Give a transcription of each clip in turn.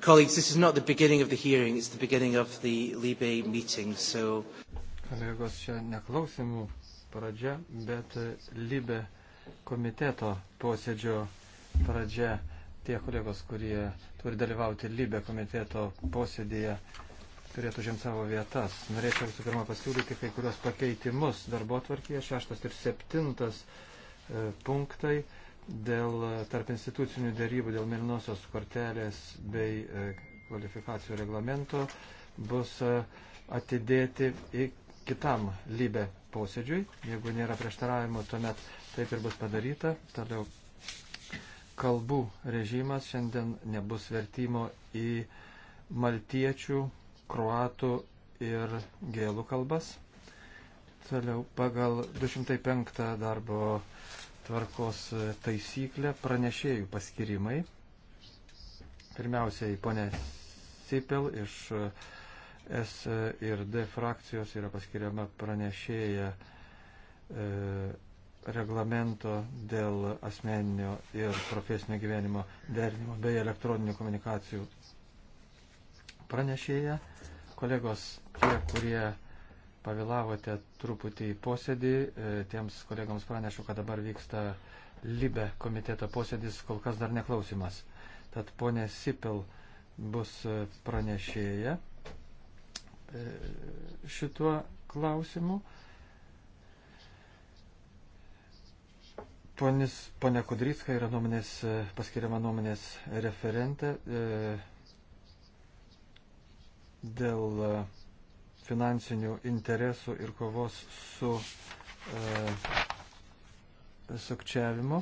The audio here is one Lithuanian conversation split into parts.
Colleagues, this is not the beginning of the hearing, it's the beginning of the Libe meeting, so... Kolegos, čia neklausimų pradžia, bet Libe komiteto posėdžio pradžia. Tie kolegos, kurie turi dalyvauti Libe komiteto posėdėje, turėtų žimti savo vietas. Norėčiau visų pirma pasiūlyti kai kurios pakeitimus darbo tvarkyje, šeštas ir septintas E, punktai dėl e, tarp institucinių dėrybų dėl Milnosios kortelės bei e, kvalifikacijų reglamento bus atidėti į kitam lybe posėdžiui. Jeigu nėra prieštaravimo, tuomet taip ir bus padaryta. Toliau kalbų režimas šiandien nebus vertimo į maltiečių, kruatų ir gėlų kalbas. Toliau pagal 205 darbo tvarkos taisyklę pranešėjų paskirimai. Pirmiausiai ponė Sipel iš S ir D frakcijos yra paskiriama pranešėja e, reglamento dėl asmeninio ir profesinio gyvenimo derinimo bei elektroninių komunikacijų pranešėja. Kolegos, tie, kurie pavėlavote truputį į posėdį. E, tiems kolegams pranešu, kad dabar vyksta Libe komiteto posėdis, kol kas dar neklausimas. Tad ponė Sipil bus e, pranešėja e, šituo klausimu. Ponis, ponia Kudrytska yra nuomonės, paskiriama nuomonės referentė dėl finansinių interesų ir kovos su e, sukčiavimu.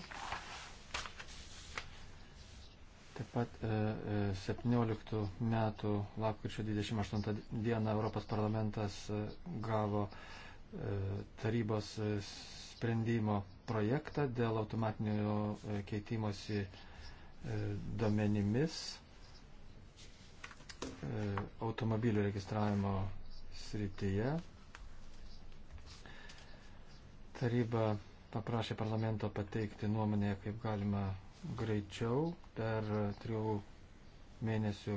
Taip pat e, 17 e, metų lapkričio 28 dieną Europos parlamentas e, gavo e, tarybos e, sprendimo projektą dėl automatinio keitimosi e, duomenimis automobilių registravimo srityje. Taryba paprašė parlamento pateikti nuomonę, kaip galima greičiau per trijų mėnesių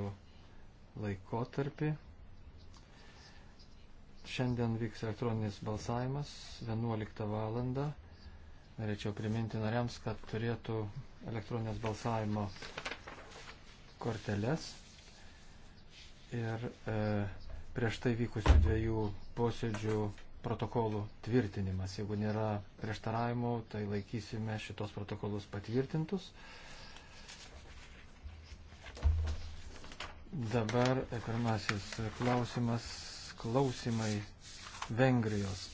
laikotarpį. Šiandien vyks elektroninis balsavimas 11 val. Norėčiau priminti nariams, kad turėtų elektroninės balsavimo korteles ir e, prieš tai vykusių dviejų posėdžių protokolų tvirtinimas. Jeigu nėra prieštaravimų, tai laikysime šitos protokolus patvirtintus. Dabar pirmasis klausimas, klausimai Vengrijos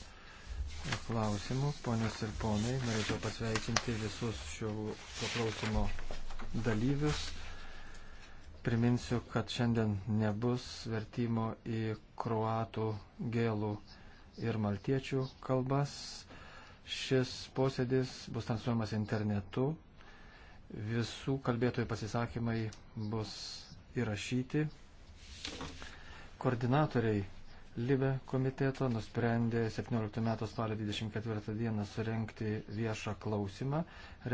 klausimų. Ponios ir ponai, norėčiau pasveikinti visus šio klausimo dalyvius priminsiu, kad šiandien nebus vertimo į kruatų, gėlų ir maltiečių kalbas. Šis posėdis bus transliuojamas internetu. Visų kalbėtojų pasisakymai bus įrašyti. Koordinatoriai Libe komiteto nusprendė 17 metų spalio 24 dieną surenkti viešą klausimą,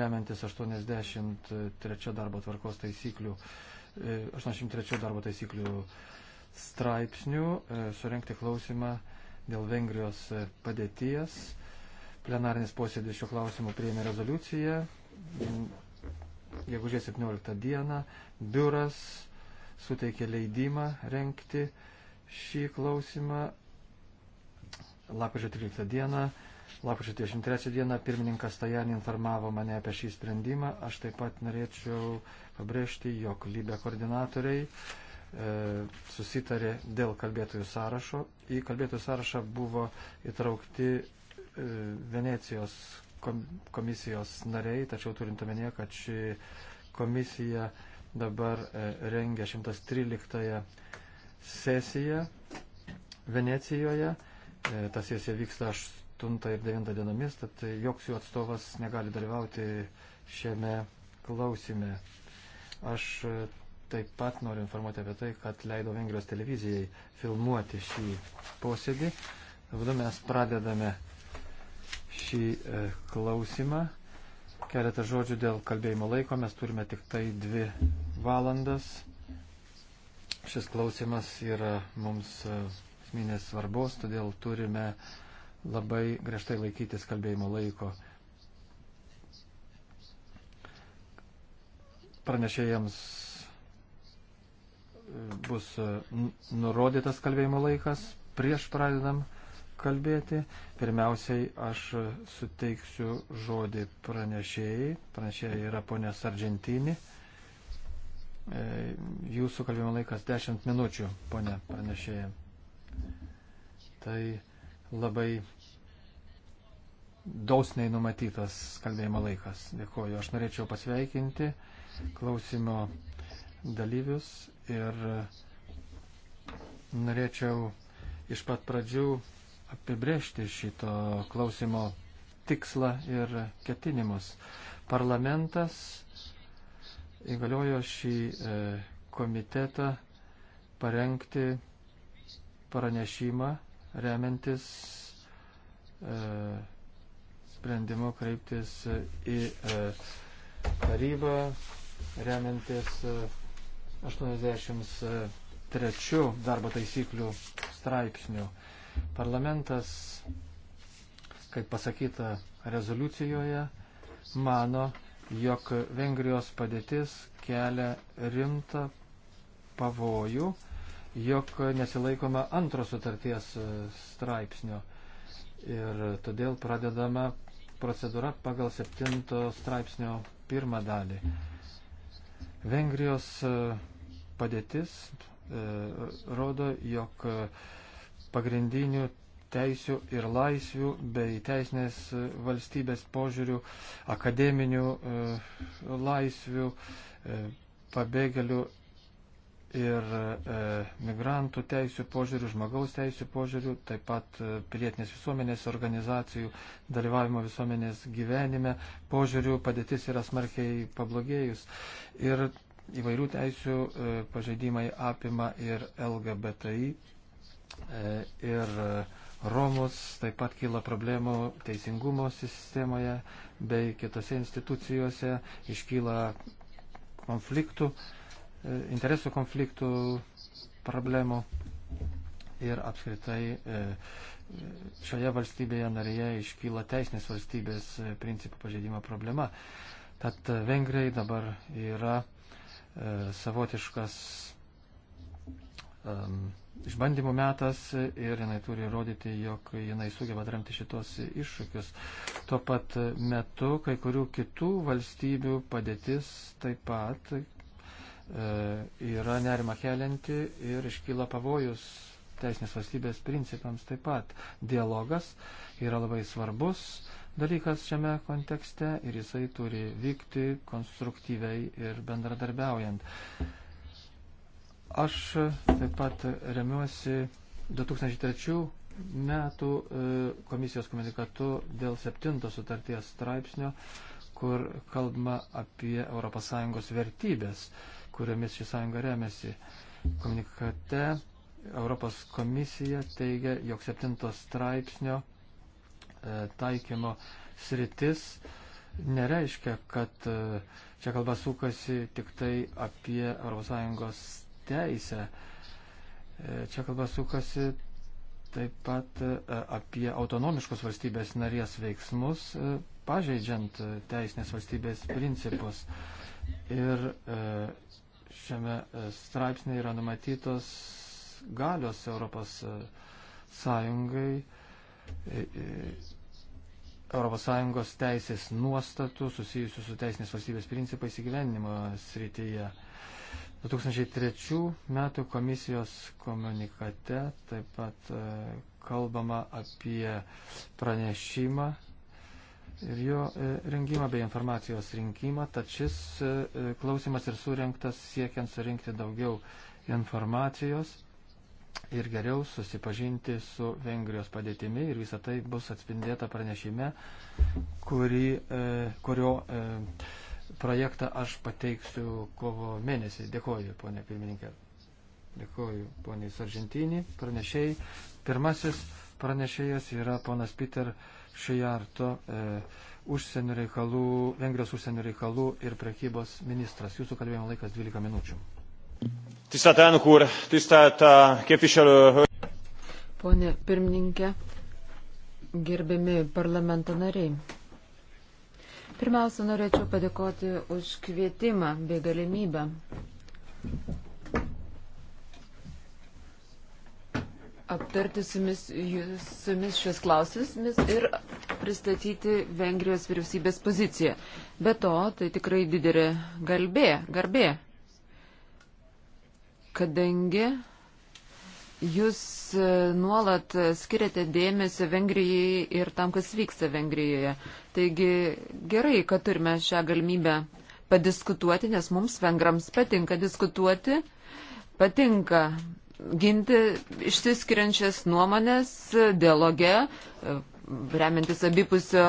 remiantis 83 darbo tvarkos taisyklių 83 darbo taisyklių straipsnių e, surenkti klausimą dėl Vengrijos padėties. Plenarinis posėdis šiuo klausimu prieėmė rezoliuciją. Gegužės 17 dieną biuras suteikė leidimą renkti šį klausimą. Lapkričio 13 dieną Lapkričio 23 dieną pirmininkas Tajani informavo mane apie šį sprendimą. Aš taip pat norėčiau pabrėžti, jog lybė koordinatoriai e, susitarė dėl kalbėtojų sąrašo. Į kalbėtojų sąrašą buvo įtraukti e, Venecijos komisijos nariai, tačiau turint omenyje, kad ši komisija dabar e, rengia 113 sesiją Venecijoje. E, ta sesija vyksta 8 8 ir 9 dienomis, tad joks jų atstovas negali dalyvauti šiame klausime. Aš e, taip pat noriu informuoti apie tai, kad leido Vengrijos televizijai filmuoti šį posėdį. Dabar mes pradedame šį e, klausimą. Keletą žodžių dėl kalbėjimo laiko. Mes turime tik tai dvi valandas. Šis klausimas yra mums e, esminės svarbos, todėl turime uh, labai griežtai laikytis kalbėjimo laiko. Pranešėjams e, bus e, nurodytas kalbėjimo laikas prieš pradedam kalbėti. Pirmiausiai aš suteiksiu žodį pranešėjai. Pranešėjai yra ponė Sargentini. E, jūsų kalbėjimo laikas 10 minučių, ponė pranešėjai. Tai labai dausniai numatytas kalbėjimo laikas. Dėkuoju. Aš norėčiau pasveikinti klausimo dalyvius ir norėčiau iš pat pradžių apibrėžti šito klausimo tikslą ir ketinimus. Parlamentas įgaliojo šį e, komitetą parengti pranešimą remiantis e, sprendimu kreiptis į e, tarybą, remiantis 83 e, darbo taisyklių straipsnių. Parlamentas, kaip pasakyta rezoliucijoje, mano, jog Vengrijos padėtis kelia rimtą pavojų, jog nesilaikoma antro sutarties e, straipsnio. Ir todėl pradedama procedūra pagal 7 straipsnio pirmą dalį. Vengrijos e, padėtis e, rodo, jog e, pagrindinių teisių ir laisvių bei teisinės valstybės požiūrių, akademinių laisvių, pabėgėlių ir e, migrantų teisų požiūrių, žmogaus teisų požiūrių, taip pat e, pilietinės visuomenės organizacijų dalyvavimo visuomenės gyvenime požiūrių padėtis yra smarkiai pablogėjus. Ir įvairių teisų e, pažeidimai apima ir LGBTI, e, ir Romus, taip pat kyla problemų teisingumo sistemoje bei kitose institucijose, iškyla konfliktų. E, E, interesų konfliktų problemų ir apskritai e, e, šioje valstybėje narėje iškyla teisinės valstybės principų pažeidimo problema. Tad Vengrijai dabar yra savotiškas um, išbandymų metas ir jinai turi rodyti, jog jinai sugeba atremti šitos iššūkius. Tuo pat metu kai kurių kitų valstybių padėtis taip pat E, yra nerima kelianti ir iškyla pavojus teisinės valstybės principams taip pat. Dialogas yra labai svarbus dalykas šiame kontekste ir jisai turi vykti konstruktyviai ir bendradarbiaujant. Aš taip pat remiuosi 2003 metų e, komisijos komunikatu dėl 7 sutarties straipsnio, kur kalbama apie ES vertybės kuriomis ši sąjunga remiasi. Komunikate Europos komisija teigia, jog septintos straipsnio e, taikymo sritis nereiškia, kad e, čia kalba sukasi tik tai apie ES teisę. E, čia kalba sukasi taip pat e, apie autonomiškus valstybės narės veiksmus, e, pažeidžiant e, teisinės valstybės principus. Ir šiame e, straipsnėje yra numatytos galios Europos e, Sąjungai, e, Europos Sąjungos teisės nuostatų susijusių su teisinės valstybės principais įgyvenimo srityje. 2003 metų komisijos komunikate taip pat kalbama apie pranešimą ir jo e, rengimą bei informacijos rinkimą, tad šis e, e, klausimas ir surinktas siekiant surinkti daugiau informacijos ir geriau susipažinti su Vengrijos padėtimi ir visa tai bus atspindėta pranešime, kuri, kurio projektą aš pateiksiu kovo mėnesį. Dėkoju, ponė pirmininkė. Dėkoju, ponė Sargentinį, pranešėjai. Pirmasis pranešėjas yra ponas Peter. Šijarto, e, užsienio reikalų, Vengrijos užsienio reikalų ir prekybos ministras. Jūsų kalbėjimo laikas 12 minučių. Tisztelt elnök úr, tisztelt e, képviselő! Pone pirmininkė, gerbiami parlamento nariai. Pirmiausia, norėčiau padėkoti už kvietimą bei galimybę aptarti su jumis, su jumis šios klausimus ir pristatyti Vengrijos vyriausybės poziciją. Be to, tai tikrai didelė galbė, garbė, kadangi jūs e, nuolat skiriate dėmesio Vengrijai ir tam, kas vyksta Vengrijoje. Taigi gerai, kad turime šią galimybę padiskutuoti, nes mums vengrams patinka diskutuoti, patinka ginti išsiskiriančias nuomonės dialoge, remiantis abipusio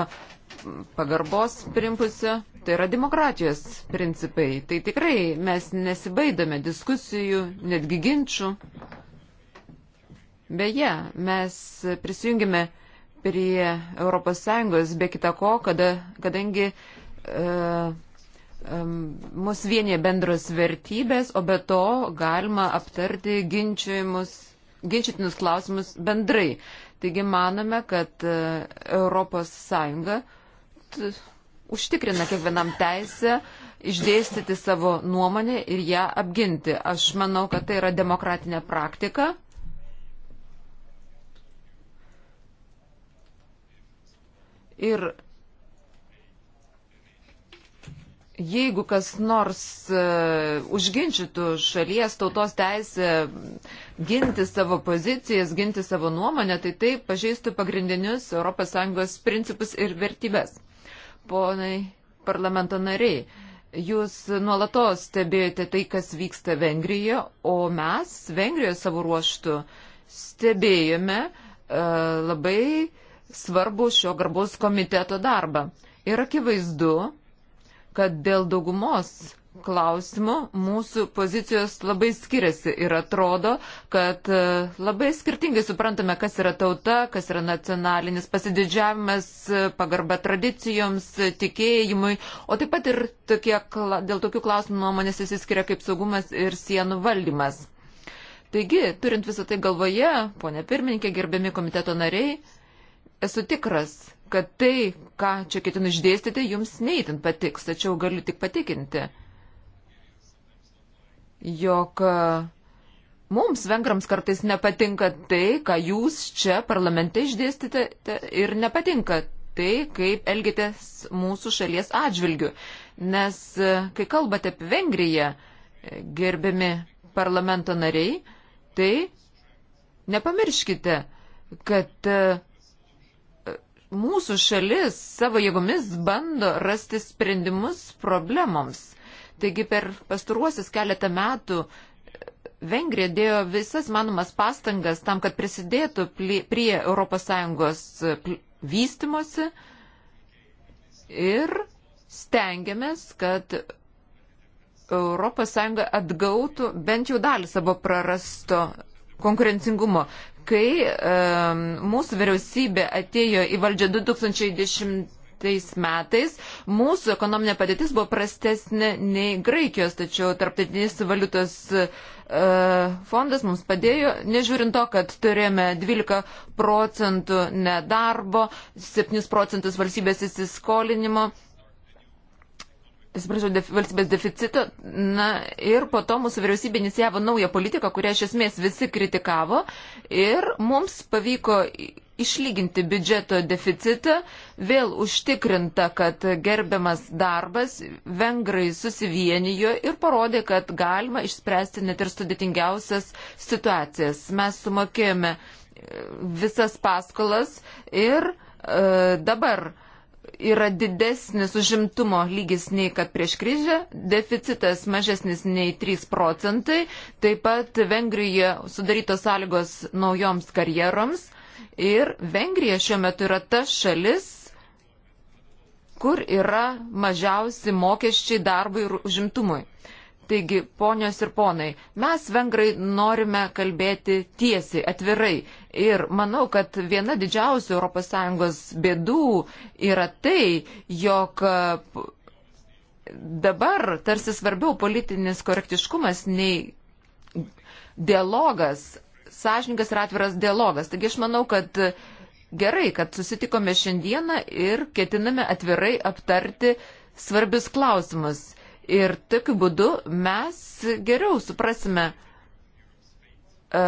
pagarbos primpusio, tai yra demokratijos principai. Tai tikrai mes nesibaidome diskusijų, netgi ginčių. Beje, mes prisijungėme prie ES be kita ko, kada, kadangi e, mus vienė bendros vertybės, o be to galima aptarti ginčytinus klausimus bendrai. Taigi manome, kad ES užtikrina kiekvienam teisę išdėstyti savo nuomonę ir ją apginti. Aš manau, kad tai yra demokratinė praktika. Ir jeigu kas nors uh, užginčytų šalies tautos teisę ginti savo pozicijas, ginti savo nuomonę, tai tai pažeistų pagrindinius ES principus ir vertybės. Ponai parlamento nariai, jūs nuolatos stebėjote tai, kas vyksta Vengrijoje, o mes Vengrijoje savo ruoštų stebėjome uh, labai svarbu šio garbus komiteto darbą. Ir akivaizdu, kad dėl daugumos klausimų mūsų pozicijos labai skiriasi ir atrodo, kad e, labai skirtingai suprantame, kas yra tauta, kas yra nacionalinis pasididžiavimas, e, pagarba tradicijoms, e, tikėjimui, o taip pat ir tokie, dėl tokių klausimų nuomonės įsiskiria kaip saugumas ir sienų valdymas. Taigi, turint visą tai galvoje, ponė pirmininkė, gerbiami komiteto nariai, esu tikras, kad tai, ką čia ketinu išdėstyti, jums neįtin patiks, tačiau galiu tik patikinti, jog e, mums, vengrams, kartais nepatinka tai, ką jūs čia parlamente išdėstite ir nepatinka tai, kaip elgitės mūsų šalies atžvilgiu. Nes e, kai kalbate apie Vengriją, e, gerbiami parlamento nariai, tai nepamirškite, kad mūsų šalis savo jėgomis bando rasti sprendimus problemoms. Taigi per pastaruosius keletą metų e, Vengrija dėjo visas manomas pastangas tam, kad prisidėtų prie ES e, vystimosi ir stengiamės, kad ES atgautų bent jau dalį savo prarasto konkurencingumo. Kai um, mūsų vyriausybė atėjo į valdžią 2010 metais, mūsų ekonominė padėtis buvo prastesnė nei Graikijos, tačiau tarptautinis valiutos uh, fondas mums padėjo, nežiūrint to, kad turėjome 12 procentų nedarbo, 7 procentus valstybės įsiskolinimo, atsiprašau, def, valstybės deficitą. Na ir po to mūsų vyriausybė inicijavo naują politiką, kurią iš esmės visi kritikavo. Ir mums pavyko išlyginti biudžeto deficitą, vėl užtikrinta, kad gerbiamas darbas, vengrai susivienijo ir parodė, kad galima išspręsti net ir sudėtingiausias situacijas. Mes sumokėjome e, visas paskolas ir e, dabar yra didesnis užimtumo lygis nei kad prieš krizę, deficitas mažesnis nei 3 procentai, taip pat Vengrijoje sudarytos sąlygos naujoms karjeroms ir Vengrija šiuo metu yra ta šalis, kur yra mažiausi mokesčiai darbui ir užimtumui. Taigi, ponios ir ponai, mes vengrai norime kalbėti tiesiai, atvirai. Ir manau, kad viena didžiausių ES bėdų yra tai, jog dabar tarsi svarbiau politinis korektiškumas nei dialogas, sąžininkas ir atviras dialogas. Taigi aš manau, kad gerai, kad susitikome šiandieną ir ketiname atvirai aptarti svarbius klausimus. Ir tokiu būdu mes geriau suprasime, e,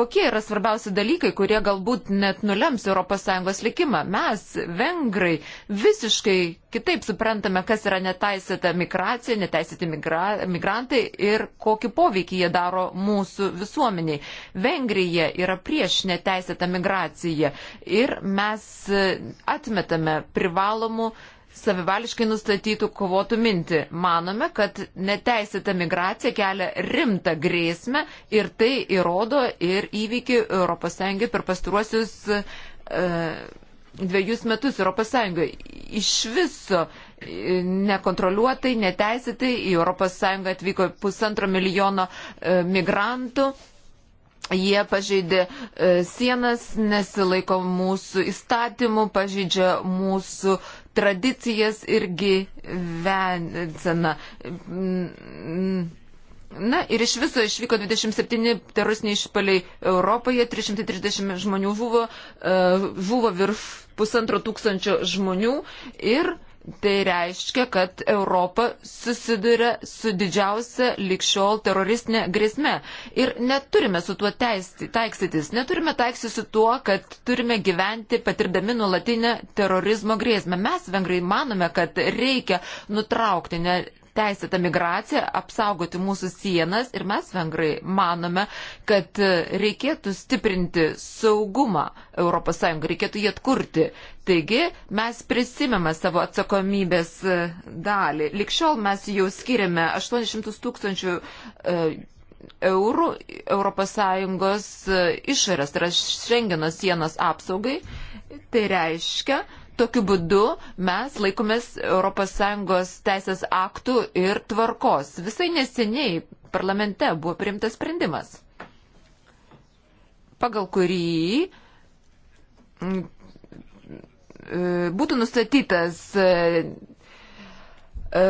kokie yra svarbiausi dalykai, kurie galbūt net nulems ES likimą. Mes, vengrai, visiškai kitaip suprantame, kas yra neteisėta migracija, neteisėti migra migrantai ir kokį poveikį jie daro mūsų visuomeniai. Vengrija yra prieš neteisėtą migraciją ir mes atmetame privalomų uh, savivališkai nustatytų kovotų mintį. Manome, kad neteisėta migracija kelia rimtą grėsmę ir tai įrodo ir įvykį ES per pastaruosius e, dviejus metus ES. Iš viso e, nekontroliuotai, neteisėtai į ES atvyko pusantro milijono e, migrantų. Jie pažeidė e, sienas, nesilaiko mūsų įstatymų, pažeidžia mūsų tradicijas irgi vencena. Na ir iš viso išvyko 27 teroristiniai išpaliai Europoje, 330 žmonių žuvo, e, žuvo virš pusantro tūkstančio žmonių ir Tai reiškia, kad Europa susiduria su didžiausia likščiol teroristinė grėsme. Ir neturime su tuo teisti, taiksytis. Neturime taiksytis su tuo, kad turime gyventi patirdami nuolatinę terorizmo grėsmę. Mes, vengrai, manome, kad reikia nutraukti ne teisėtą migraciją, apsaugoti mūsų sienas ir mes, vengrai, manome, kad reikėtų stiprinti saugumą ES, reikėtų jį atkurti. Taigi mes prisimėme savo atsakomybės e, dalį. Likščiol mes jau skiriame 800 tūkstančių e, eurų ES e, išorės, tai yra Šengeno sienos apsaugai. Tai reiškia, Tokiu būdu mes laikomės ES teisės aktų ir tvarkos. Visai neseniai parlamente buvo priimtas sprendimas, pagal kurį mm, e, būtų nustatytas e, e,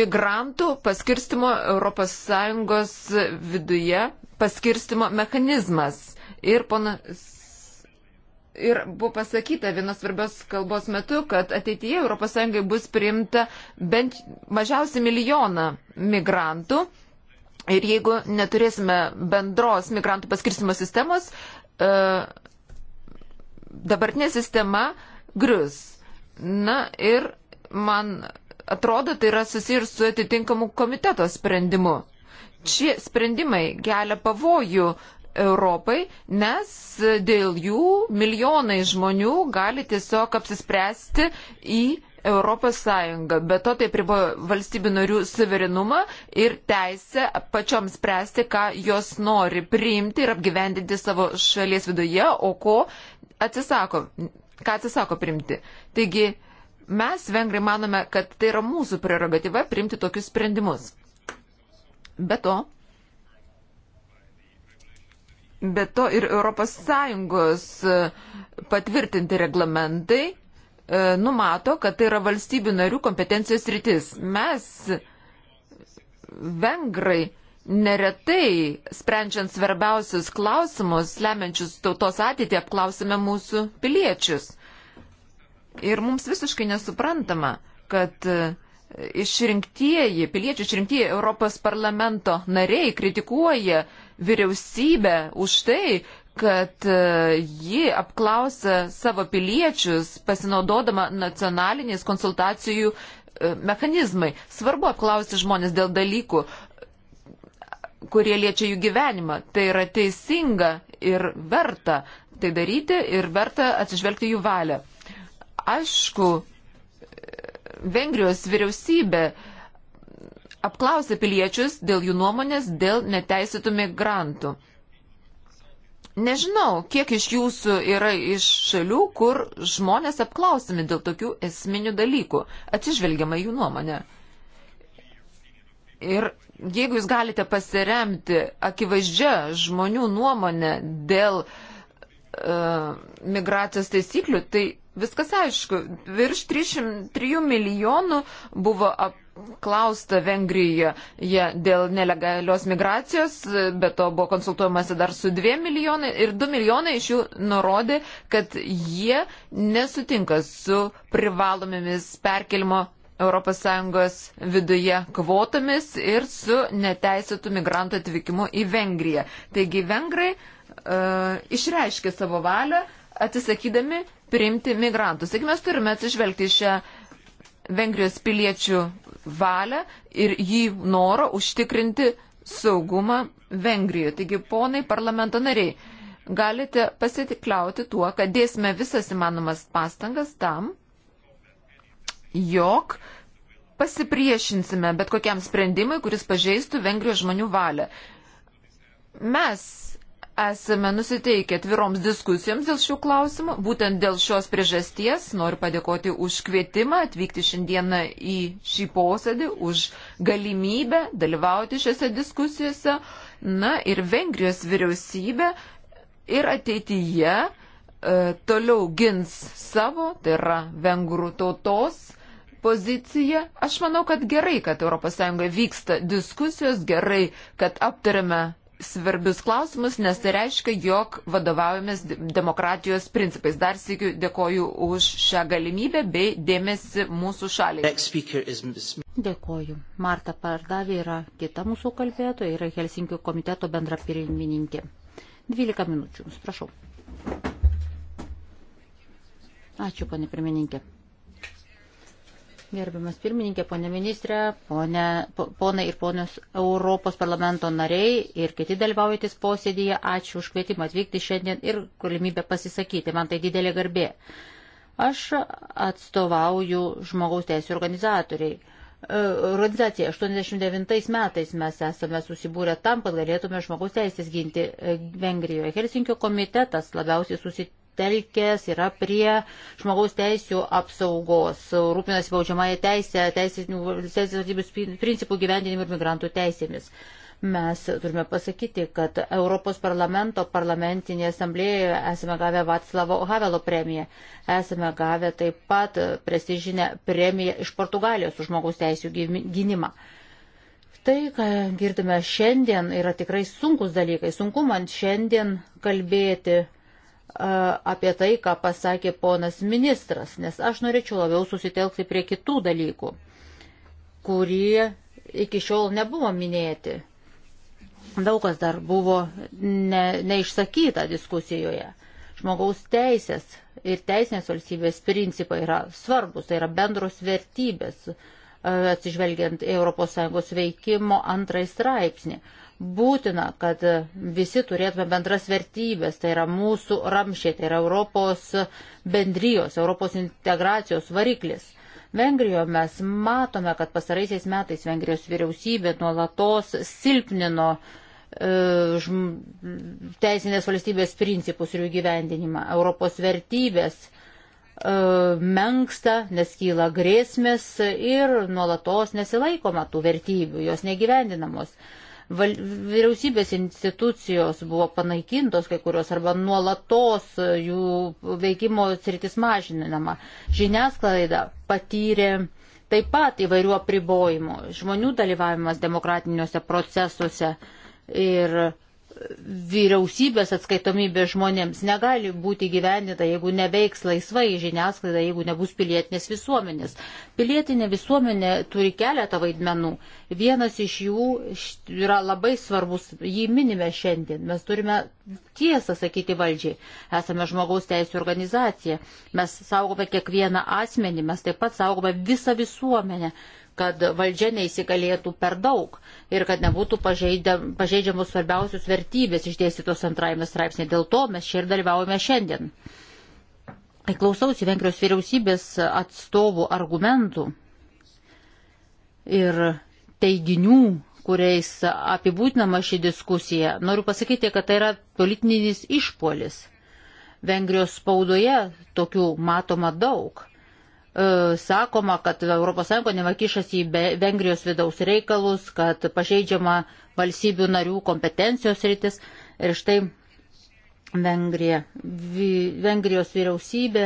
migrantų paskirstimo ES viduje paskirstimo mechanizmas. Ir ponas ir buvo pasakyta vienos svarbios kalbos metu, kad ateityje ES bus priimta bent mažiausiai milijoną migrantų. Ir jeigu neturėsime bendros migrantų paskirstimo sistemos, e, dabartinė sistema grius. Na ir man atrodo, tai yra susijęs su atitinkamu komiteto sprendimu. Šie sprendimai kelia pavojų uh, Europai, nes dėl jų milijonai žmonių gali tiesiog apsispręsti į Europos Sąjungą. Be to tai pribojo valstybių narių suverenumą ir teisę pačioms spręsti, ką jos nori priimti ir apgyvendinti savo šalies viduje, o ko atsisako, ką atsisako priimti. Taigi mes, vengrai, manome, kad tai yra mūsų prerogatyva priimti tokius sprendimus. Be to, Bet to ir ES e, patvirtinti reglamentai e, numato, kad tai yra valstybių narių kompetencijos rytis. Mes, vengrai, neretai, sprendžiant svarbiausius klausimus, lemiančius tautos ateitį, apklausime mūsų piliečius. Ir mums visiškai nesuprantama, kad uh, išrinktieji, piliečių išrinktieji Europos parlamento nariai kritikuoja vyriausybę už tai, kad e, ji apklausia savo piliečius pasinaudodama nacionaliniais konsultacijų e, mechanizmai. Svarbu apklausti žmonės dėl dalykų, kurie liečia jų gyvenimą. Tai yra teisinga ir verta tai daryti ir verta atsižvelgti jų valią. Aišku, Vengrijos vyriausybė apklausė piliečius dėl jų nuomonės dėl neteisėtų migrantų. Nežinau, kiek iš jūsų yra iš šalių, kur žmonės apklausimi dėl tokių esminių dalykų, atsižvelgiama jų nuomonė. Ir jeigu jūs galite pasiremti akivaizdžią žmonių nuomonę dėl uh, migracijos taisyklių, tai viskas aišku. Virš 303 milijonų buvo apklausta Vengrijoje ja, dėl nelegalios migracijos, bet to buvo konsultuojamasi dar su 2 milijonai ir 2 milijonai iš jų nurodė, kad jie nesutinka su privalomomis perkelimo ES viduje kvotomis ir su neteisėtų migrantų atvykimu į Vengriją. Taigi vengrai e, išreiškė savo valią, atsisakydami priimti migrantus. Taigi mes turime atsižvelgti šią Vengrijos piliečių valią ir jį norą užtikrinti saugumą Vengrijoje. Taigi, ponai parlamento nariai, galite pasitikliauti tuo, kad dėsime visas įmanomas pastangas tam, jog pasipriešinsime bet kokiam sprendimui, kuris pažeistų Vengrijos žmonių valią. Mes esame nusiteikę tviroms diskusijoms dėl šių klausimų. Būtent dėl šios priežasties noriu padėkoti už kvietimą atvykti šiandieną į šį posėdį, už galimybę dalyvauti šiuose diskusijose. Na ir Vengrijos vyriausybė ir ateityje e, toliau gins savo, tai yra vengrų tautos poziciją. Aš manau, kad gerai, kad ES vyksta diskusijos, gerai, kad aptarėme svarbius klausimus, nes tai reiškia, jog vadovaujamės demokratijos principais. Dar sėkiu dėkoju už šią galimybę bei dėmesį mūsų šaliai. Dėkoju. Marta Pardavė yra kita mūsų kalbėtoja, yra Helsinkių komiteto bendra pirmininkė. 12 minučių jums, prašau. Ačiū, panė pirmininkė. Gerbiamas pirmininkė, ponė ministrė, ponė, ponai ir ponios Europos parlamento nariai ir kiti dalyvaujantis posėdėje, ačiū už kvietimą atvykti šiandien ir galimybę pasisakyti. Man tai didelė garbė. Aš atstovauju žmogaus teisų organizatoriai. E, organizacija 89 metais mes esame susibūrę tam, kad galėtume žmogaus teisės ginti e, Vengrijoje. Helsinkio komitetas labiausiai susitikė susitelkęs yra prie žmogaus teisų apsaugos, rūpinasi baudžiamąją teisę, teisės valstybės principų gyvendinimu ir migrantų teisėmis. Mes turime pasakyti, kad Europos parlamento parlamentinėje asamblėje esame gavę Vatslavo Havelo premiją. Esame gavę taip pat prestižinę premiją iš Portugalijos už žmogaus teisų gynimą tai, ką girdime šiandien, yra tikrai sunkus dalykai. Sunku man šiandien kalbėti apie tai, ką pasakė ponas ministras, nes aš norėčiau labiau susitelkti prie kitų dalykų, kurie iki šiol nebuvo minėti. Daug kas dar buvo ne, neišsakyta diskusijoje. Žmogaus teisės ir teisinės valstybės principai yra svarbus, tai yra bendros vertybės, atsižvelgiant į ES veikimo antrąjį straipsnį būtina, kad visi turėtume bendras vertybės, tai yra mūsų ramšiai, tai yra Europos bendrijos, Europos integracijos variklis. Vengrijoje mes matome, kad pasaraisiais metais Vengrijos vyriausybė nuolatos silpnino e, teisinės valstybės principus ir jų gyvendinimą. Europos vertybės e, menksta, nes kyla grėsmės ir nuolatos nesilaikoma tų vertybių, jos negyvendinamos. E, Val, vyriausybės institucijos buvo panaikintos kai kurios arba nuolatos jų veikimo sritis mažinama. Žiniasklaida patyrė taip pat įvairių apribojimų. Žmonių dalyvavimas demokratiniuose procesuose ir vyriausybės atskaitomybė žmonėms negali būti gyvenita, jeigu neveiks laisvai žiniasklaida, jeigu nebus pilietinės visuomenės. Pilietinė visuomenė turi keletą vaidmenų. Vienas iš jų yra labai svarbus, jį minime šiandien. Mes turime tiesą sakyti valdžiai. Esame žmogaus teisų organizacija. Mes saugome kiekvieną asmenį, mes taip pat saugome visą visuomenę kad valdžia neįsigalėtų per daug ir kad nebūtų pažeidžiamos svarbiausios vertybės išdėstytos antrajame straipsnėje. Dėl to mes čia ir dalyvaujame šiandien. Kai klausausi Vengrijos vyriausybės atstovų argumentų ir teiginių, kuriais apibūtinama ši diskusija, noriu pasakyti, kad tai yra politinis išpolis. Vengrijos spaudoje tokių matoma daug. E, sakoma, kad ES nevakišas į Vengrijos vidaus reikalus, kad pažeidžiama valstybių narių kompetencijos rytis. Ir štai Vengrija, Vengrijos vyriausybė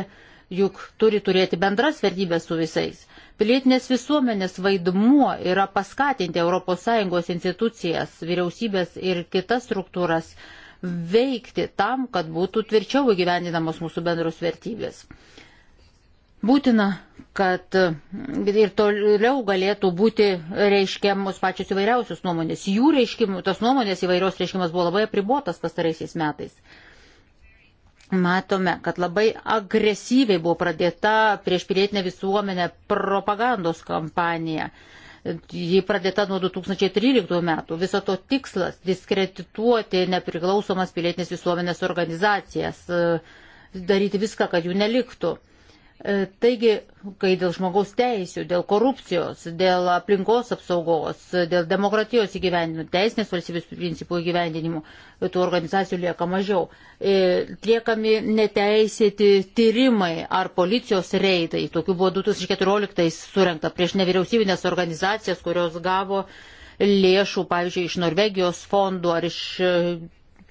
juk turi turėti bendras vertybės su visais. Pilietinės visuomenės vaidmuo yra paskatinti ES institucijas, vyriausybės ir kitas struktūras veikti tam, kad būtų tvirčiau įgyvendinamos mūsų bendros vertybės. Būtina, kad e, ir toliau galėtų būti reiškiamos pačios įvairiausios nuomonės. Jų reiškimų, tos nuomonės įvairios reiškimas buvo labai apribotas pastaraisiais metais. Matome, kad labai agresyviai buvo pradėta prieš pilietinę visuomenę propagandos kampanija. Ji pradėta nuo 2013 metų. Viso to tikslas - diskredituoti nepriklausomas pilietinės visuomenės organizacijas, e, daryti viską, kad jų neliktų E, taigi, kai dėl žmogaus teisių, dėl korupcijos, dėl aplinkos apsaugos, dėl demokratijos įgyvendinimų, teisinės valstybės principų įgyvendinimų, tų organizacijų lieka mažiau. Atliekami e, neteisėti tyrimai ar policijos reidai. Tokių buvo 2014 surinkta prieš nevyriausybinės organizacijas, kurios gavo lėšų, pavyzdžiui, iš Norvegijos fondų ar iš, e,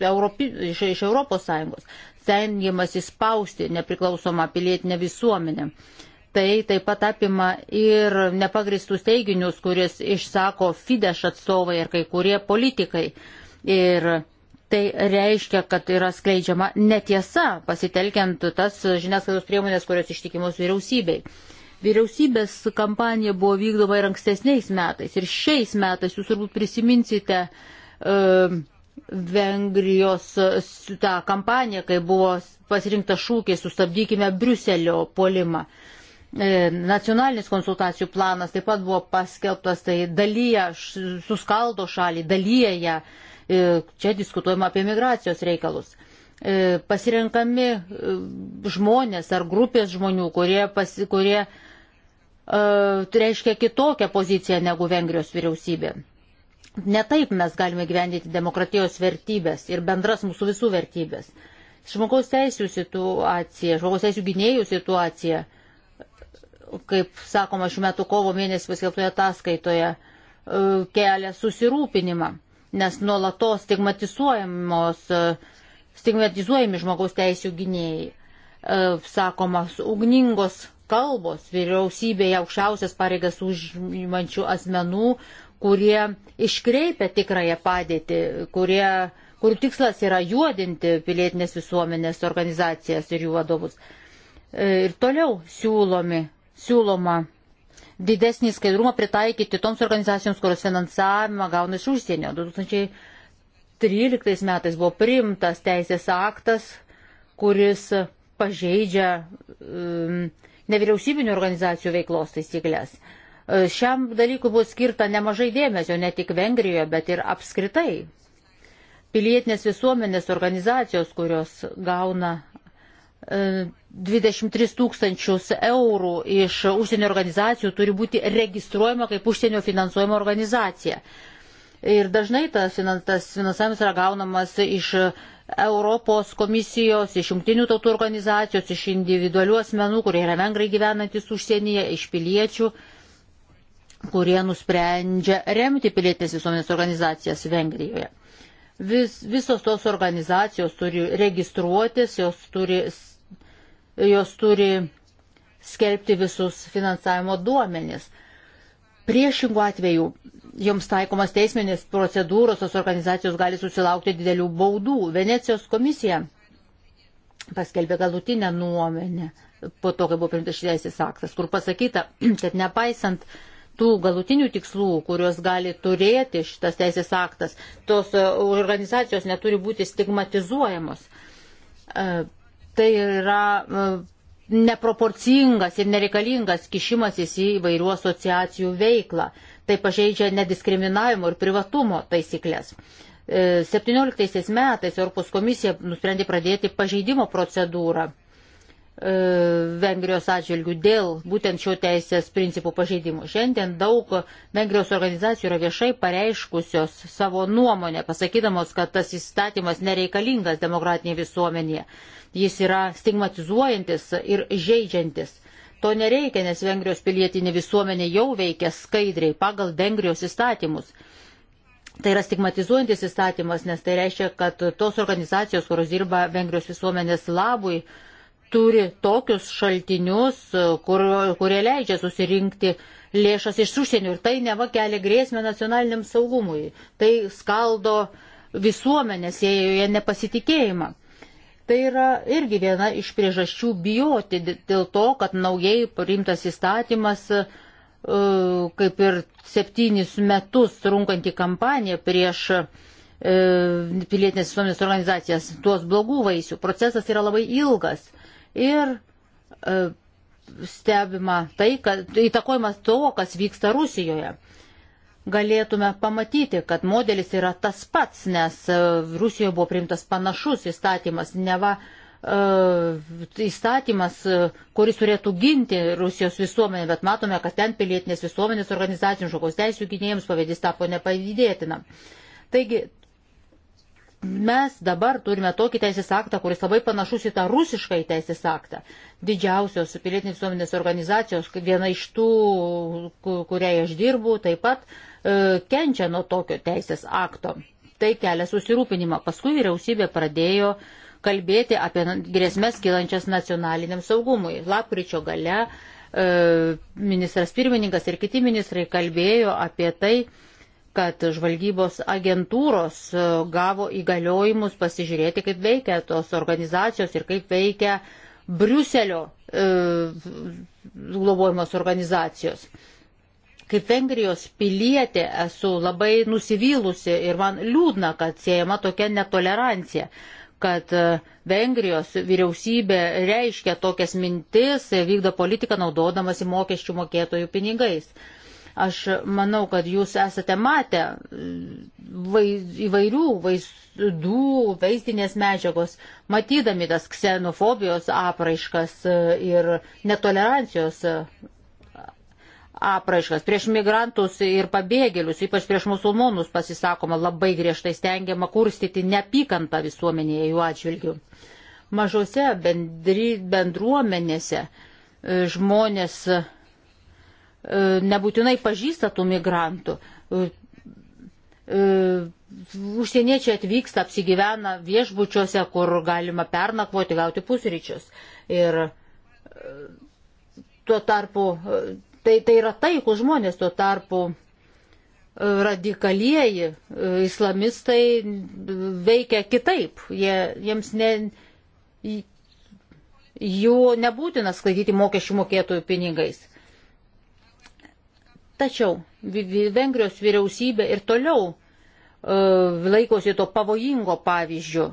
Europi, iš, iš Europos Sąjungos stengiamas įspausti nepriklausomą pilietinę visuomenę. Tai taip pat apima ir nepagristus teiginius, kuris išsako Fidesz atstovai ir kai kurie politikai. Ir tai reiškia, kad yra skleidžiama netiesa, pasitelkiant tas žiniasklaidos priemonės, kurios ištikimos vyriausybei. Vyriausybės kampanija buvo vykdoma ir ankstesniais metais, ir šiais metais jūs turbūt prisiminsite. Uh, e, Vengrijos tą kampaniją, kai buvo pasirinkta šūkiai sustabdykime Briuselio polimą. E, nacionalinis konsultacijų planas taip pat buvo paskelbtas, tai dalyje suskaldo šalį, dalyje ją. E, čia diskutuojama apie migracijos reikalus e, pasirenkami žmonės ar grupės žmonių, kurie, pasi, kurie uh, reiškia kitokią poziciją negu Vengrijos vyriausybė. Netaip mes galime gyvendyti demokratijos vertybės ir bendras mūsų visų vertybės. Žmogaus teisų situacija, žmogaus teisų gynėjų situacija, kaip sakoma šių metų kovo mėnesį paskelbtoje ataskaitoje, e, kelia susirūpinimą, nes nuolatos stigmatizuojamos, e, stigmatizuojami žmogaus teisų gynėjai, e, sakomas, ugningos kalbos vyriausybėje aukščiausias pareigas užimančių asmenų kurie iškreipia tikrąją padėtį, kurie, kur tikslas yra juodinti pilietinės visuomenės organizacijas ir jų vadovus. E, ir toliau siūlomi, siūloma didesnį skaidrumą pritaikyti toms organizacijoms, kurios finansavimą gauna iš užsienio. 2013 metais buvo priimtas teisės aktas, kuris pažeidžia um, nevyriausybinių organizacijų veiklos taisyklės. Uh, Šiam dalykui buvo skirta nemažai dėmesio ne tik Vengrijoje, bet ir apskritai. Pilietinės visuomenės organizacijos, kurios gauna 23 e, tūkstančius eurų iš užsienio organizacijų, turi būti registruojama kaip užsienio finansuojama organizacija. Ir dažnai tas, tas finansavimas yra gaunamas iš Europos komisijos, iš jungtinių tautų organizacijos, iš individualių asmenų, kurie yra vengrai gyvenantis užsienyje, iš piliečių kurie nusprendžia remti pilietinės visuomenės organizacijas Vengrijoje. Vis, visos tos organizacijos turi registruotis, jos turi, jos turi skelbti visus finansavimo duomenis. Priešingų atveju joms taikomas teisminės procedūros, tos organizacijos gali susilaukti didelių baudų. Venecijos komisija paskelbė galutinę nuomenę po to, kai buvo priimtas šis aktas, kur pasakyta, kad nepaisant uh, tų galutinių tikslų, kuriuos gali turėti šitas teisės aktas, tos e, organizacijos neturi būti stigmatizuojamos. E, tai yra e, neproporcingas ir nereikalingas kišimasis į vairių asociacijų veiklą. Tai pažeidžia nediskriminavimo ir privatumo taisyklės. 17 metais Europos komisija nusprendė pradėti pažeidimo procedūrą E, Vengrijos atžvilgių dėl būtent šio teisės principų pažeidimų. Šiandien daug Vengrijos organizacijų yra viešai pareiškusios savo nuomonę, pasakydamos, kad tas įstatymas nereikalingas demokratinėje visuomenėje. Jis yra stigmatizuojantis ir žaidžiantis. To nereikia, nes Vengrijos pilietinė visuomenė jau veikia skaidriai pagal Vengrijos įstatymus. Tai yra stigmatizuojantis įstatymas, nes tai reiškia, kad tos organizacijos, kurios dirba Vengrijos visuomenės labui, uh, turi tokius šaltinius, kur, kurie leidžia susirinkti lėšas iš užsienio ir tai neva kelia grėsmę nacionaliniam saugumui. Tai skaldo visuomenės, jie joje nepasitikėjimą. Tai yra irgi viena iš priežasčių bijoti dėl to, kad naujai priimtas įstatymas, e, kaip ir septynis metus trunkantį kampaniją prieš e, pilietinės visuomenės organizacijas, tuos blogų vaisių. Procesas yra labai ilgas ir e, stebima tai, kad įtakojimas to, kas vyksta Rusijoje. Galėtume pamatyti, kad modelis yra tas pats, nes e, Rusijoje buvo priimtas panašus įstatymas, neva e, įstatymas, kuris turėtų ginti Rusijos visuomenę, bet matome, kad ten pilietinės visuomenės organizacijų žmogaus teisų gynėjams pavyzdys tapo nepavydėtina. Taigi Mes dabar turime tokį teisės aktą, kuris labai panašus į tą rusišką į teisės aktą. Didžiausios pilietinės visuomenės organizacijos, viena iš tų, kuriai aš dirbu, taip pat e, kenčia nuo tokio teisės akto. Tai kelia susirūpinimą. Paskui vyriausybė pradėjo kalbėti apie grėsmės kilančias nacionaliniam saugumui. Lapkričio gale e, ministras pirmininkas ir kiti ministrai kalbėjo apie tai, kad žvalgybos agentūros e, gavo įgaliojimus pasižiūrėti, kaip veikia tos organizacijos ir kaip veikia Briuselio e, globojamos organizacijos. Kaip Vengrijos pilietė esu labai nusivylusi ir man liūdna, kad siejama tokia netolerancija, kad e, Vengrijos vyriausybė reiškia tokias mintis, vykdo politiką naudodamasi mokesčių mokėtojų pinigais. E, Aš manau, kad jūs esate matę mm, įvairių vaizdų, vaizdinės medžiagos, matydami tas ksenofobijos apraiškas e, ir netolerancijos e, apraiškas. Prieš migrantus ir pabėgėlius, ypač prieš musulmonus pasisakoma labai griežtai stengiama kurstyti neapykantą visuomenėje jų atžvilgių. Mažose bendri, bendruomenėse e, žmonės E, nebūtinai pažįsta tų migrantų. E, e, užsieniečiai atvyksta, apsigyvena viešbučiuose, kur galima pernakvoti, gauti pusryčius. Ir tuo tarpu, tai, tai yra taikų žmonės, tuo tarpu radikalieji islamistai veikia kitaip. Jie, jiems ne, jų nebūtina skaityti mokesčių mokėtojų pinigais. Tačiau Vengrijos vyriausybė ir toliau e, laikosi to pavojingo pavyzdžio.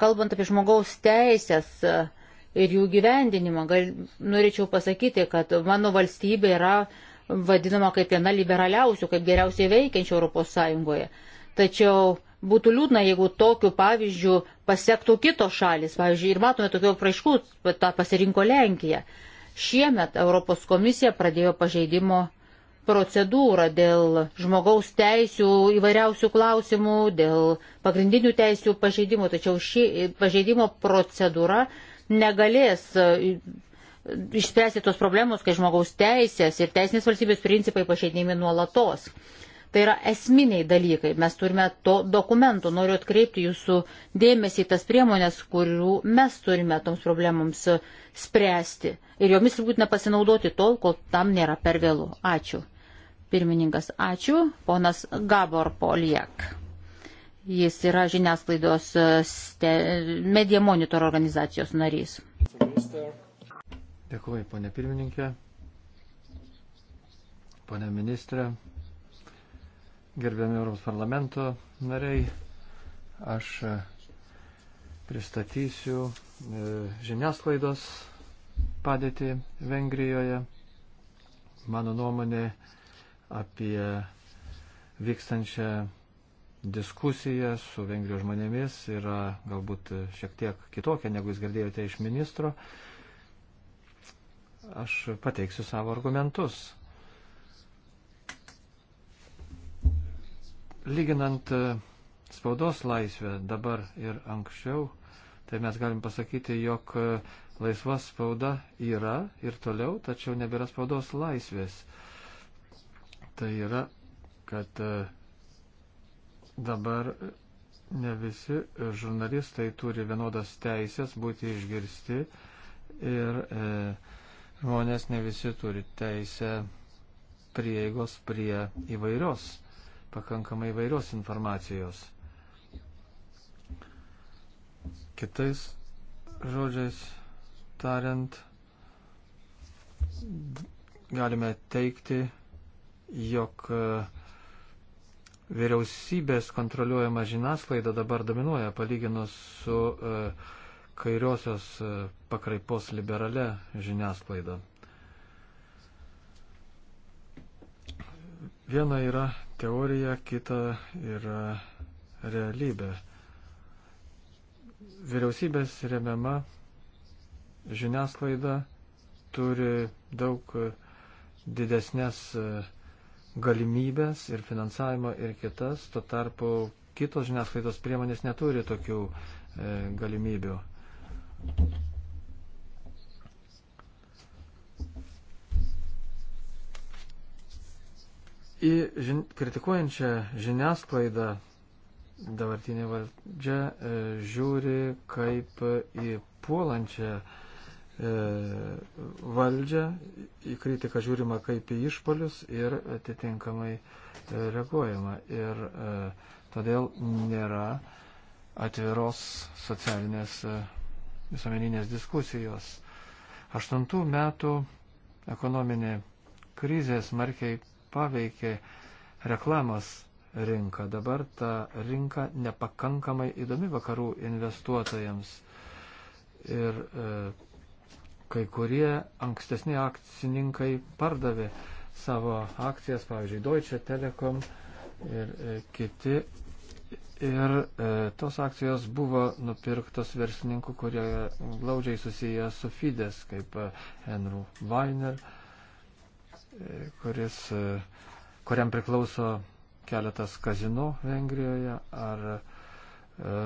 Kalbant apie žmogaus teisės e, ir jų gyvendinimą, gal, norėčiau pasakyti, kad mano valstybė yra vadinama kaip viena liberaliausių, kaip geriausiai veikiančia ES. Tačiau būtų liūdna, jeigu tokiu pavyzdžiu pasiektų kitos šalis. Pavyzdžiui, ir matome tokių praaiškų, tą pasirinko Lenkija. Šiemet Europos komisija pradėjo pažeidimo procedūrą dėl žmogaus teisių įvairiausių klausimų, dėl pagrindinių teisių pažeidimų, tačiau ši pažeidimo procedūra negalės e, išspręsti tos problemos, kai žmogaus teisės ir teisinės valstybės principai pažeidinimi nuolatos. Tai yra esminiai dalykai. Mes turime to dokumentų. Noriu atkreipti jūsų dėmesį į tas priemonės, kurių mes turime toms problemams spręsti. Ir jomis būtina pasinaudoti tol, kol tam nėra per vėlų. Ačiū. Pirmininkas, ačiū. Ponas Gabor Poliak. Jis yra žiniasklaidos ste... medija monitor organizacijos narys. Dėkuoju, ponė pirmininkė, ponė ministrė, gerbiami Europos parlamento nariai. Aš e, pristatysiu e, žiniasklaidos padėtį Vengrijoje. Mano nuomonė, apie vykstančią diskusiją su vengrijos žmonėmis yra galbūt šiek tiek kitokia, negu jūs girdėjote iš ministro. Aš pateiksiu savo argumentus. Lyginant spaudos laisvę dabar ir anksčiau, tai mes galim pasakyti, jog laisva spauda yra ir toliau, tačiau nebėra spaudos laisvės. Uh, tai yra, kad e, dabar ne visi žurnalistai turi vienodas teisės būti išgirsti ir e, žmonės ne visi turi teisę prieigos prie įvairios, pakankamai įvairios informacijos. Kitais žodžiais tariant, galime teikti, jog e, vyriausybės kontroliuojama žiniasklaida dabar dominuoja palyginus su e, kairiosios e, pakraipos liberale žiniasklaida. Viena yra teorija, kita yra realybė. Vyriausybės remiama žiniasklaida turi daug didesnės uh, galimybės ir finansavimo ir kitas, to tarpu kitos žiniasklaidos priemonės neturi tokių e, galimybių. Į žin, kritikuojančią žiniasklaidą dabartinė valdžia e, žiūri kaip į puolančią e, E, valdžią, į kritiką žiūrima kaip į išpolius ir atitinkamai e, reaguojama. Ir e, todėl nėra atviros socialinės visuomeninės diskusijos. Aštuntų metų ekonominė krizė smarkiai paveikė reklamos rinką. Dabar ta rinka nepakankamai įdomi vakarų investuotojams. Ir e, kai kurie ankstesni akcininkai pardavė savo akcijas, pavyzdžiui, Deutsche Telekom ir e, kiti. Ir e, tos akcijos buvo nupirktos verslininkų, kurie glaudžiai susiję su Fides, kaip e, Henry Weiner, e, kuris, e, kuriam priklauso keletas kazino Vengrijoje, ar e,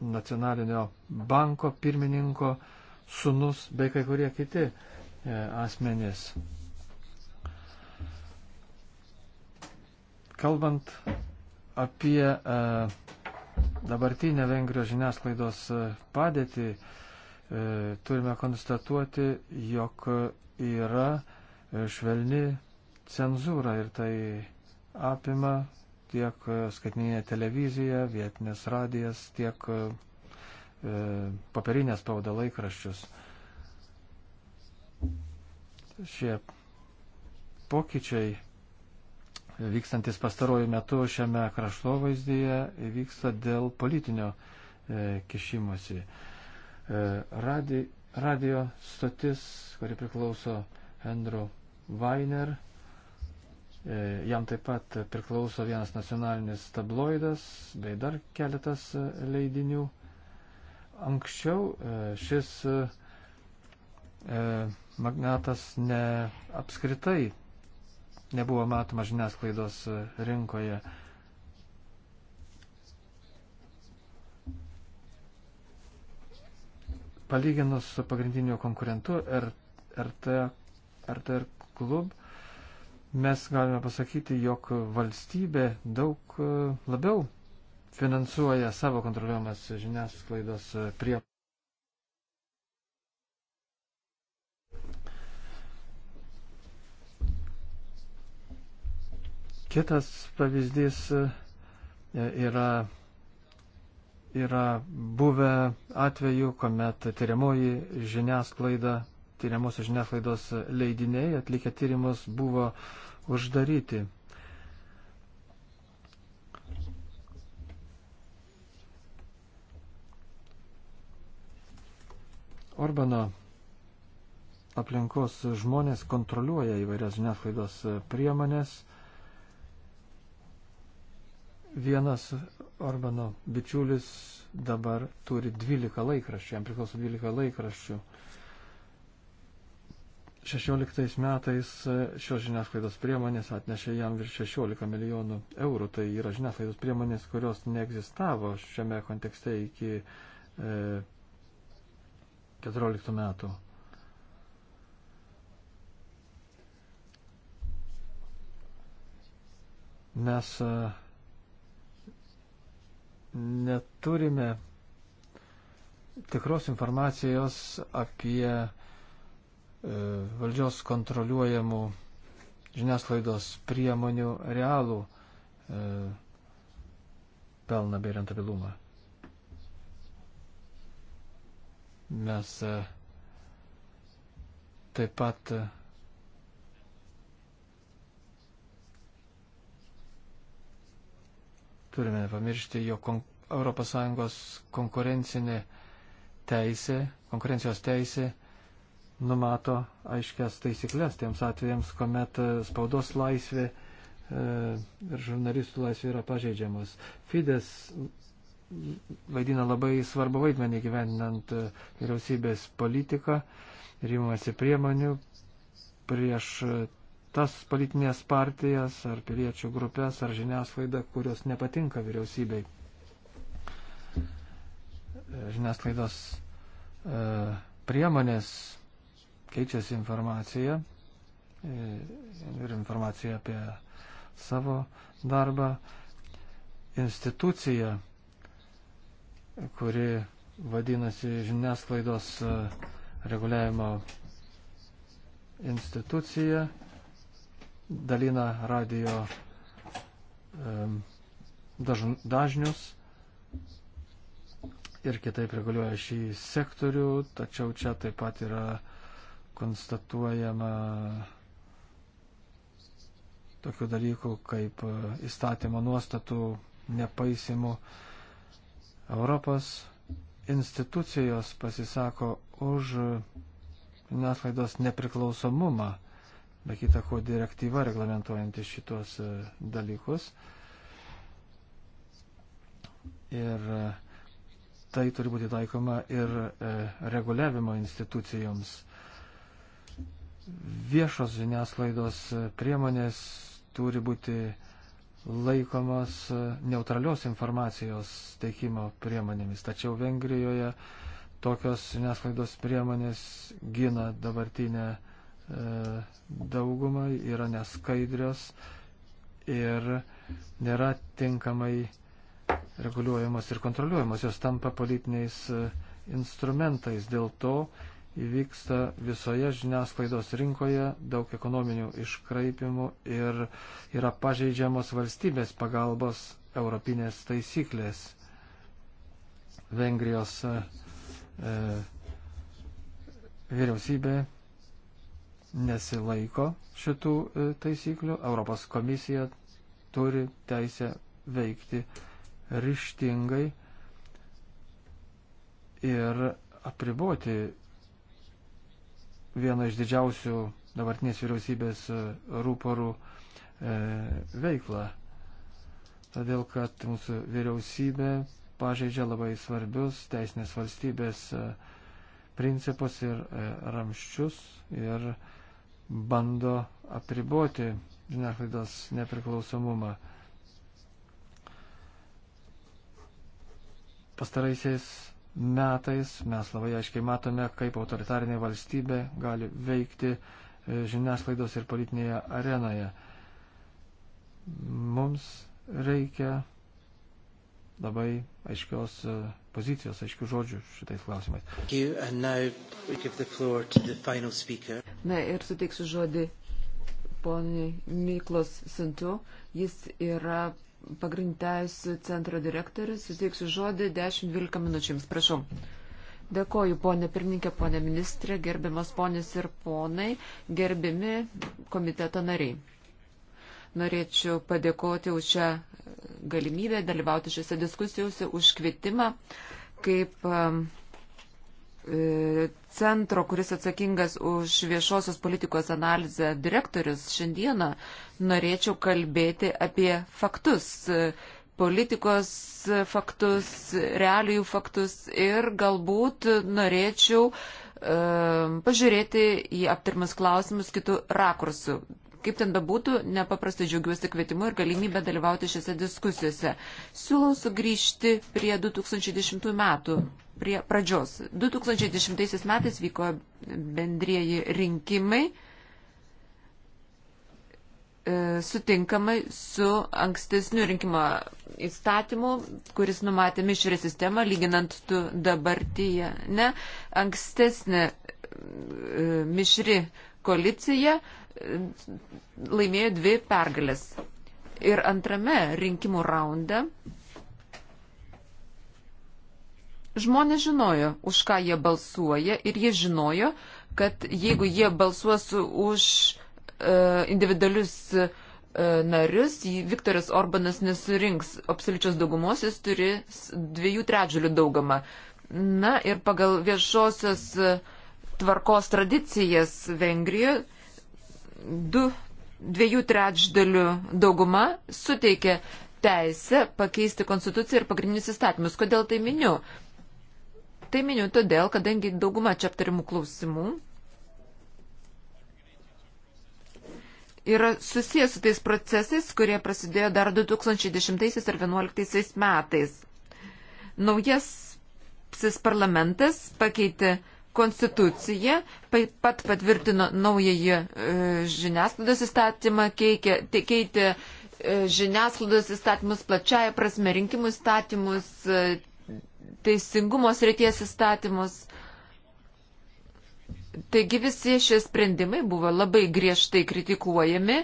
nacionalinio banko pirmininko sunus bei kai kurie kiti e, asmenys. Kalbant apie e, dabartinę Vengrijos žiniasklaidos e, padėtį, turime konstatuoti, jog yra švelni cenzūra ir tai apima tiek e, skaitminė televizija, vietinės radijas, tiek e, e papirinė spauda laikraščius. Šie pokyčiai vykstantis pastarojų metų šiame kraštovaizdyje vyksta dėl politinio e, kišimosi. E, radi, radio stotis, kuri priklauso Andrew Weiner, E, jam taip pat priklauso vienas nacionalinis tabloidas bei dar keletas e, leidinių. Anksčiau e, šis magnatas ne apskritai nebuvo matoma žiniasklaidos rinkoje. Palyginus su pagrindiniu konkurentu RT, RTR Klub, mes galime pasakyti, jog valstybė daug e, labiau finansuoja savo kontroliuojamas žiniasklaidos e, prie. Kitas pavyzdys e, yra, yra buvę atveju, kuomet tyriamoji žiniasklaida tyriamosios žiniasklaidos leidiniai atlikę tyrimus buvo uždaryti. Orbano aplinkos žmonės kontroliuoja įvairias žiniasklaidos priemonės. Vienas Orbano bičiulis dabar turi 12 laikraščių, jam priklauso 12 laikraščių. 16 metais e, šios žiniasklaidos priemonės atnešė jam virš 16 milijonų eurų. Tai yra žiniasklaidos priemonės, kurios neegzistavo šiame kontekste iki e, 14 metų. Mes e, neturime tikros informacijos apie E, valdžios kontroliuojamų žiniasklaidos priemonių realų e, pelną bei rentabilumą. Mes e, taip pat turime nepamiršti, jog ES konkurencinė teisė, konkurencijos teisė numato aiškias taisyklės tiems atvejams, kuomet e, spaudos laisvė e, ir žurnalistų laisvė yra pažeidžiamos. Fides vaidina labai svarbu vaidmenį gyveninant e, vyriausybės politiką ir įmasi priemonių prieš tas politinės partijas ar piliečių grupės ar žiniasklaidą, kurios nepatinka vyriausybei. Žiniasklaidos priemonės keičiasi informacija e, ir informacija apie savo darbą. Institucija, kuri vadinasi žiniasklaidos e, reguliavimo institucija, dalina radio e, dažnius ir kitaip reguliuoja šį sektorių, tačiau čia taip pat yra uh, konstatuojama tokių dalykų kaip įstatymo nuostatų nepaisimų. Europos institucijos pasisako už žiniasklaidos nepriklausomumą, be kita ko direktyva reglamentuojanti šitos dalykus. Ir tai turi būti taikoma ir e, reguliavimo institucijoms viešos žiniasklaidos priemonės turi būti laikomas neutralios informacijos teikimo priemonėmis. Tačiau Vengrijoje tokios žiniasklaidos priemonės gina dabartinę e, daugumą, yra neskaidrios ir nėra tinkamai reguliuojamos ir kontroliuojamos, jos tampa politiniais e, instrumentais. Dėl to įvyksta visoje žiniasklaidos rinkoje, daug ekonominių iškraipimų ir yra pažeidžiamos valstybės pagalbos europinės taisyklės. Vengrijos e, vyriausybė nesilaiko šitų e, taisyklių, Europos komisija turi teisę veikti ryštingai ir apriboti viena iš didžiausių dabartinės vyriausybės e, rūporų e, veiklą. Todėl, kad mūsų vyriausybė pažeidžia labai svarbius teisinės valstybės e, principus ir e, ramščius ir bando apriboti žiniasklaidos nepriklausomumą. Pastaraisiais metais mes labai aiškiai matome, kaip autoritarinė valstybė gali veikti e, žiniasklaidos ir politinėje arenoje. Mums reikia labai aiškios e, pozicijos, aiškių žodžių šitais klausimais. Na ir suteiksiu žodį poniai Miklos Sintu. Jis yra pagrindteisų centro direktorius. Suteiksiu žodį 10-12 minučiams. Prašau. Dėkoju, ponė pirmininkė, ponė ministrė, gerbiamas ponės ir ponai, gerbiami komiteto nariai. Norėčiau padėkoti už šią galimybę dalyvauti šiuose diskusijose, už kvietimą kaip um, E, centro, kuris atsakingas už viešosios politikos analizę direktorius, šiandieną norėčiau kalbėti apie faktus, e, politikos faktus, realijų faktus ir galbūt norėčiau e, pažiūrėti į aptarimus klausimus kitų rakursų. Kaip ten bebūtų, nepaprastai džiaugiuosi kvietimu ir galimybę dalyvauti šiose diskusijose. Siūlau sugrįžti prie 2010 metų, prie pradžios. 2010 metais vyko bendrieji rinkimai e, sutinkamai su ankstesniu rinkimo įstatymu, kuris numatė mišrį sistemą, lyginant tu dabartyje. Ne, ankstesnė e, mišri koalicija laimėjo dvi pergalės. Ir antrame rinkimų raunde žmonės žinojo, už ką jie balsuoja ir jie žinojo, kad jeigu jie balsuos už uh, individualius uh, narius, Viktoras Orbanas nesurinks absoliučios daugumos, jis turi dviejų trečdalių daugumą. Na ir pagal viešosios e, tvarkos tradicijas Vengrijoje du, dviejų trečdalių dauguma suteikė teisę pakeisti konstituciją ir pagrindinius įstatymus. Kodėl tai miniu? Tai miniu todėl, kadangi dauguma čia aptarimų klausimų yra susijęs su tais procesais, kurie prasidėjo dar 2010 ir 2011 metais. Naujasis parlamentas pakeitė Konstitucija pat patvirtino naująjį e, žiniasklaidos įstatymą, keikė, keitė e, žiniasklaidos įstatymus plačiaja prasme, rinkimų įstatymus, e, teisingumo srities įstatymus. Taigi visi šie sprendimai buvo labai griežtai kritikuojami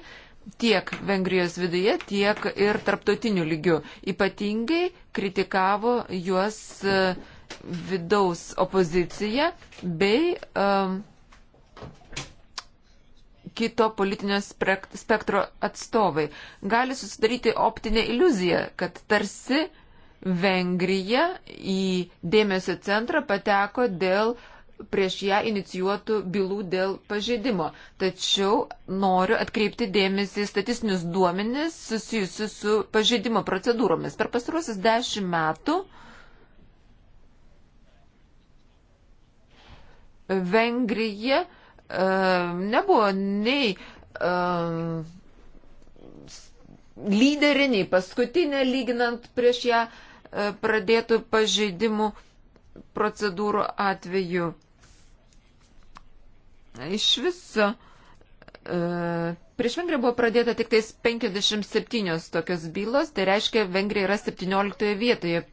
tiek Vengrijos viduje, tiek ir tarptautiniu lygiu. Ypatingai kritikavo juos uh, vidaus opoziciją bei um, kito politinio spektro atstovai. Gali susidaryti optinė iliuzija, kad tarsi Vengrija į dėmesio centrą pateko dėl prieš ją inicijuotų bylų dėl pažeidimo. Tačiau noriu atkreipti dėmesį į statistinius duomenis susijusius su pažeidimo procedūromis. Per pastarosius dešimt metų uh, Vengrija e, nebuvo nei e, lyderė, nei paskutinė, lyginant prieš ją e, pradėtų pažeidimų procedūrų atveju. Iš viso prieš Vengriją buvo pradėta tik tais 57 tokios bylos, tai reiškia, Vengrija yra 17 vietoje.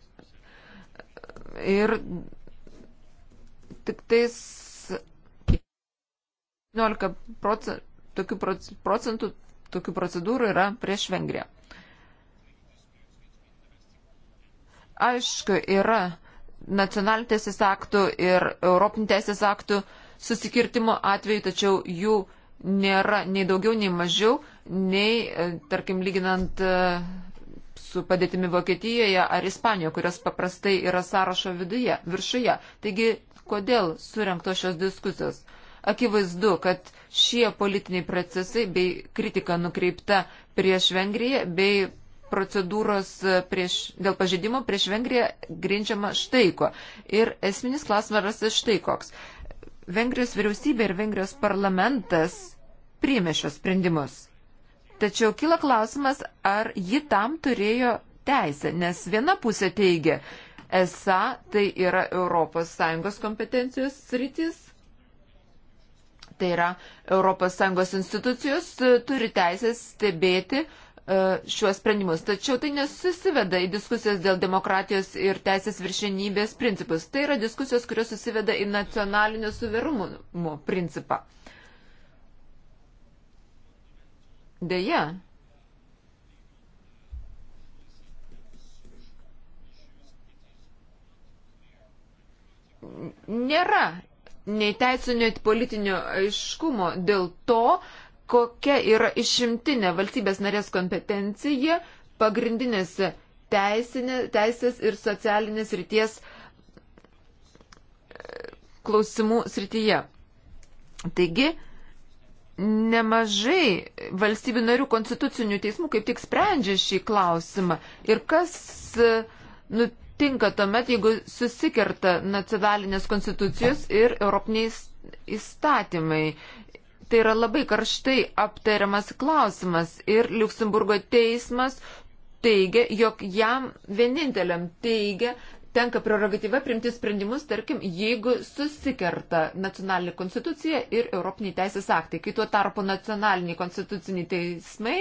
Ir tik tais 19 procentų tokių, procentų, tokių procedūrų yra prieš Vengriją. Aišku, yra nacionalinių teisės aktų ir europinių teisės aktų susikirtimo atveju, tačiau jų nėra nei daugiau, nei mažiau, nei, e, tarkim, lyginant e, su padėtimi Vokietijoje ar Ispanijoje, kurios paprastai yra sąrašo viduje, viršuje. Taigi kodėl surinkto šios diskusijos. Akivaizdu, kad šie politiniai procesai bei kritika nukreipta prieš Vengriją bei procedūros e, prieš, dėl pažeidimo prieš Vengriją grindžiama štaiko. Ir esminis klausimas yra štai koks. Vengrijos vyriausybė ir Vengrijos parlamentas priėmė šios sprendimus. Tačiau kila klausimas, ar ji tam turėjo teisę, nes viena pusė teigia, Esą tai yra ES kompetencijos sritis. Tai yra ES institucijos e, turi teisę stebėti e, šiuos sprendimus. Tačiau tai nesusiveda į diskusijas dėl demokratijos ir teisės viršenybės principus. Tai yra diskusijos, kurios susiveda į nacionalinio suverumo principą. Deja, nėra nei teisinio, nei politinio aiškumo dėl to, kokia yra išimtinė valstybės narės kompetencija pagrindinėse teisinė, teisės ir socialinės ryties e, klausimų srityje. Taigi, nemažai valstybių narių konstitucinių teismų kaip tik sprendžia šį klausimą. Ir kas, e, nu, tinka tuomet, jeigu susikerta nacionalinės konstitucijos ir europiniai įstatymai. Tai yra labai karštai aptariamas klausimas ir Luxemburgo teismas teigia, jog jam vieninteliam teigia, tenka prerogatyva priimti sprendimus, tarkim, jeigu susikerta nacionalinė konstitucija ir europiniai teisės aktai, kai tuo tarpu nacionaliniai konstituciniai teismai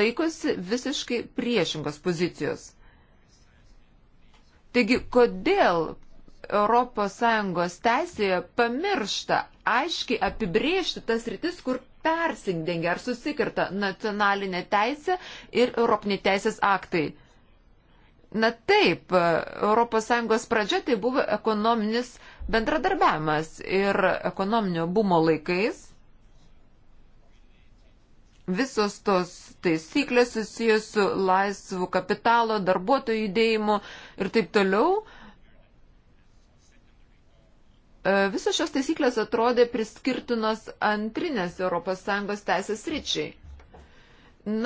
laikosi visiškai priešingos pozicijos. Taigi, kodėl ES teisėje pamiršta aiškiai apibriežti tas rytis, kur persidengia ar susikirta nacionalinė teisė ir Europiniai teisės aktai. Na taip, ES pradžia tai buvo ekonominis bendradarbiavimas ir ekonominio bumo laikais Visos tos taisyklės susijęs su laisvu kapitalo, darbuotojų judėjimu ir taip toliau. E, visos šios taisyklės atrodė priskirtinos antrinės ES teisės ryčiai.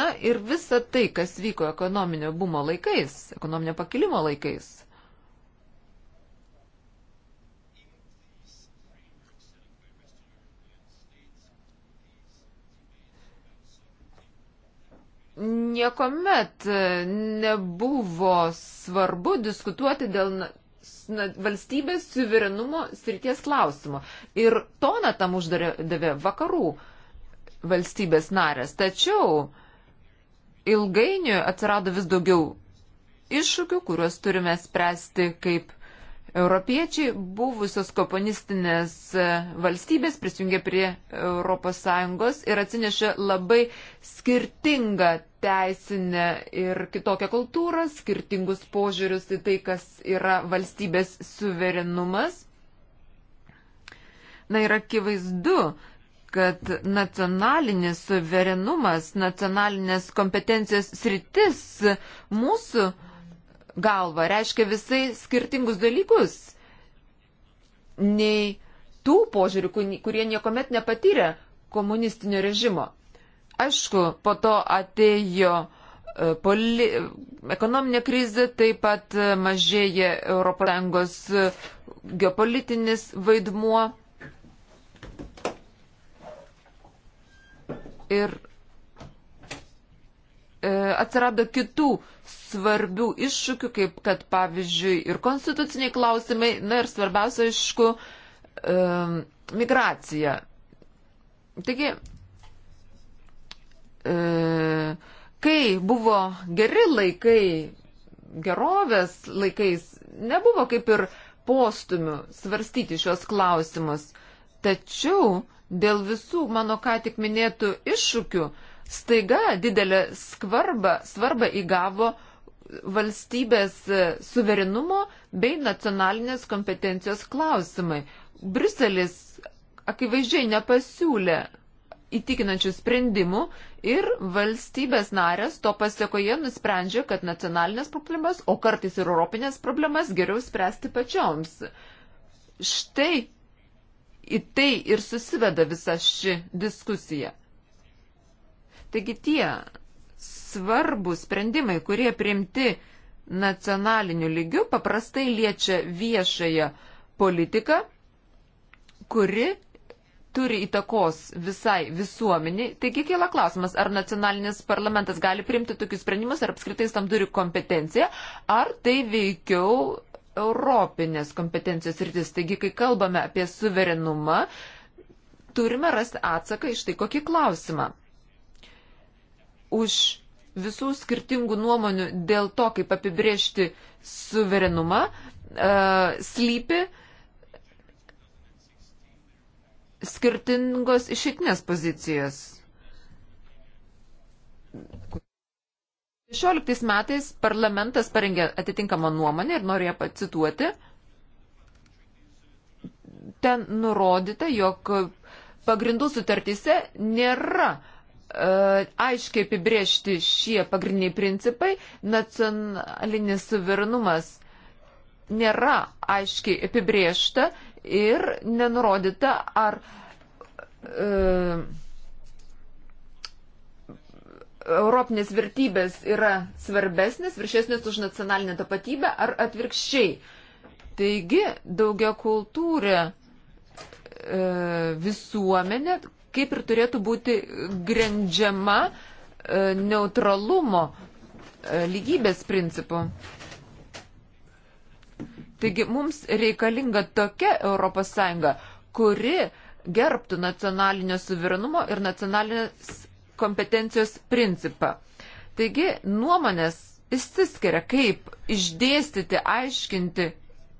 Na ir visa tai, kas vyko ekonominio bumo laikais, ekonominio pakilimo laikais, niekuomet e, nebuvo svarbu diskutuoti dėl valstybės suverenumo srities klausimo. Ir toną tam uždavė vakarų valstybės narės. Tačiau ilgainiui atsirado vis daugiau iššūkių, kuriuos turime spręsti kaip Europiečiai buvusios komunistinės valstybės prisijungė prie ES ir atsinešė labai skirtingą teisinę ir kitokią kultūrą, skirtingus požiūrius į tai, kas yra valstybės suverenumas. Na ir akivaizdu, kad nacionalinis suverenumas, nacionalinės kompetencijos sritis mūsų uh, galva reiškia visai skirtingus dalykus nei tų požiūrių, kurie niekuomet nepatyrė komunistinio režimo. Aišku, po to atėjo e, poli, ekonominė krizė, taip pat e, mažėja ES e, geopolitinis vaidmuo. Ir E, atsirado kitų svarbių iššūkių, kaip kad pavyzdžiui ir konstituciniai klausimai, na ir svarbiausia, aišku, e, migracija. Taigi, e, kai buvo geri laikai, gerovės laikais, nebuvo kaip ir postumių svarstyti šios klausimus. Tačiau dėl visų mano ką tik minėtų iššūkių, staiga didelę skvarbą, svarbą įgavo valstybės suverenumo bei nacionalinės kompetencijos klausimai. Briselis akivaizdžiai nepasiūlė įtikinančių sprendimų ir valstybės narės to pasiekoje nusprendžia, kad nacionalinės problemas, o kartais ir europinės problemas geriau spręsti pačioms. Štai į tai ir susiveda visa ši diskusija. Taigi tie svarbus sprendimai, kurie priimti nacionaliniu lygiu, paprastai liečia viešąją politiką, kuri turi įtakos visai visuomeniai. Taigi kyla klausimas, ar nacionalinis parlamentas gali priimti tokius sprendimus, ar apskritai tam turi kompetenciją, ar tai veikiau europinės kompetencijos rytis. Taigi, kai kalbame apie suverenumą, turime rasti atsaką iš tai kokį klausimą už visų skirtingų nuomonių dėl to, kaip apibriežti suverenumą, uh, slypi skirtingos išeitinės pozicijos. 16 metais parlamentas parengė atitinkamą nuomonę ir norėjo pacituoti. Ten nurodyta, jog pagrindų sutartyse nėra uh, E, aiškiai apibriežti šie pagrindiniai principai, nacionalinis suverenumas nėra aiškiai apibriešta ir nenurodyta, ar e, europinės vertybės yra svarbesnės, viršesnės už nacionalinę tapatybę ar atvirkščiai. Taigi daugia kultūrė e, visuomenė, kaip ir turėtų būti grindžiama e, neutralumo e, lygybės principu. Taigi mums reikalinga tokia ES, kuri gerbtų nacionalinio suverenumo ir nacionalinės kompetencijos principą. Taigi nuomonės išsiskiria, kaip išdėstyti, aiškinti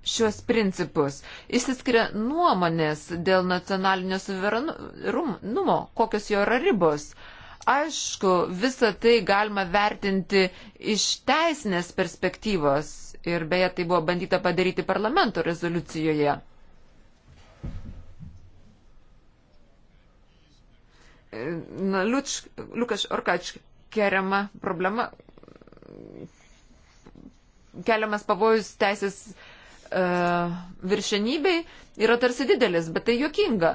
šios principus. Išsiskiria nuomonės dėl nacionalinio suverenumo, kokios jo yra ribos. Aišku, visą tai galima vertinti iš teisinės perspektyvos ir beje tai buvo bandyta padaryti parlamento rezoliucijoje. Na, Liuč, Lukaš Orkač keriama problema, keliamas pavojus teisės E, viršenybei yra tarsi didelis, bet tai jokinga.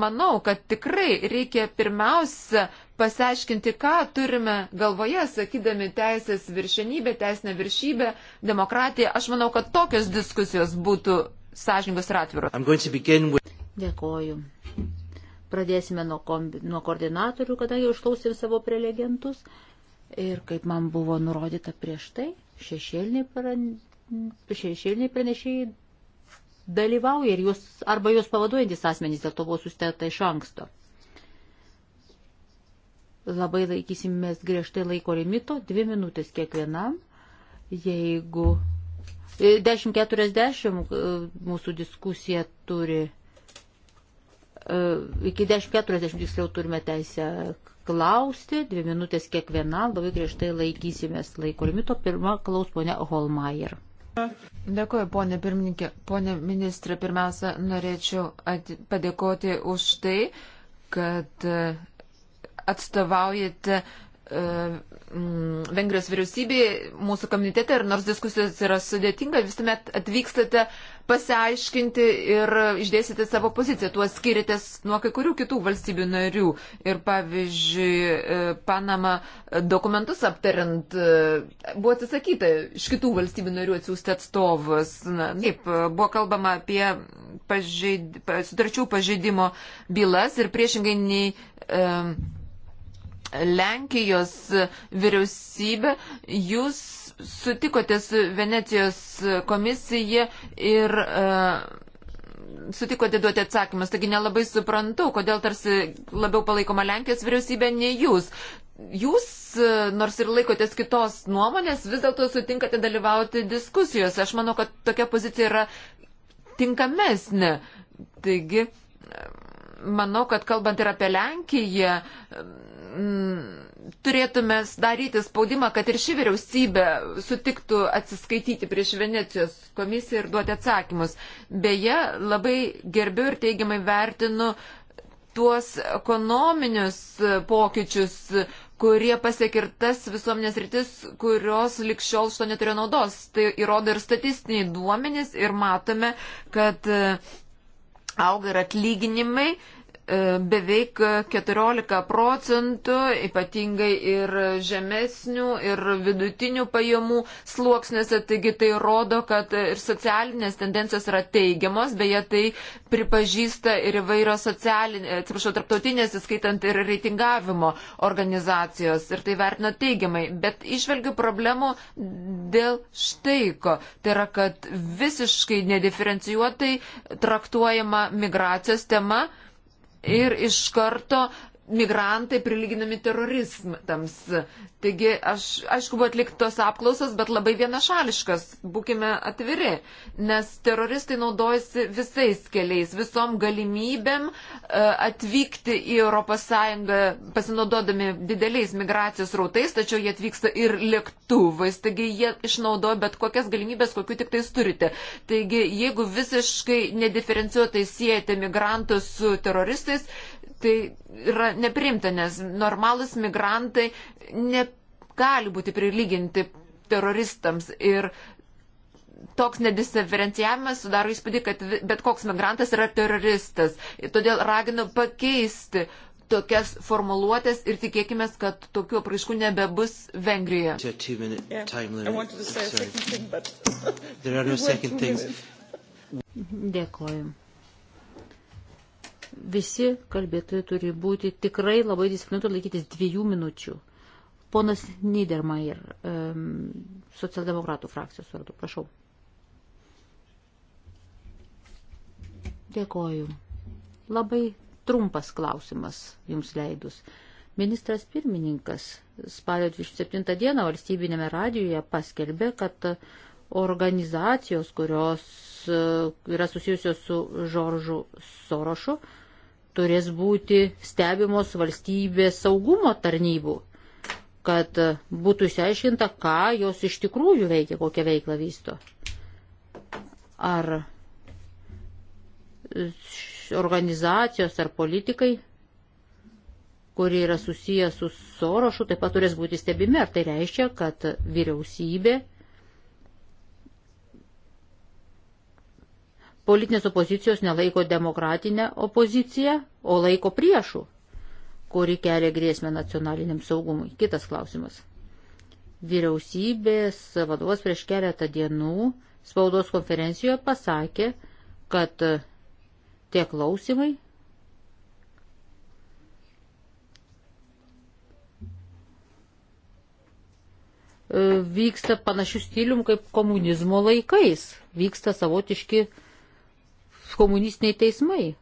Manau, kad tikrai reikia pirmiausia pasiaiškinti, ką turime galvoje, sakydami teisės viršenybė, teisinė viršybė, demokratija. Aš manau, kad tokios diskusijos būtų sąžininkos ir atviros. With... Dėkoju. Pradėsime nuo, kombi... nuo koordinatorių, kadangi užklausėm savo prelegentus. Ir kaip man buvo nurodyta prieš tai, šešėliniai šešėliniai pranešėjai dalyvauja ir jūs arba jūs pavaduojantis asmenys dėl to buvo susitėta iš anksto. Labai laikysimės griežtai laiko limito, dvi minutės kiekvienam. Jeigu 10.40 e, e, mūsų diskusija turi, e, iki 10.40 tiksliau turime teisę klausti, dvi minutės kiekvienam, labai griežtai laikysimės laiko limito. Pirma klaus ponia Holmeier. Dėkuoju, ponė pirmininkė. Ponė ministrė, pirmiausia, norėčiau padėkoti už tai, kad e, atstovaujate uh, Vengrijos vyriausybė mūsų komitete ir nors diskusijos yra sudėtinga, vis tuomet atvykstate uh, pasiaiškinti ir išdėsite savo poziciją. Tuo skiriatės nuo kai kurių kitų valstybių narių. Ir pavyzdžiui, e, Panama dokumentus aptariant e, buvo atsisakyta iš kitų valstybių narių atsiųsti atstovus. Na, taip, buvo kalbama apie pažeid, sutarčių pažeidimo bylas ir priešingai nei. Um, Lenkijos vyriausybė, jūs sutikote su Venecijos komisija ir e, sutikote duoti atsakymus. Taigi nelabai suprantu, kodėl tarsi labiau palaikoma Lenkijos vyriausybė nei jūs. Jūs, e, nors ir laikotės kitos nuomonės, vis dėlto sutinkate dalyvauti diskusijose. Aš manau, kad tokia pozicija yra tinkamesnė. Taigi, e, manau, kad kalbant ir apie Lenkiją, turėtume daryti spaudimą, kad ir ši vyriausybė sutiktų atsiskaityti prieš Venecijos komisiją ir duoti atsakymus. Beje, labai gerbiu ir teigiamai vertinu tuos ekonominius pokyčius, kurie pasiekė ir tas visuomenės rytis, kurios likščiol šito neturėjo naudos. Tai įrodo ir statistiniai duomenys ir matome, kad auga ir atlyginimai, E, beveik 14 procentų, ypatingai ir žemesnių, ir vidutinių pajamų sluoksnėse. Taigi tai rodo, kad ir socialinės tendencijos yra teigiamos, beje, tai pripažįsta ir įvairios socialinės, atsiprašau, tarptautinės, įskaitant ir reitingavimo organizacijos. Ir tai vertina teigiamai. Bet išvelgiu problemų dėl štaiko. Tai yra, kad visiškai nediferencijuotai traktuojama migracijos tema ir iš karto migrantai prilyginami terorizmams. Taigi, aš, aišku, buvo atliktos apklausos, bet labai vienašališkas, būkime atviri, nes teroristai naudojasi visais keliais, visom galimybėm e, atvykti į ES pasinaudodami dideliais migracijos rautais, tačiau jie atvyksta ir lėktuvais, taigi jie išnaudoja bet kokias galimybės, kokiu tik tais turite. Taigi, jeigu visiškai nediferencijuotai siejate migrantus su teroristais, tai yra neprimta, nes normalus migrantai negali būti prilyginti teroristams ir toks nediferencijavimas sudaro įspūdį, kad bet koks migrantas yra teroristas. Todėl raginu pakeisti tokias formuluotės ir tikėkime, kad tokių apraiškų nebebus Vengrijoje. Yeah. Dėkoju. Visi kalbėtojai turi būti tikrai labai disciplinuoti laikytis dviejų minučių. Ponas Niedermayer, socialdemokratų frakcijos vardu, prašau. Dėkoju. Labai trumpas klausimas jums leidus. Ministras pirmininkas spalio 27 dieną valstybinėme radijoje paskelbė, kad organizacijos, kurios e, yra susijusios su Žoržu Sorošu, turės būti stebimos valstybės saugumo tarnybų, kad būtų išsiaiškinta, ką jos iš tikrųjų veikia, kokią veiklą vysto. Ar organizacijos ar politikai, kurie yra susijęs su Sorošu, taip pat turės būti stebimi. Ar tai reiškia, kad vyriausybė politinės opozicijos nelaiko demokratinę opoziciją, o laiko priešų, kuri kelia grėsmę nacionaliniam saugumui. Kitas klausimas. Vyriausybės vadovas prieš keletą dienų spaudos konferencijoje pasakė, kad tie klausimai vyksta panašių stilium kaip komunizmo laikais. Vyksta savotiški uh, komunistiniai teismai.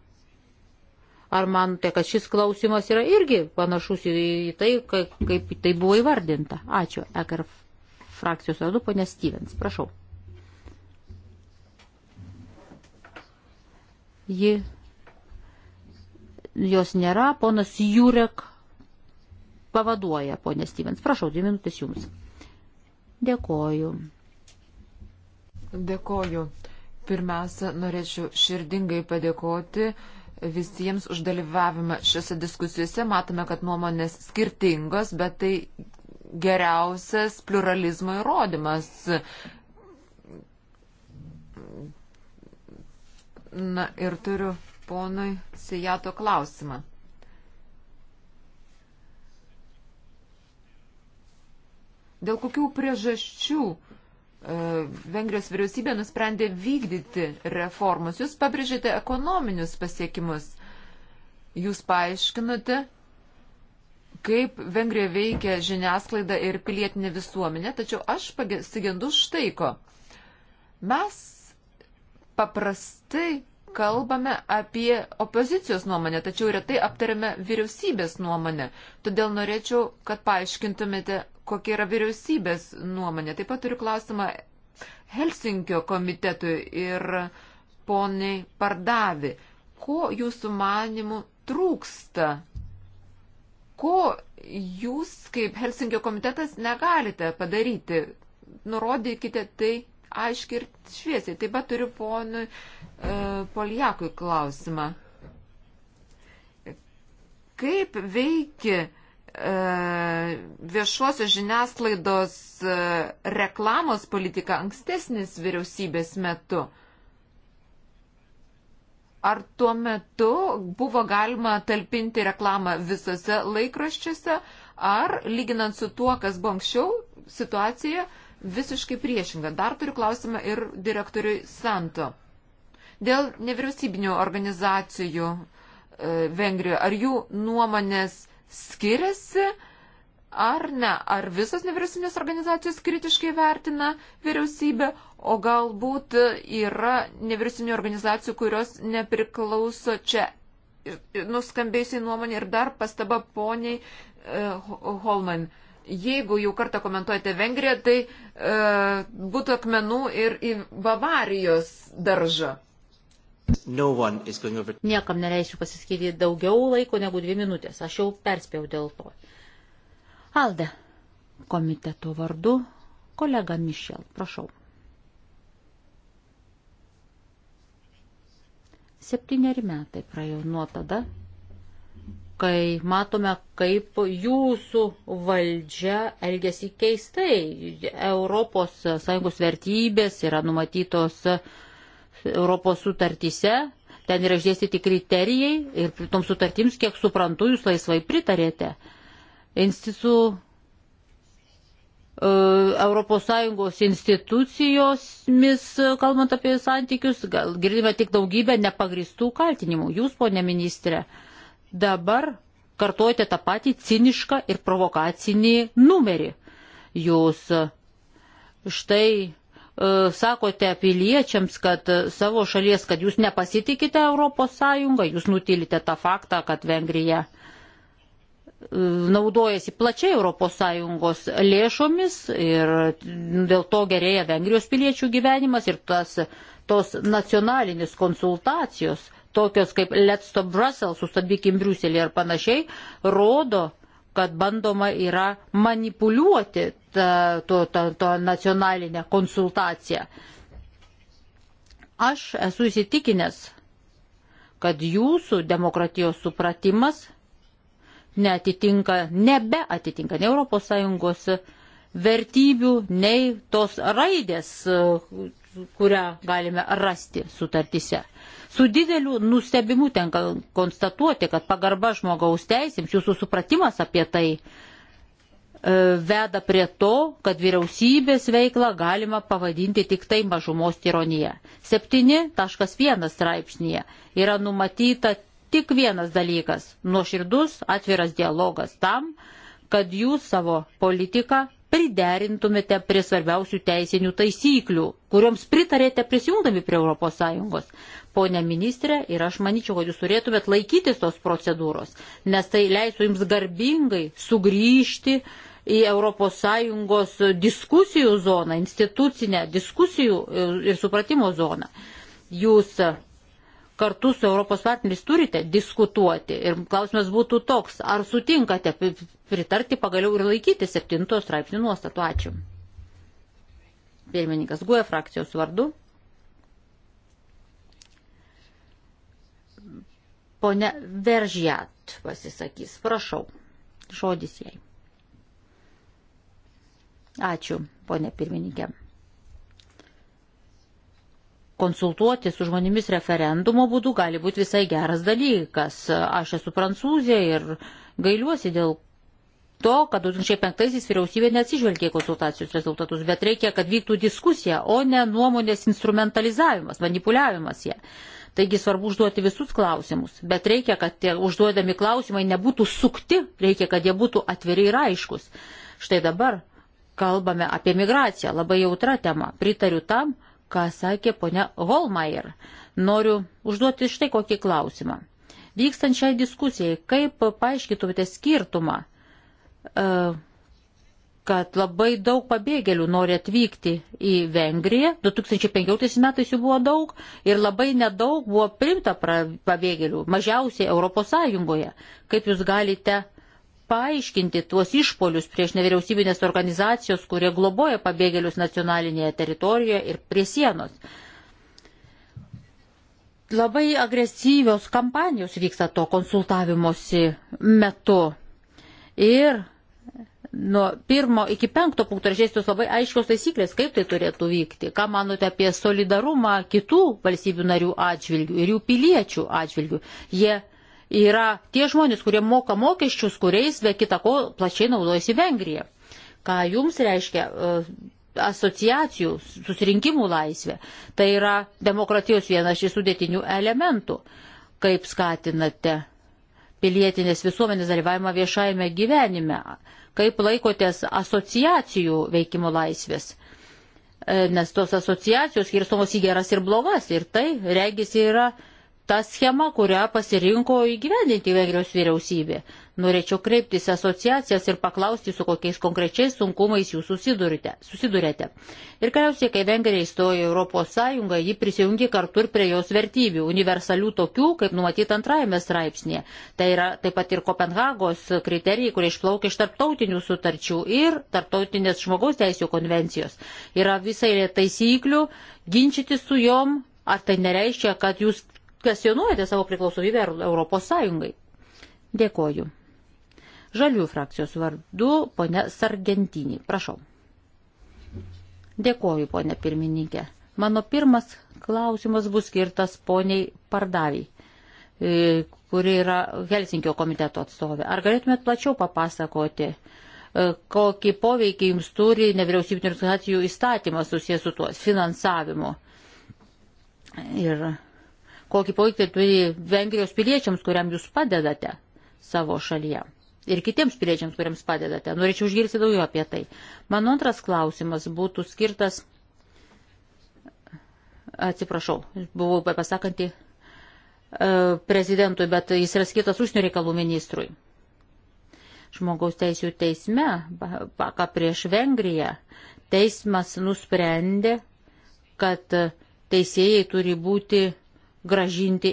Ar manote, kad šis klausimas yra irgi panašus į tai, kaip tai buvo įvardinta? Ačiū. Ekar frakcijos vardu, ponė Stevens. Prašau. Ji. Jos nėra. Ponas Jurek pavaduoja, ponė Stevens. Prašau, dvi minutės jums. Dėkoju. Dėkoju. Pirmiausia, norėčiau širdingai padėkoti visiems už dalyvavimą šiose diskusijose. Matome, kad nuomonės skirtingos, bet tai geriausias pluralizmo įrodymas. Na ir turiu ponui Sijato klausimą. Dėl kokių priežasčių E, Vengrijos vyriausybė nusprendė vykdyti reformas. Jūs pabrėžėte ekonominius pasiekimus. Jūs paaiškinote, kaip Vengrija veikia žiniasklaida ir pilietinė visuomenė, tačiau aš pasigendu štai ko. Mes paprastai kalbame apie opozicijos nuomonę, tačiau retai aptariame vyriausybės nuomonę. Todėl norėčiau, kad paaiškintumėte, kokia yra vyriausybės nuomonė. Taip pat turiu klausimą Helsinkio komitetui ir poniai Pardavi. Ko jūsų manimų trūksta? Ko jūs kaip Helsinkio komitetas negalite padaryti? Nurodykite tai aiškiai ir šviesiai. Taip pat turiu ponui e, Poliakui klausimą. Kaip veikia E, viešuosios žiniasklaidos e, reklamos politika ankstesnės vyriausybės metu. Ar tuo metu buvo galima talpinti reklamą visose laikraščiuose, ar lyginant su tuo, kas buvo anksčiau, situacija visiškai priešinga. Dar turiu klausimą ir direktoriui Santo. Dėl nevyriausybinių organizacijų e, Vengrijoje, ar jų nuomonės skiriasi ar ne, ar visos nevyriausybinės organizacijos kritiškai vertina vyriausybę, o galbūt yra nevyriausybinio organizacijų, kurios nepriklauso čia nuskambėjusiai nuomonė ir dar pastaba poniai uh, Holman. Jeigu jau kartą komentuojate Vengriją, tai uh, būtų akmenų ir į Bavarijos daržą. No over... Niekam neleisiu pasiskirti daugiau laiko negu dvi minutės. Aš jau perspėjau dėl to. Alde, komiteto vardu, kolega Mišel, prašau. Septyneri metai praėjo nuo tada, kai matome, kaip jūsų valdžia elgesi keistai. Europos Sąjungos vertybės yra numatytos uh, Europos sutartyse, ten yra išdėstyti kriterijai ir toms sutartims, kiek suprantu, jūs laisvai pritarėte. Institu, e, Europos Sąjungos institucijosmis, e, kalbant apie santykius, gal girdime tik daugybę nepagristų kaltinimų. Jūs, ponė ministrė, dabar kartuojate tą patį cinišką ir provokacinį numerį. Jūs e, štai E, sakote piliečiams, kad e, savo šalies, kad jūs nepasitikite ES, jūs nutilite tą faktą, kad Vengrija e, naudojasi plačiai ES lėšomis ir dėl to gerėja Vengrijos piliečių gyvenimas ir tas, tos nacionalinis konsultacijos, tokios kaip Let's Stop Brussels, sustabdykim Briuselį ir panašiai, rodo, kad bandoma yra manipuliuoti tą nacionalinę konsultaciją. Aš esu įsitikinęs, kad jūsų demokratijos supratimas neatitinka, nebeatitinka nei ES vertybių, nei tos raidės, kurią galime rasti sutartise. Su dideliu nustebimu tenka konstatuoti, kad pagarba žmogaus teisėms, jūsų supratimas apie tai e, veda prie to, kad vyriausybės veiklą galima pavadinti tik tai mažumos tironija. 7.1 straipsnėje yra numatyta tik vienas dalykas - nuoširdus atviras dialogas tam, kad jūs savo politiką priderintumėte prie svarbiausių teisinių taisyklių, kuriuoms pritarėte prisijungdami prie ES. Pone ministrė, ir aš manyčiau, kad jūs turėtumėt laikytis tos procedūros, nes tai leisų jums garbingai sugrįžti į ES diskusijų zoną, institucinę diskusijų ir supratimo zoną. Jūs kartu su Europos partneriais turite diskutuoti. Ir klausimas būtų toks, ar sutinkate pritarti pagaliau ir laikyti 7 straipsnių nuostatų. Ačiū. Pirmininkas Guoja frakcijos vardu. Pone Veržjat pasisakys. Prašau. Žodis jai. Ačiū, ponė pirmininkė konsultuoti su žmonėmis referendumo būdu gali būti visai geras dalykas. Aš esu prancūzė ir gailiuosi dėl to, kad 2005-aisiais vyriausybė neatsižvelgė konsultacijos rezultatus, bet reikia, kad vyktų diskusija, o ne nuomonės instrumentalizavimas, manipuliavimas ją. Taigi svarbu užduoti visus klausimus, bet reikia, kad tie užduodami klausimai nebūtų sukti, reikia, kad jie būtų atviri ir aiškus. Štai dabar kalbame apie migraciją, labai jautra tema. Pritariu tam, ką sakė ponia Holmeier. Noriu užduoti štai kokį klausimą. Vykstant šiai diskusijai, kaip paaiškitumėte skirtumą, e, kad labai daug pabėgėlių nori atvykti į Vengriją, 2015 metais jų buvo daug ir labai nedaug buvo primta pabėgėlių, mažiausiai Europos Sąjungoje. Kaip jūs galite paaiškinti tuos išpolius prieš nevyriausybinės organizacijos, kurie globoja pabėgėlius nacionalinėje teritorijoje ir prie sienos. Labai agresyvios kampanijos vyksta to konsultavimosi metu. Ir nuo pirmo iki penkto punkto rašėstos labai aiškios taisyklės, kaip tai turėtų vykti. Ką manote apie solidarumą kitų valstybių narių atžvilgių ir jų piliečių atžvilgių? Jie yra tie žmonės, kurie moka mokesčius, kuriais be kita ko plačiai naudojasi Vengrija. Ką jums reiškia e, asociacijų susirinkimų laisvė? Tai yra demokratijos vienas iš sudėtinių elementų. Kaip skatinate pilietinės visuomenės dalyvavimą viešajame gyvenime? Kaip laikotės asociacijų veikimo laisvės? E, nes tos asociacijos skirstomos į geras ir blogas ir tai, regis, yra ta schema, kurią pasirinko įgyvendinti Vengrijos vyriausybė. Norėčiau kreiptis asociacijas ir paklausti, su kokiais konkrečiais sunkumais jūs susidurėte. Ir galiausiai, kai Vengrija įstojo į Europos Sąjungą, ji prisijungė kartu ir prie jos vertybių, universalių tokių, kaip numatyta antrajame straipsnėje. Tai yra taip pat ir Kopenhagos kriterijai, kurie išplaukia iš tarptautinių sutarčių ir tarptautinės žmogaus teisų konvencijos. Yra visai taisyklių, ginčytis su jom Ar tai nereiškia, kad jūs kvestionuojate savo priklausomybę Europos Sąjungai. Dėkoju. Žalių frakcijos vardu, ponė Sargentinį. Prašau. Dėkoju, ponė pirmininkė. Mano pirmas klausimas bus skirtas poniai Pardaviai, e, kuri yra Helsinkio komiteto atstovė. Ar galėtumėt plačiau papasakoti, e, kokį poveikį jums turi nevyriausybinio organizacijų įstatymas susijęs su tuo finansavimu? Ir kokį poveikį turi Vengrijos piliečiams, kuriam jūs padedate savo šalyje. Ir kitiems piliečiams, kuriems padedate. Norėčiau užgirsti daugiau apie tai. Mano antras klausimas būtų skirtas, atsiprašau, buvau pasakanti e, prezidentui, bet jis yra skirtas užsienio reikalų ministrui. Žmogaus teisų teisme, ką prieš Vengriją, teismas nusprendė, kad teisėjai turi būti gražinti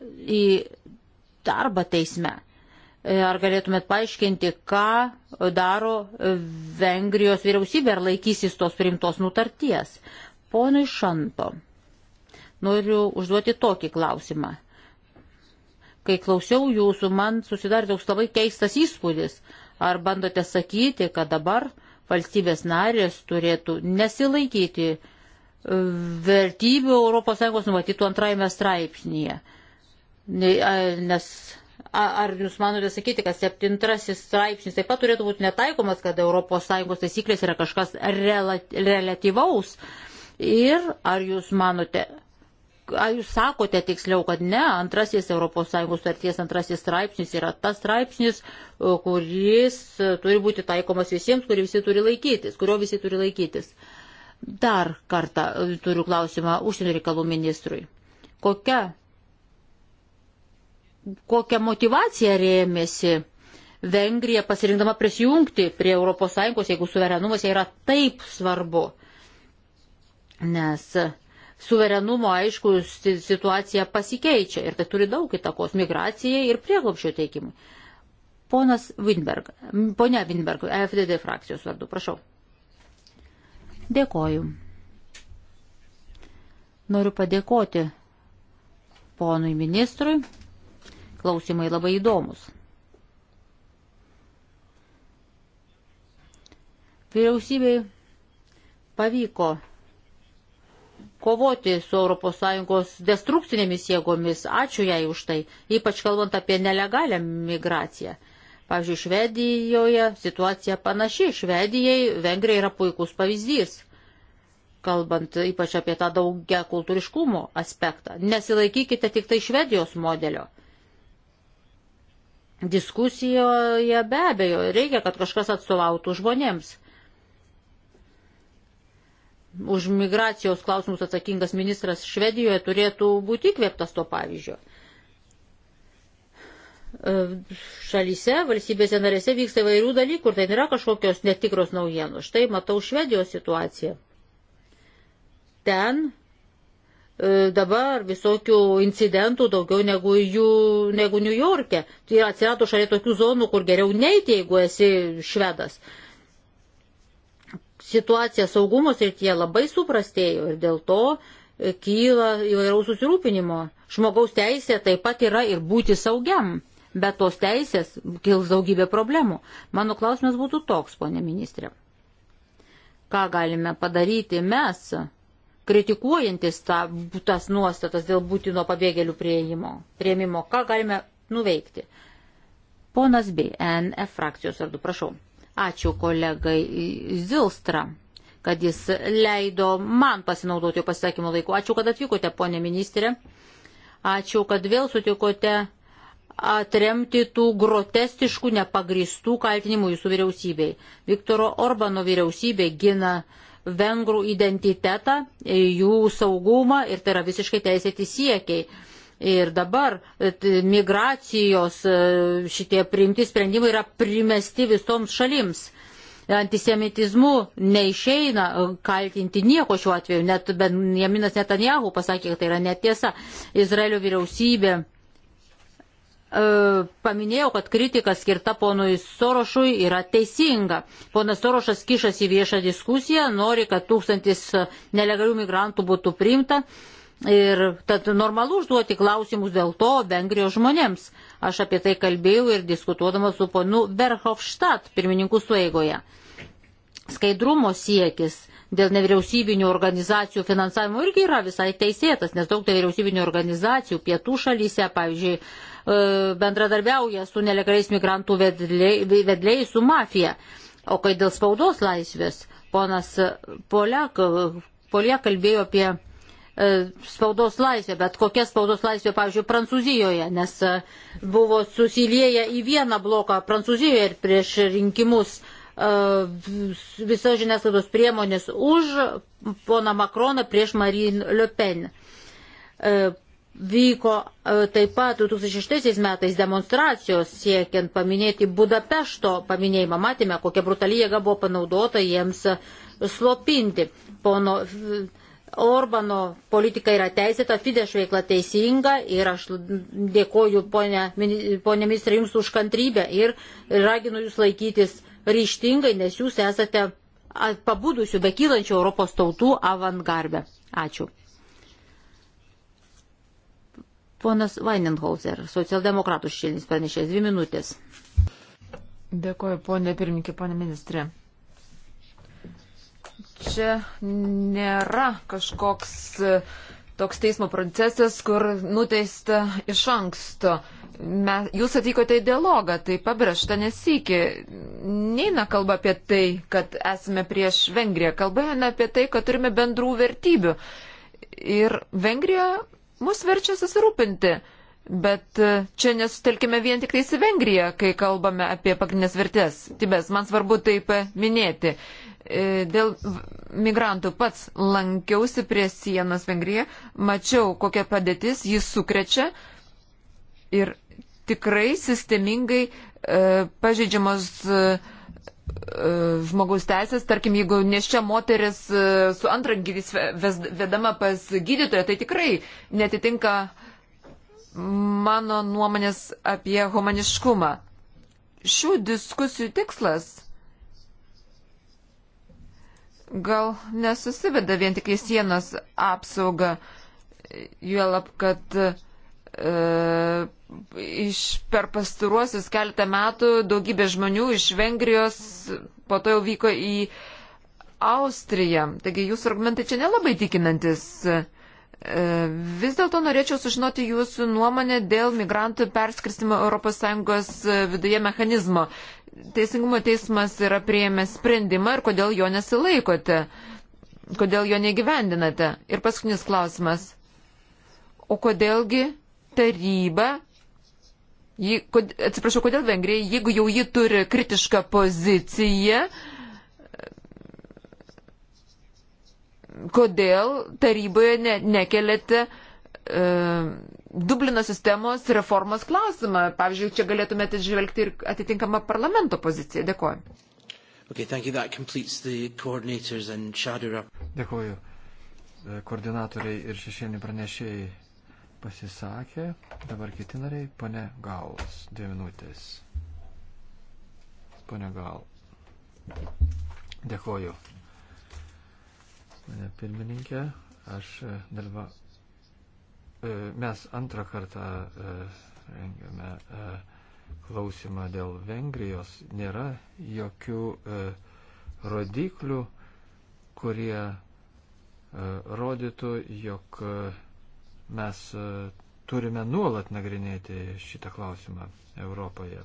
į darbą teisme. E, ar galėtumėt paaiškinti, ką daro Vengrijos vyriausybė, ar laikysis tos priimtos nutarties? Ponui Šanto, noriu užduoti tokį klausimą. Kai klausiau jūsų, man susidarė toks labai keistas įspūdis. Ar bandote sakyti, kad dabar valstybės narės turėtų nesilaikyti vertybių ES numatytų antrajame straipsnėje. Nes ar jūs manote sakyti, kad septintasis straipsnis taip pat turėtų būti netaikomas, kad ES taisyklės yra kažkas relativaus? Ir ar jūs manote, ar jūs sakote tiksliau, kad ne, antrasis ES sutarties antrasis straipsnis yra tas straipsnis, kuris turi būti taikomas visiems, kurio visi turi laikytis, kurio visi turi laikytis. Uh, Dar kartą turiu klausimą užsienio reikalų ministrui. Kokia, kokia motivacija rėmėsi Vengrija pasirinkdama prisijungti prie ES, jeigu suverenumas yra taip svarbu? Nes suverenumo, aišku, situacija pasikeičia ir tai turi daug įtakos migracijai ir prieglopšio teikimui. Ponas Winberg, ponia Winberg, FDD frakcijos vardu, prašau. Dėkoju. Noriu padėkoti ponui ministrui. Klausimai labai įdomus. Vyriausybei pavyko kovoti su ES destrukcinėmis jėgomis. Ačiū jai už tai, ypač kalbant apie nelegalią migraciją. Pavyzdžiui, Švedijoje situacija panaši. Švedijai Vengrija yra puikus pavyzdys, kalbant ypač apie tą daugia kultūriškumo aspektą. Nesilaikykite tik tai Švedijos modelio. Diskusijoje be abejo reikia, kad kažkas atstovautų žmonėms. Už migracijos klausimus atsakingas ministras Švedijoje turėtų būti įkvėptas to pavyzdžio. E, šalyse, valstybėse narėse vyksta įvairių dalykų ir tai nėra kažkokios netikros naujienos. Štai matau Švedijos situaciją. Ten e, dabar visokių incidentų daugiau negu, jų, negu New York'e. Tai atsirado šalia tokių zonų, kur geriau neiti, jeigu esi švedas. Situacija saugumo srityje labai suprastėjo ir dėl to e, kyla įvairaus susirūpinimo. Žmogaus teisė taip pat yra ir būti saugiam be tos teisės kils daugybė problemų. Mano klausimas būtų toks, ponė ministrė. Ką galime padaryti mes, kritikuojantis ta, tas nuostatas dėl būtino pabėgėlių prieimimo, prieimimo, ką galime nuveikti? Ponas B. NF frakcijos vardu, prašau. Ačiū kolegai Zilstra kad jis leido man pasinaudoti jo pasisakymo laiku. Ačiū, kad atvykote, ponė ministrė. Ačiū, kad vėl sutikote atremti tų grotestiškų, nepagristų kaltinimų jūsų vyriausybei. Viktoro Orbano vyriausybė gina vengrų identitetą, jų saugumą ir tai yra visiškai teisėti siekiai. Ir dabar e, migracijos e, šitie priimti sprendimai yra primesti visoms šalims. Antisemitizmu neišeina e, kaltinti nieko šiuo atveju, net Benjaminas Netanjahu pasakė, kad tai yra netiesa. Izraelio vyriausybė E, paminėjau, kad kritika skirta ponui Sorošui yra teisinga. Ponas Sorošas kišas į viešą diskusiją, nori, kad tūkstantis nelegalių migrantų būtų priimta. Ir tad normalu užduoti klausimus dėl to Vengrijos žmonėms. Aš apie tai kalbėjau ir diskutuodama su ponu Verhofstadt pirmininku sueigoje. Skaidrumo siekis dėl nevyriausybinių organizacijų finansavimo irgi yra visai teisėtas, nes daug nevyriausybinių tai organizacijų pietų šalyse, pavyzdžiui, E, bendradarbiauja su nelegaliais migrantų vedliai, su mafija. O kai dėl spaudos laisvės, ponas Poliak, Poliak kalbėjo apie e, spaudos laisvę, bet kokia spaudos laisvė, pavyzdžiui, Prancūzijoje, nes e, buvo susilieję į vieną bloką Prancūzijoje ir prieš rinkimus visos žiniasklaidos priemonės už poną Makroną prieš Marine Le Pen vyko e, taip pat 2006 metais demonstracijos siekiant paminėti Budapešto paminėjimą. Matėme, kokia brutali jėga buvo panaudota jiems slopinti. Pono Orbano politika yra teisėta, Fidesz veikla teisinga ir aš dėkoju ponė, ponė ministrė Jums už kantrybę ir raginu Jūs laikytis ryštingai, nes Jūs esate pabudusių, bekylančių Europos tautų avangardė. Ačiū. Ponas Weinenholzer, socialdemokratų šešėlinis pranešės, dvi minutės. Dėkuoju, ponė pirmininkė, ponė ministrė. Čia nėra kažkoks e, toks teismo procesas, kur nuteista iš anksto. Mes, jūs atvykote į dialogą, tai pabrėžta nesiki. Neina kalba apie tai, kad esame prieš Vengriją. Kalba eina apie tai, kad turime bendrų vertybių. Ir Vengrija mus verčia susirūpinti. Bet e, čia nesutelkime vien tik tai į Vengriją, kai kalbame apie pagrindinės vertės. Tibės, man svarbu taip minėti. E, dėl migrantų pats lankiausi prie sienos Vengrija, mačiau, kokia padėtis jis sukrečia ir tikrai sistemingai e, pažeidžiamos e, E, žmogaus teisės, tarkim, jeigu neščia moteris e, su antrangyvis vedama pas gydytoją, tai tikrai netitinka mano nuomonės apie humaniškumą. Šių diskusijų tikslas gal nesusiveda vien tik į sienos apsaugą, juolab, kad uh, E, iš per pastaruosius keletą metų daugybė žmonių iš Vengrijos po to jau vyko į Austriją. Taigi jūsų argumentai čia nelabai tikinantis. E, vis dėlto norėčiau sužinoti jūsų nuomonę dėl migrantų perskirstimo ES e, viduje mechanizmo. Teisingumo teismas yra prieėmęs sprendimą ir kodėl jo nesilaikote, kodėl jo negyvendinate. Ir paskutinis klausimas. O kodėlgi taryba, jį, kod, atsiprašau, kodėl Vengrija, jeigu jau ji turi kritišką poziciją, kodėl taryboje ne, nekeliate e, Dublino sistemos reformos klausimą. Pavyzdžiui, čia galėtumėte žvelgti ir atitinkamą parlamento poziciją. Dėkuoju. Okay, thank you. That completes the coordinators and shadow. Dėkuoju. E, koordinatoriai ir šešėliniai pranešėjai pasisakė, dabar kiti nariai, pone Gauls, dvi minutės. Pone Gal, dėkoju. Mane pirmininkė, aš e, dalyva. E, mes antrą kartą e, rengiame klausimą dėl Vengrijos. Nėra jokių rodiklių, kurie rodytų, jog Mes e, turime nuolat nagrinėti šitą klausimą Europoje.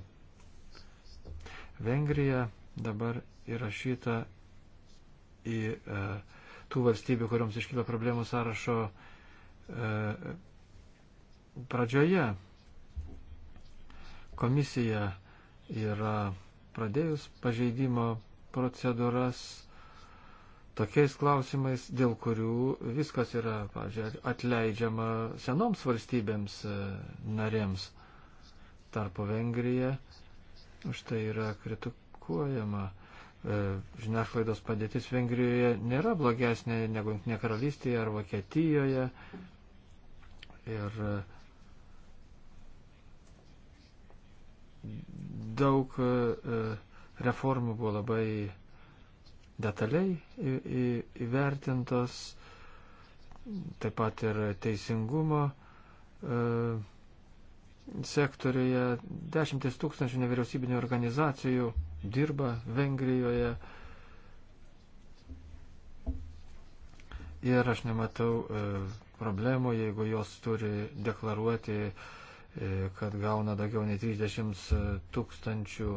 Vengrija dabar įrašyta į e, tų valstybių, kuriuoms iškyla problemų sąrašo e, pradžioje. Komisija yra pradėjus pažeidimo procedūras tokiais klausimais, dėl kurių viskas yra, pavyzdžiui, atleidžiama senoms valstybėms e, narėms. Tarpo Vengrija už tai yra kritikuojama. E, žiniasklaidos padėtis Vengrijoje nėra blogesnė negu Junktinė karalystėje ar Vokietijoje. Ir e, daug reformų buvo labai detaliai įvertintos, taip pat ir teisingumo e, sektoriuje. Dešimtis tūkstančių nevyriausybinio organizacijų dirba Vengrijoje. Ir aš nematau e, problemų, jeigu jos turi deklaruoti, e, kad gauna daugiau nei 30 tūkstančių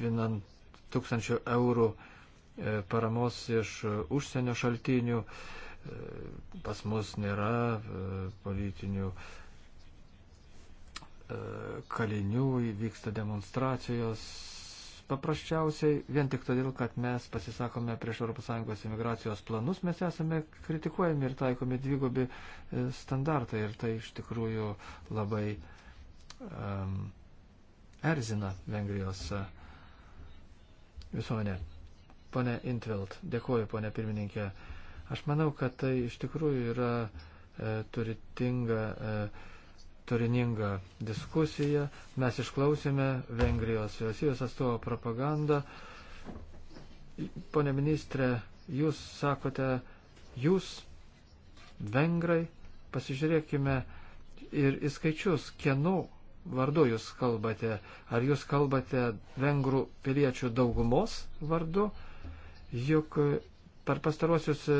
finant, tūkstančių eurų e, paramos iš užsienio šaltinių. E, pas mus nėra e, politinių kalinių, vyksta demonstracijos. Paprasčiausiai, vien tik todėl, kad mes pasisakome prieš ES imigracijos planus, mes esame kritikuojami ir taikomi dvigubi standartai ir tai iš tikrųjų labai um, erzina Vengrijos uh, visuomenė. Pone Intveld, dėkuoju, pone pirmininkė. Aš manau, kad tai iš tikrųjų yra e, turitinga, e, turininga diskusija. Mes išklausėme Vengrijos vyriausybės atstovo propagandą. Pone ministrė, jūs sakote, jūs, vengrai, pasižiūrėkime ir į skaičius, kieno vardu jūs kalbate? Ar jūs kalbate vengrų piliečių daugumos vardu? Juk e, per pastaruosius e,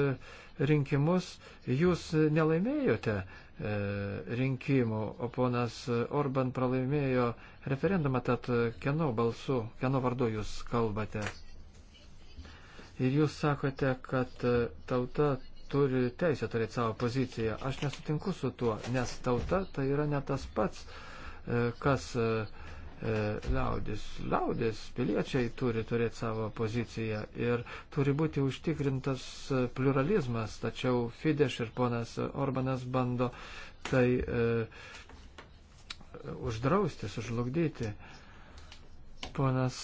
rinkimus jūs nelaimėjote e, rinkimų, o ponas Orban pralaimėjo referendumą, tad kieno balsu, kieno vardu jūs kalbate? Ir jūs sakote, kad tauta turi teisę turėti savo poziciją. Aš nesutinku su tuo, nes tauta tai yra ne tas pats, uh, E, kas e, e, liaudis. Liaudis piliečiai turi turėti savo poziciją ir turi būti užtikrintas pluralizmas, tačiau Fidesz ir ponas Orbanas bando tai e, uždrausti, sužlugdyti. Ponas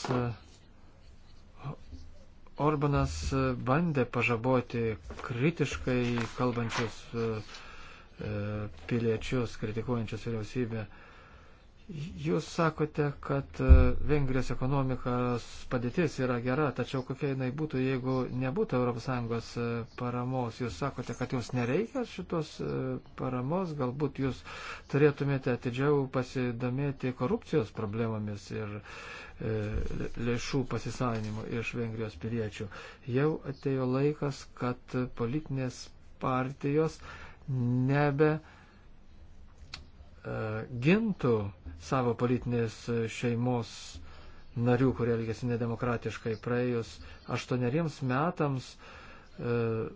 Orbanas bandė pažaboti kritiškai kalbančius piliečius, kritikuojančius vyriausybę. E, Jūs sakote, kad e, Vengrijos ekonomikos padėtis yra gera, tačiau kokia jinai būtų, jeigu nebūtų ES e, paramos? Jūs sakote, kad jums nereikia šitos e, paramos, galbūt jūs turėtumėte atidžiau pasidomėti korupcijos problemomis ir lėšų pasisavinimu iš Vengrijos piliečių. Jau atėjo laikas, kad politinės partijos nebe E, gintų savo politinės šeimos narių, kurie elgėsi nedemokratiškai praėjus aštuoneriems metams e,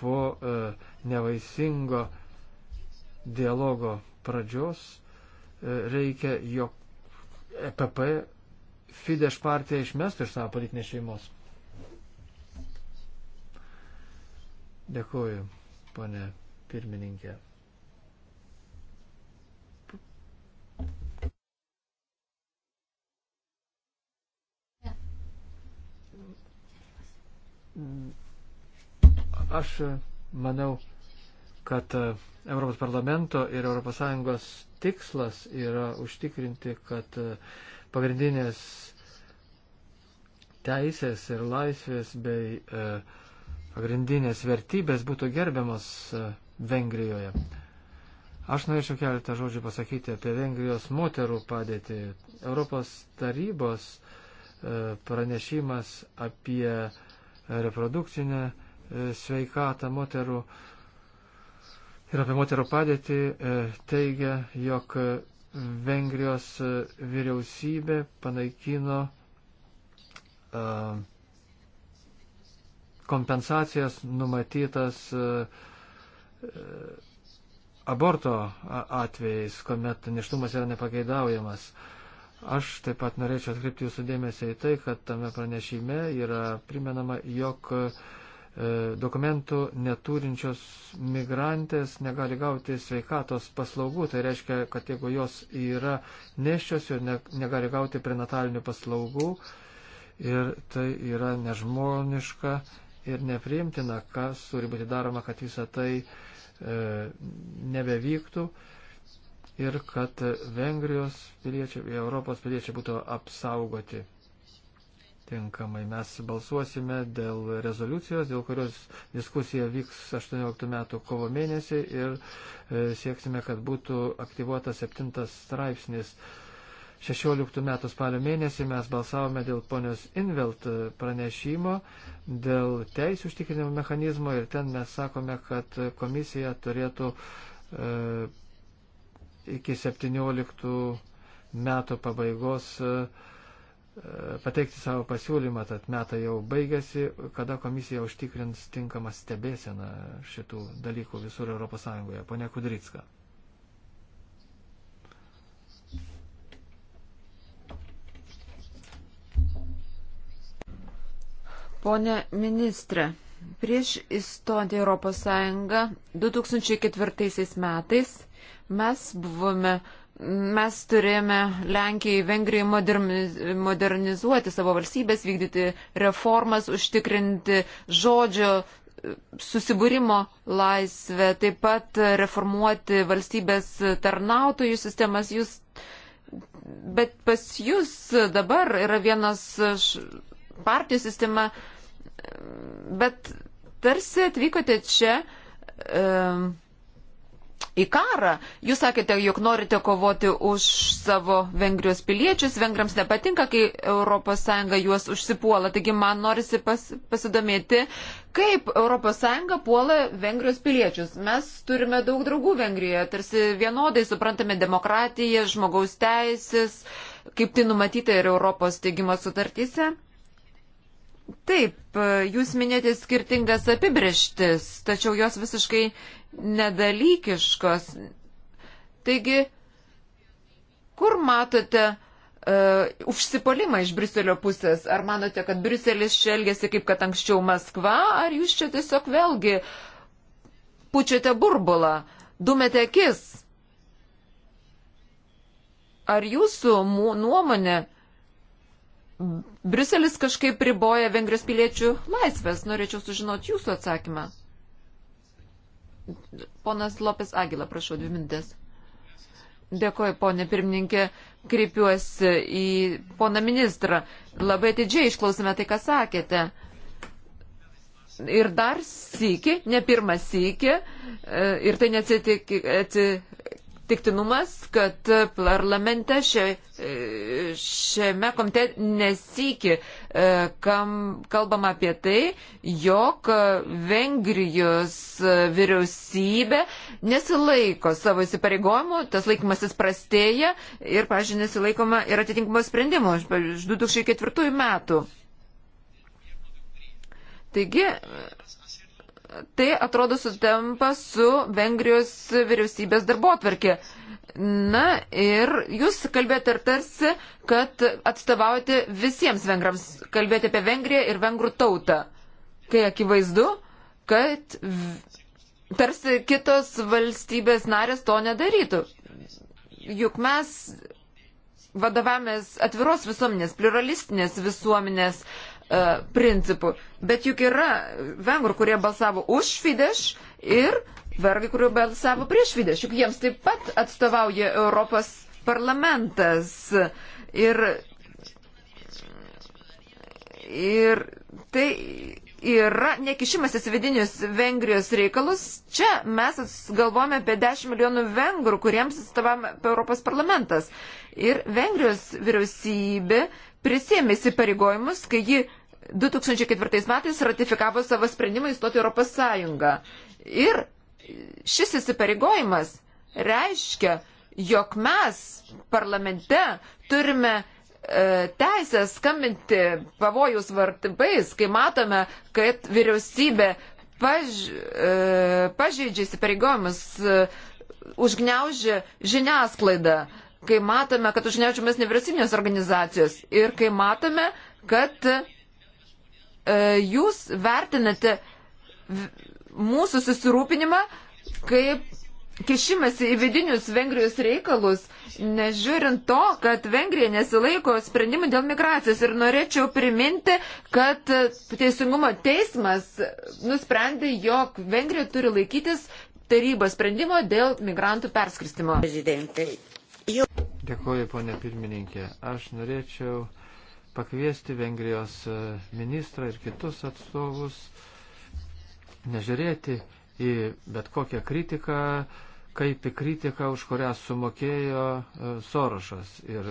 po e, nevaisingo dialogo pradžios e, reikia, jog EPP Fidesz partija išmestų iš savo politinės šeimos. Dėkuoju, ponė pirmininkė. Mm. Aš e, manau, kad e, Europos parlamento ir ES tikslas yra užtikrinti, kad e, pagrindinės teisės ir laisvės bei pagrindinės vertybės būtų gerbiamas Vengrijoje. Aš norėčiau keletą žodžių pasakyti apie Vengrijos moterų padėtį. Europos tarybos pranešimas apie reprodukcinę e, sveikatą moterų ir apie moterų padėtį e, teigia, jog Vengrijos vyriausybė panaikino e, kompensacijas numatytas aborto atvejais, kuomet neštumas yra nepageidaujamas. Aš taip pat norėčiau atkreipti jūsų dėmesį į tai, kad tame pranešime yra primenama, jog e, dokumentų neturinčios migrantės negali gauti sveikatos paslaugų. Tai reiškia, kad jeigu jos yra neščios ir ne, negali gauti prenatalinių paslaugų, ir tai yra nežmoniška ir nepriimtina, kas turi būti daroma, kad visa tai e, nebevyktų. E, ir kad Vengrijos piliečiai, Europos piliečiai būtų apsaugoti tinkamai. Mes balsuosime dėl rezoliucijos, dėl kurios diskusija vyks 18 metų kovo mėnesį ir e, sieksime, kad būtų aktyvuotas 7 straipsnis. 16 metų spalio mėnesį mes balsavome dėl ponios Invelt pranešimo, dėl teisų užtikrinimo mechanizmo ir ten mes sakome, kad komisija turėtų e, iki 17 metų pabaigos e, pateikti savo pasiūlymą, tad metai jau baigėsi, kada komisija užtikrins tinkamą stebėseną šitų dalykų visur ES. Pone Kudrycka. Pone ministre, prieš įstoti Europos Sąjungą 2004 metais Mes buvome, mes turėjome Lenkijai, Vengrijai modernizuoti savo valstybės, vykdyti reformas, užtikrinti žodžio susibūrimo laisvę, taip pat reformuoti valstybės tarnautojų sistemas. Jūs, bet pas jūs dabar yra vienas partijų sistema, bet tarsi atvykote čia. Um, į karą. Jūs sakėte, jog norite kovoti už savo Vengrijos piliečius, vengrams nepatinka, kai ES juos užsipuola. Taigi man norisi pas, pasidomėti, kaip ES puola Vengrijos piliečius. Mes turime daug draugų Vengrijoje, tarsi vienodai suprantame demokratiją, žmogaus teisės, kaip tai numatyta ir Europos teigimo sutartyse. Taip, jūs minėjote skirtingas apibrieštis, tačiau jos visiškai nedalykiškos. Taigi, kur matote uh, užsipolimą iš Briuselio pusės? Ar manote, kad Briuselis čia elgėsi kaip kad anksčiau Maskva, ar jūs čia tiesiog vėlgi pučiate burbulą, dumete akis? Ar jūsų nuomonė Briuselis kažkaip riboja Vengrijos piliečių laisvės. Norėčiau sužinoti jūsų atsakymą. Ponas Lopes Agila, prašau, dvi minutės. Dėkoju, ponė pirmininkė, kreipiuosi į poną ministrą. Labai atidžiai išklausime tai, ką sakėte. Ir dar sėki, ne pirmą sėki, e, ir tai neatsitik, atsi, atsitiktinumas, kad parlamente šia, e, šiame komite nesiki e, kam, kalbama apie tai, jog Vengrijos vyriausybė nesilaiko savo įsipareigojimų, tas laikymasis prastėja ir, pažiūrėjau, nesilaikoma ir atitinkamo sprendimo iš 2004 metų. Taigi, tai atrodo sutampa su Vengrijos vyriausybės darbo atverkė. Na ir jūs kalbėjote ir tarsi, kad atstovaujate visiems vengrams, kalbėjote apie Vengriją ir vengrų tautą. Kai akivaizdu, kad tarsi kitos valstybės narės to nedarytų. Juk mes vadovavomės atviros visuomenės, pluralistinės visuomenės E, principų. Bet juk yra vengrų, kurie balsavo už Fidesz ir vergai, kurie balsavo prieš Fidesz. Juk jiems taip pat atstovauja Europos parlamentas. Ir, ir tai yra nekišimasis vidinius Vengrijos reikalus. Čia mes galvojame apie 10 milijonų vengrų, kuriems atstovavome Europos parlamentas. Ir Vengrijos vyriausybė prisėmė įsipareigojimus, kai ji 2004 metais ratifikavo savo sprendimą įstoti Europos Sąjungą. Ir šis įsipareigojimas reiškia, jog mes parlamente turime e, teisę skambinti pavojus vartybais, kai matome, kad vyriausybė paž, e, pažeidžia įsipareigojimus, e, užgneužia žiniasklaidą, kai matome, kad užgneužiamas nevyriausybinės organizacijos ir kai matome, kad E, jūs vertinate mūsų susirūpinimą kaip kešimasi į vidinius Vengrijos reikalus, nežiūrint to, kad Vengrija nesilaiko sprendimų dėl migracijos. Ir norėčiau priminti, kad Teisingumo teismas nusprendė, jog Vengrija turi laikytis tarybos sprendimo dėl migrantų perskristimo. Dėkuoju, ponė pirmininkė. Aš norėčiau pakviesti Vengrijos e, ministrą ir kitus atstovus, nežiūrėti į bet kokią kritiką, kaip į kritiką, už kurią sumokėjo e, Sorošas ir,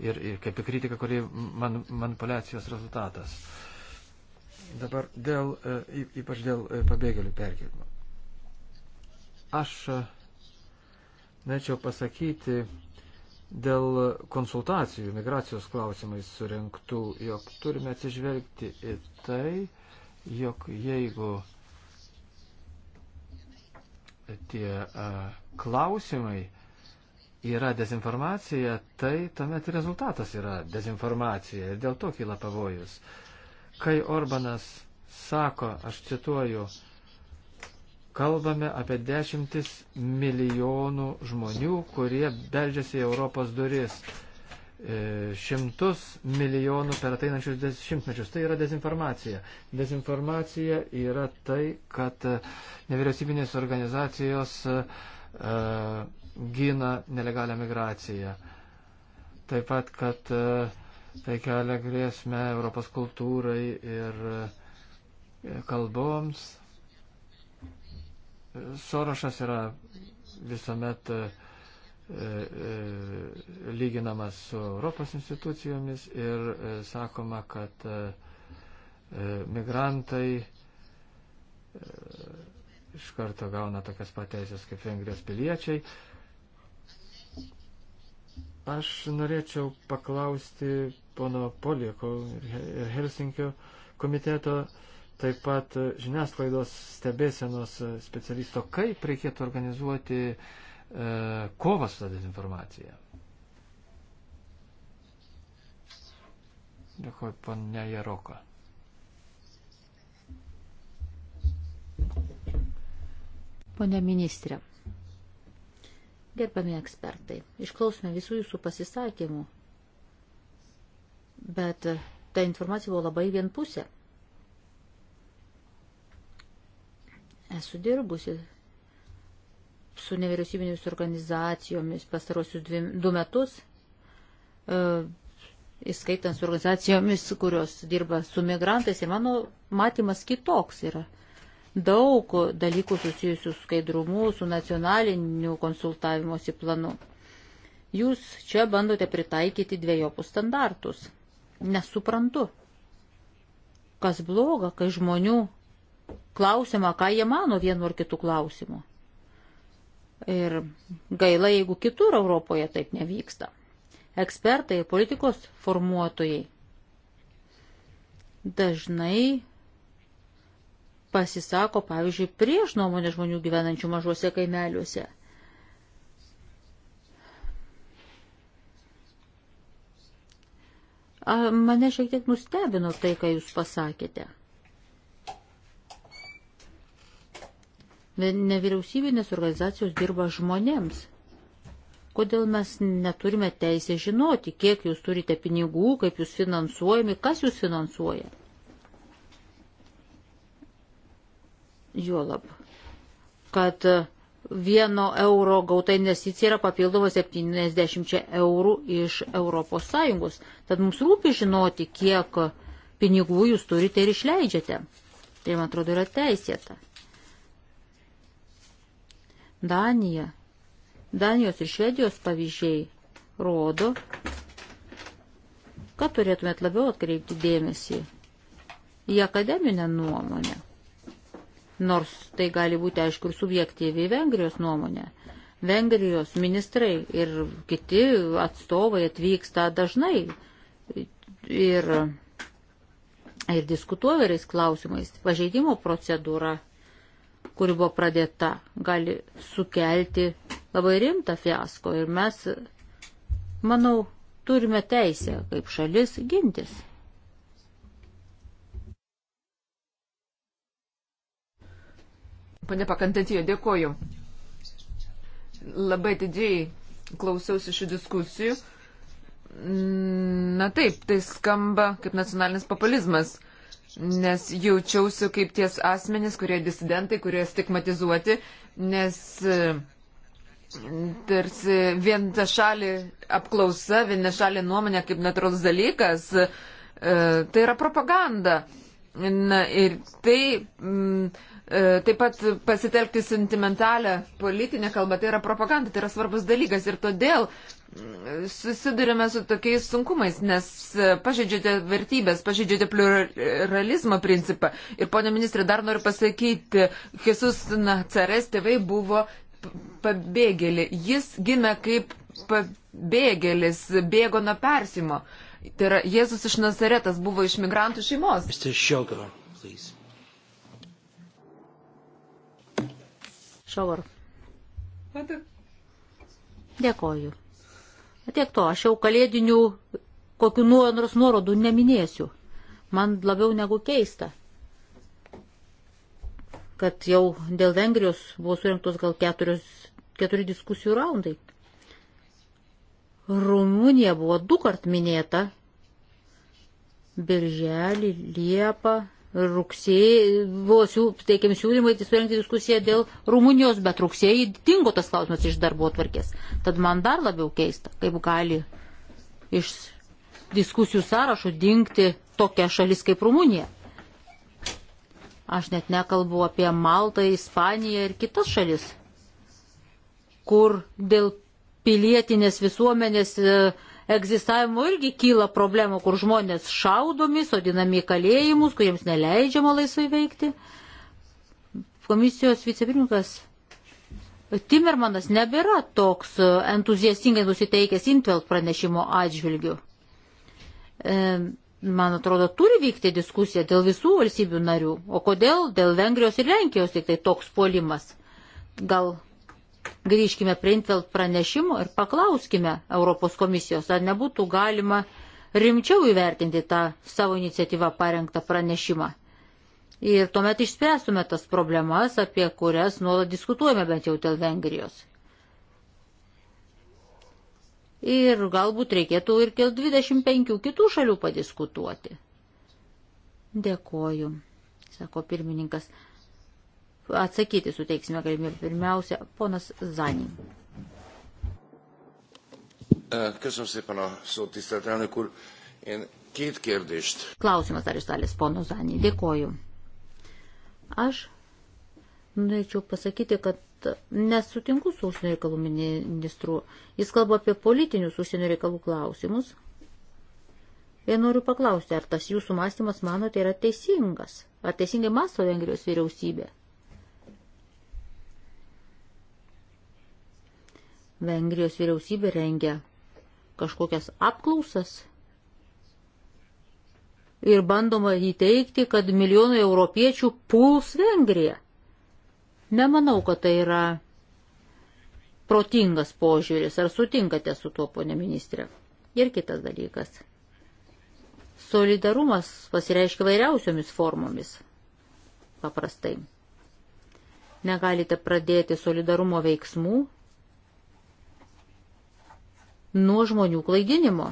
ir, ir kaip į kritiką, kuri man, manipulacijos rezultatas. Dabar dėl, e, ypač dėl pabėgėlių perkelimo. Aš norėčiau pasakyti, dėl konsultacijų migracijos klausimais surinktų, jog turime atsižvelgti į tai, jog jeigu tie a, klausimai yra dezinformacija, tai tuomet rezultatas yra dezinformacija ir dėl to kyla pavojus. Kai Orbanas sako, aš cituoju, kalbame apie dešimtis milijonų žmonių, kurie beldžiasi į Europos duris. E, šimtus milijonų per ateinančius dešimtmečius. Tai yra dezinformacija. Dezinformacija yra tai, kad e, nevyriausybinės organizacijos e, gina nelegalią migraciją. Taip pat, kad tai kelia grėsmę Europos kultūrai ir kalboms, Sorošas yra visuomet e, e, lyginamas su Europos institucijomis ir e, sakoma, kad migrantai iš karto gauna tokias pateisės kaip Vengrijos piliečiai. Aš norėčiau paklausti pono Poliko ir Helsinkio komiteto taip pat e, žiniasklaidos stebėsenos e, specialisto, kaip reikėtų organizuoti e, kovą su tą dezinformaciją. Dėkuoju, ponia Jaroka. Pone ministrė, gerbiami ekspertai, išklausome visų jūsų pasisakymų, bet ta informacija buvo labai vienpusė. Esu dirbusi su nevyriausybinėmis organizacijomis pastarosius dvi, du metus, e, įskaitant su organizacijomis, kurios dirba su migrantais ir mano matymas kitoks yra. Daug dalykų susijusių su skaidrumu, su nacionaliniu konsultavimosi planu. Jūs čia bandote pritaikyti dviejopus standartus. Nesuprantu, kas bloga, kai žmonių klausimą, ką jie mano vienu ar kitu klausimu. Ir gaila, jeigu kitur Europoje taip nevyksta. Ekspertai ir politikos formuotojai dažnai pasisako, pavyzdžiui, prieš nuomonę žmonių gyvenančių mažuose kaimeliuose. Mane šiek tiek nustebino tai, ką jūs pasakėte. Nevyriausybinės organizacijos dirba žmonėms. Kodėl mes neturime teisę žinoti, kiek jūs turite pinigų, kaip jūs finansuojami, kas jūs finansuoja? Juolab, kad vieno euro gauta investicija yra papildoma 70 eurų iš ES. Tad mums rūpi žinoti, kiek pinigų jūs turite ir išleidžiate. Tai, man atrodo, yra teisėta. Danija, Danijos ir Švedijos pavyzdžiai rodo, kad turėtumėt labiau atkreipti dėmesį į akademinę nuomonę. Nors tai gali būti, aišku, ir subjektyviai Vengrijos nuomonė. Vengrijos ministrai ir kiti atstovai atvyksta dažnai ir, ir diskutuoja vairiais klausimais. Pažeidimo procedūra kuri buvo pradėta, gali sukelti labai rimtą fiasko ir mes, manau, turime teisę kaip šalis gintis. Pane Pakantatijo, dėkoju. Labai didžiai klausiausi šių diskusijų. Na taip, tai skamba kaip nacionalinis populizmas nes jaučiausi kaip ties asmenys, kurie disidentai, kurie stigmatizuoti, nes e, tarsi viena šalį apklausa, viena šalį nuomonė kaip natūralus dalykas, e, tai yra propaganda. Na ir tai. Mm, E, taip pat pasitelkti sentimentalę politinę kalbą, tai yra propaganda, tai yra svarbus dalykas ir todėl mm, susidurime su tokiais sunkumais, nes pažeidžiate vertybės, pažeidžiate pluralizmo principą. Ir, ponė ministrė, dar noriu pasakyti, Jesus Nacares tėvai buvo pabėgėlį. Jis gimė kaip pabėgėlis, bėgo nuo persimo. Tai yra, Jėzus iš Nazaretas buvo iš migrantų šeimos. Mr. Sugar, please. Šovor. Dėkoju. Tiek to, aš jau kalėdinių kokiu nors nuorodų neminėsiu. Man labiau negu keista, kad jau dėl Vengrijos buvo surinktos gal keturios, keturi diskusijų raundai. Rumunija buvo du kart minėta. Birželį, Liepą, rugsėjai buvo siū, teikiami siūlymai tai surengti diskusiją dėl Rumunijos, bet rugsėjai dingo tas klausimas iš darbo atvarkės. Tad man dar labiau keista, kaip gali iš diskusijų sąrašo dingti tokia šalis kaip Rumunija. Aš net nekalbu apie Maltą, Ispaniją ir kitas šalis, kur dėl pilietinės visuomenės uh, egzistavimo irgi kyla problemų, kur žmonės šaudomi, sodinami į kalėjimus, kuriems neleidžiama laisvai veikti. Komisijos vicepirmininkas Timermanas nebėra toks entuziastingai nusiteikęs Intvelt pranešimo atžvilgiu. E, man atrodo, turi vykti diskusija dėl visų valstybių narių. O kodėl dėl Vengrijos ir Lenkijos tik tai toks puolimas? Gal grįžkime prie Intveld pranešimo ir paklauskime Europos komisijos, ar nebūtų galima rimčiau įvertinti tą savo iniciatyvą parengtą pranešimą. Ir tuomet išspręstume tas problemas, apie kurias nuolat diskutuojame bent jau dėl Vengrijos. Ir galbūt reikėtų ir dėl 25 kitų šalių padiskutuoti. Dėkoju, sako pirmininkas atsakyti suteiksime galimybę. Pirmiausia, ponas Zanin. Köszönöm szépen a szót, tisztelt elnök úr. Én két kérdést. Klausimas dar iš salės, pono Zanį. Dėkoju. Aš norėčiau pasakyti, kad nesutinku su užsienio reikalų ministru. Jis kalba apie politinius užsienio reikalų klausimus. Ir noriu paklausti, ar tas jūsų mąstymas, manote, tai yra teisingas? Ar teisingai masto Vengrijos vyriausybė? Vengrijos vyriausybė rengia kažkokias apklausas ir bandoma įteikti, kad milijonai europiečių puls Vengriją. Nemanau, kad tai yra protingas požiūris. Ar sutinkate su tuo, ponė ministrė? Ir kitas dalykas. Solidarumas pasireiškia vairiausiomis formomis. Paprastai. Negalite pradėti solidarumo veiksmų, nuo žmonių klaidinimo.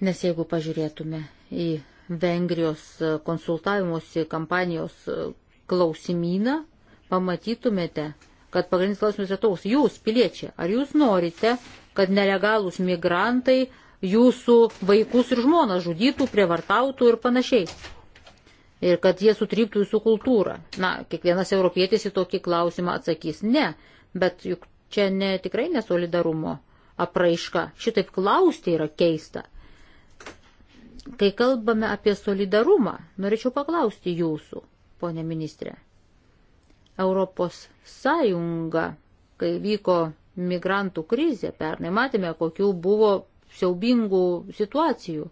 Nes jeigu pažiūrėtume į Vengrijos konsultavimuose kampanijos klausimyną, pamatytumėte, kad pagrindinis klausimas yra toks, jūs piliečiai, ar jūs norite, kad nelegalūs migrantai jūsų vaikus ir žmoną žudytų, prievartautų ir panašiai. Ir kad jie sutryptų jūsų kultūrą. Na, kiekvienas europietis į tokį klausimą atsakys ne. Bet juk čia ne, tikrai nesolidarumo apraiška. Šitaip klausti yra keista. Kai kalbame apie solidarumą, norėčiau paklausti jūsų, ponė ministrė. Europos Sąjunga, kai vyko migrantų krizė pernai, matėme, kokių buvo siaubingų situacijų.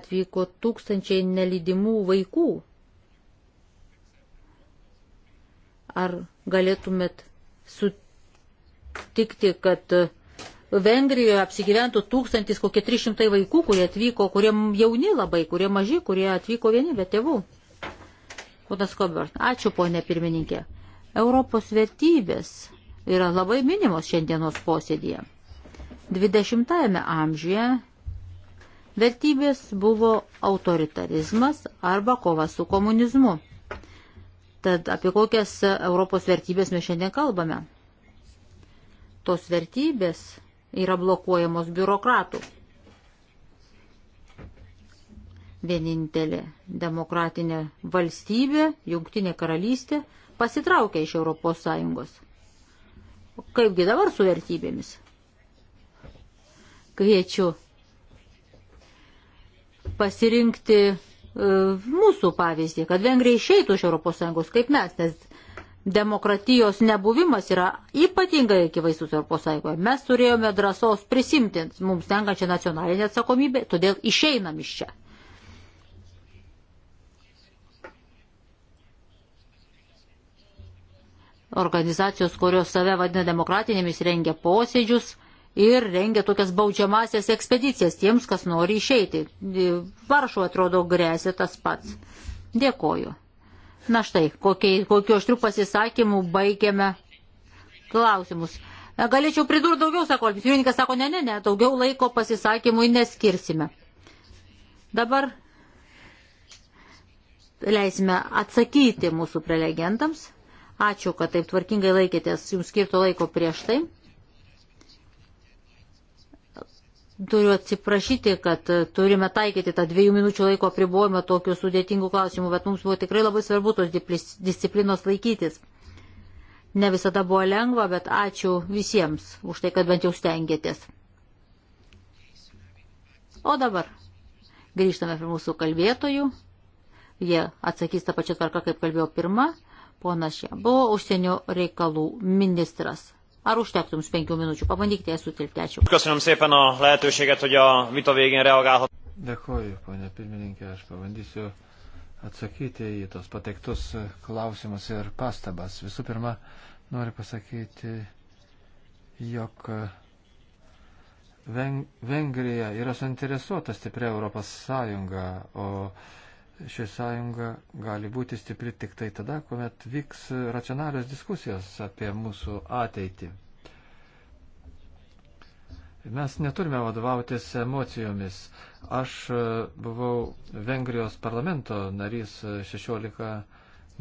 Atvyko tūkstančiai nelydimų vaikų, Ar galėtumėt sutikti, kad Vengrijoje apsigyventų tūkstantis kokie 300 vaikų, kurie atvyko, kurie jauni labai, kurie maži, kurie atvyko vieni be tėvų. Ponas Kobert, ačiū ponė pirmininkė. Europos vertybės yra labai minimos šiandienos posėdėje. 20-ame amžiuje vertybės buvo autoritarizmas arba kova su komunizmu. Tad apie kokias Europos vertybės mes šiandien kalbame? Tos vertybės yra blokuojamos biurokratų. Vienintelė demokratinė valstybė, jungtinė karalystė, pasitraukė iš Europos Sąjungos. Kaipgi dabar su vertybėmis? Kviečiu pasirinkti E, mūsų pavyzdį, kad vengrija išeitų iš ES kaip mes, nes demokratijos nebuvimas yra ypatingai akivaizdus ES. Mes turėjome drąsos prisimti mums tenkančią nacionalinę atsakomybę, todėl išeinam iš čia. Organizacijos, kurios save vadina demokratinėmis, rengia posėdžius ir rengia tokias baudžiamasias ekspedicijas tiems, kas nori išeiti. Varšuo atrodo grėsia tas pats. Dėkoju. Na štai, kokiu aštriu pasisakymu baigiame klausimus. E, galėčiau pridurti daugiau, sako Alpisininkas, sako, ne, ne, ne, daugiau laiko pasisakymui neskirsime. Dabar leisime atsakyti mūsų prelegentams. Ačiū, kad taip tvarkingai laikėtės jums skirto laiko prieš tai. Turiu atsiprašyti, kad e, turime taikyti tą dviejų minučių laiko apribojimą tokiu sudėtingu klausimu, bet mums buvo tikrai labai svarbu tos disciplinos laikytis. Ne visada buvo lengva, bet ačiū visiems už tai, kad bent jau stengiatės. O dabar grįžtame prie mūsų kalbėtojų. Jie atsakys tą pačią tvarką, kaip kalbėjo pirma. Ponas Šia buvo užsienio reikalų ministras Ar užtektų jums penkių minučių? Pabandykite jas sutilpti. Ačiū. Köszönöm szépen a lehetőséget, hogy a vita végén reagálhat. Dėkuoju, ponė pirmininkė, aš pabandysiu atsakyti į tos pateiktus klausimus ir pastabas. Visų pirma, noriu pasakyti, jog Vengrija yra suinteresuota stipria Europos Sąjunga, o ši sąjunga gali būti stipri tik tai tada, kuomet vyks racionalios diskusijos apie mūsų ateitį. Mes neturime vadovautis emocijomis. Aš e, buvau Vengrijos parlamento narys 16 e,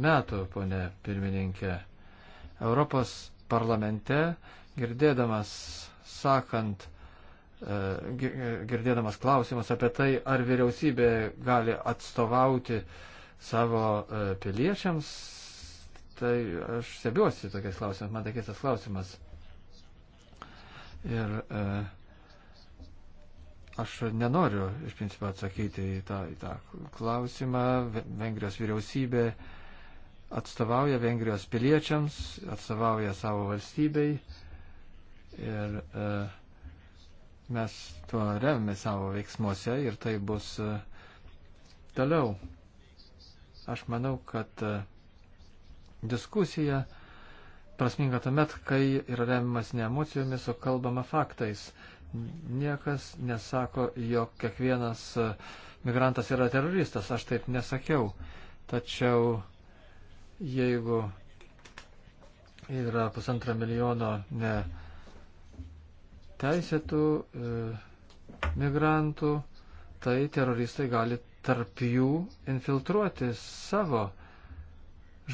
metų, ponė pirmininkė. Europos parlamente, girdėdamas sakant, E, girdėdamas klausimus apie tai, ar vyriausybė gali atstovauti savo e, piliečiams, tai aš stebiuosi tokiais klausimais, man tai keistas klausimas. Ir e, aš nenoriu iš principo atsakyti į tą, į tą klausimą. Vengrijos vyriausybė atstovauja Vengrijos piliečiams, atstovauja savo valstybei. Ir, e, Mes tuo remiame savo veiksmuose ir tai bus e, toliau. Aš manau, kad e, diskusija prasminga tuomet, kai yra remiamas ne emocijomis, o kalbama faktais. Niekas nesako, jog kiekvienas e, migrantas yra teroristas, aš taip nesakiau. Tačiau jeigu yra pusantro milijono ne teisėtų e, migrantų, tai teroristai gali tarp jų infiltruoti savo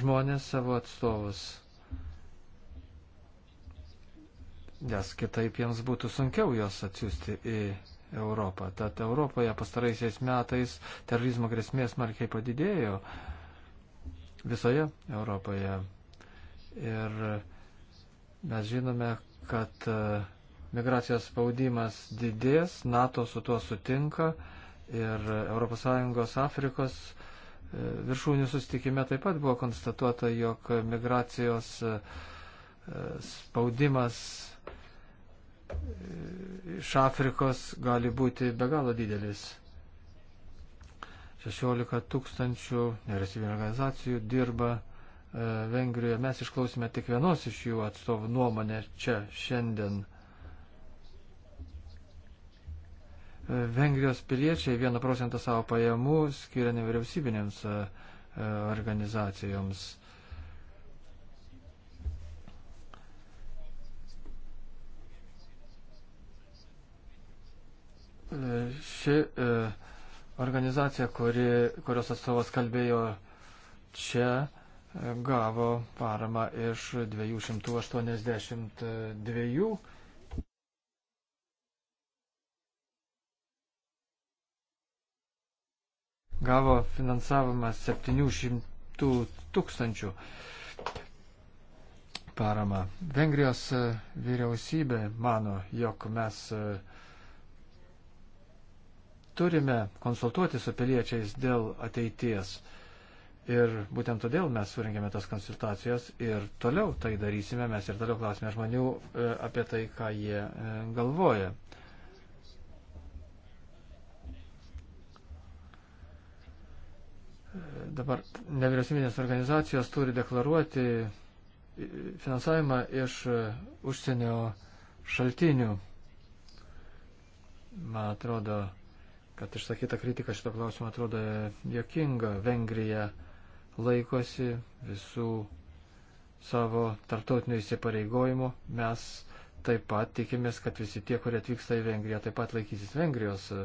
žmonės, savo atstovus. Nes kitaip jiems būtų sunkiau jos atsiųsti į Europą. Tad Europoje pastaraisiais metais terorizmo grėsmė smarkiai padidėjo visoje Europoje. Ir mes žinome, kad uh, migracijos spaudimas didės, NATO su tuo sutinka ir ES Afrikos e, viršūnių sustikime taip pat buvo konstatuota, jog migracijos e, spaudimas e, iš Afrikos gali būti be galo didelis. 16 tūkstančių neresybinių organizacijų dirba Vengrijoje. Mes išklausime tik vienos iš jų atstovų nuomonę čia šiandien. Vengrijos piliečiai 1 procentą savo pajamų skiria nevyriausybinėms e, e, organizacijoms. Ši e, organizacija, kuri, kurios atstovas kalbėjo čia, gavo paramą iš 282 gavo finansavimą 700 tūkstančių paramą. Vengrijos e, vyriausybė mano, jog mes e, turime konsultuoti su piliečiais dėl ateities. Ir būtent todėl mes surinkėme tas konsultacijas ir toliau tai darysime, mes ir toliau klausime žmonių e, apie tai, ką jie galvoja. dabar nevyriausybinės organizacijos turi deklaruoti finansavimą iš užsienio šaltinių. Man atrodo, kad išsakyta kritika šito klausimo atrodo jokinga. Vengrija laikosi visų savo tartautinių įsipareigojimų. Mes taip pat tikimės, kad visi tie, kurie atvyksta į Vengriją, taip pat laikysis Vengrijos e,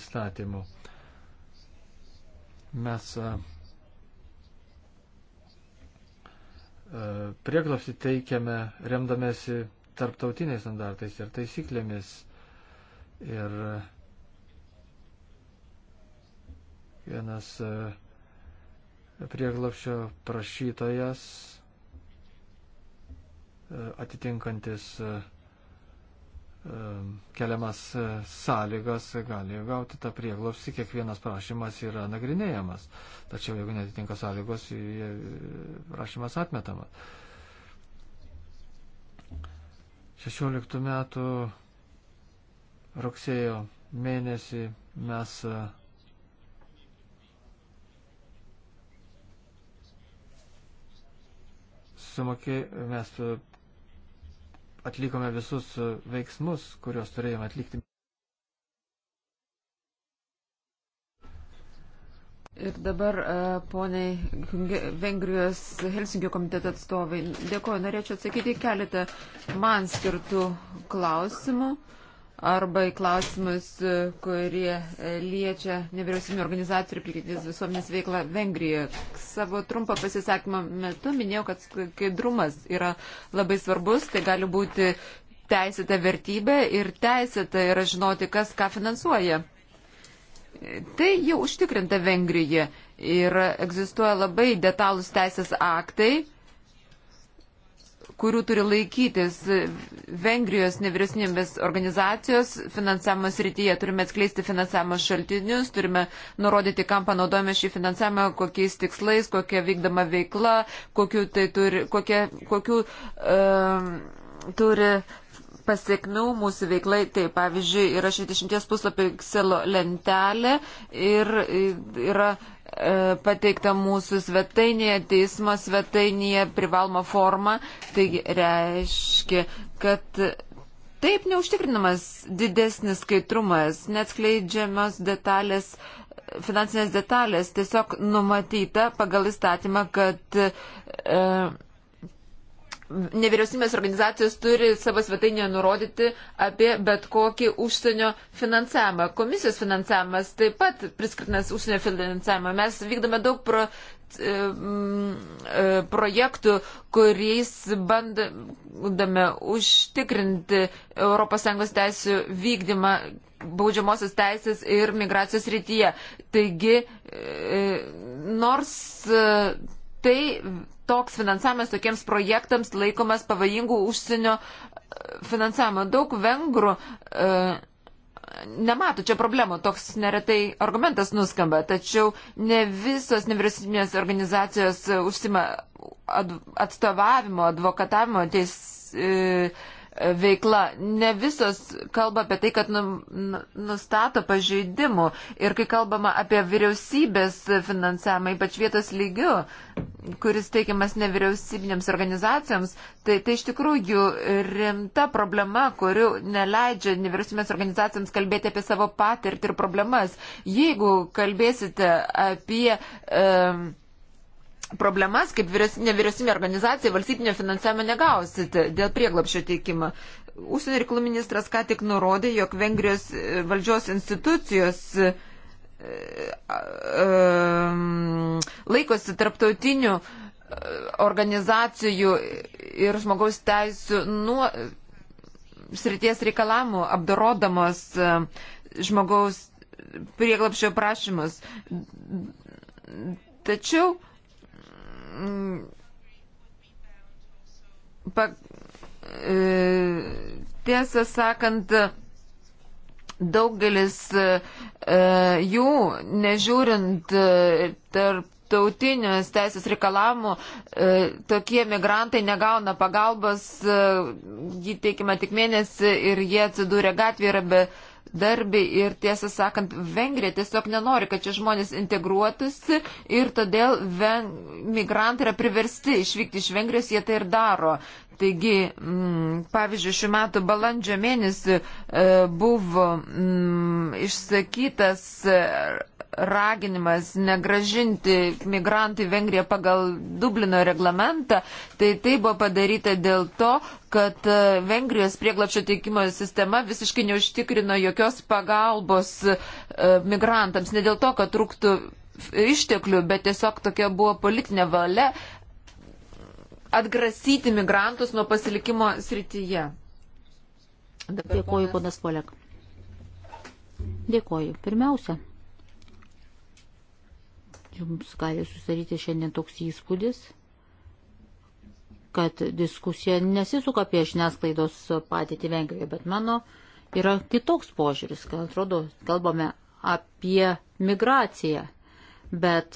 įstatymų. Uh, Mes e, e, prieglapsi teikiame remdamėsi tarptautiniais standartais ir taisyklėmis. Ir e, vienas prieglapšio prašytojas atitinkantis uh, keliamas e, sąlygas gali gauti tą prieglopsį, kiekvienas prašymas yra nagrinėjamas. Tačiau jeigu netitinka sąlygos, e, prašymas atmetamas. 16 metų rugsėjo mėnesį mes e, sumokė, mes atlikome visus e, veiksmus, kuriuos turėjome atlikti. Ir dabar, e, poniai Vengrijos Helsinkio komiteto atstovai, dėkoju, norėčiau atsakyti keletą man skirtų klausimų arba į klausimus, kurie liečia nevyriausybinio organizacijų ir pilietinės visuomenės veiklą Vengrijoje. Savo trumpo pasisakymo metu minėjau, kad skaidrumas yra labai svarbus, tai gali būti teisėta vertybė ir teisėta yra žinoti, kas ką finansuoja. Tai jau užtikrinta Vengrijoje ir egzistuoja labai detalūs teisės aktai kurių turi laikytis Vengrijos nevyriausybės organizacijos finansavimo srityje. Turime atskleisti finansavimo šaltinius, turime nurodyti, kam panaudojame šį finansavimą, kokiais tikslais, kokia vykdama veikla, kokiu tai turi, kokia, kokiu, um, turi pasiekmių mūsų veiklai. Tai pavyzdžiui, yra 60 puslapio Excel lentelė ir yra e, pateikta mūsų svetainėje, teismo svetainėje privaloma forma. Taigi reiškia, kad taip neužtikrinamas didesnis skaidrumas, neatskleidžiamas detalės finansinės detalės tiesiog numatyta pagal įstatymą, kad e, nevyriausybės organizacijos turi savo svetainėje nurodyti apie bet kokį užsienio finansavimą. Komisijos finansavimas taip pat priskirtinas užsienio finansavimą. Mes vykdome daug pro, e, e, projektų, kuriais bandome užtikrinti ES teisų vykdymą baudžiamosios teisės ir migracijos rytyje. Taigi, e, nors e, tai toks finansavimas tokiems projektams laikomas pavojingų užsienio e, finansavimo. Daug vengrų e, nemato čia problemų, toks neretai argumentas nuskamba, tačiau ne visos nevyriausybinės organizacijos e, užsima adv atstovavimo, advokatavimo teis, e, veikla. Ne visos kalba apie tai, kad nu, nu, nustato pažeidimų. Ir kai kalbama apie vyriausybės finansavimą, ypač vietos lygių, kuris teikiamas nevyriausybinėms organizacijoms, tai, tai iš tikrųjų rimta problema, kurių neleidžia nevyriausybinėms organizacijoms kalbėti apie savo patirtį ir problemas. Jeigu kalbėsite apie. Um, e, problemas, kaip nevyriausybinė organizacija valstybinio finansavimo negausite dėl prieglapšio teikimo. Užsienio reikalų ministras ką tik nurodė, jog Vengrijos e, valdžios institucijos e, e, laikosi tarptautinių organizacijų ir žmogaus teisų nuo srities reikalamų apdorodamos žmogaus prieglapšio prašymus. Tačiau mm, pa, e, tiesą sakant, daugelis e, jų, nežiūrint e, tarp tautinius teisės reikalavimų, e, tokie migrantai negauna pagalbos, e, jį teikime tik mėnesį ir jie atsidūrė gatvėje be bedarbiai ir tiesą sakant, Vengrija tiesiog nenori, kad čia žmonės integruotųsi ir todėl ven... migrantai yra priversti išvykti iš Vengrijos, jie tai ir daro. Taigi, m, mm, pavyzdžiui, šiuo metu balandžio mėnesį e, buvo m, mm, išsakytas. E, raginimas negražinti migrantų į Vengriją pagal Dublino reglamentą, tai tai buvo padaryta dėl to, kad e, Vengrijos prieglapšio teikimo sistema visiškai neužtikrino jokios pagalbos e, migrantams. Ne dėl to, kad trūktų išteklių, bet tiesiog tokia buvo politinė valia atgrasyti migrantus nuo pasilikimo srityje. Dabar Dėkuoju, ponas Polek. Dėkuoju. Pirmiausia, Jums gali susidaryti šiandien toks įspūdis, kad diskusija nesisuka apie žiniasklaidos patirtį Vengrijoje, bet mano yra kitoks požiūris, kad atrodo, kalbame apie migraciją. Bet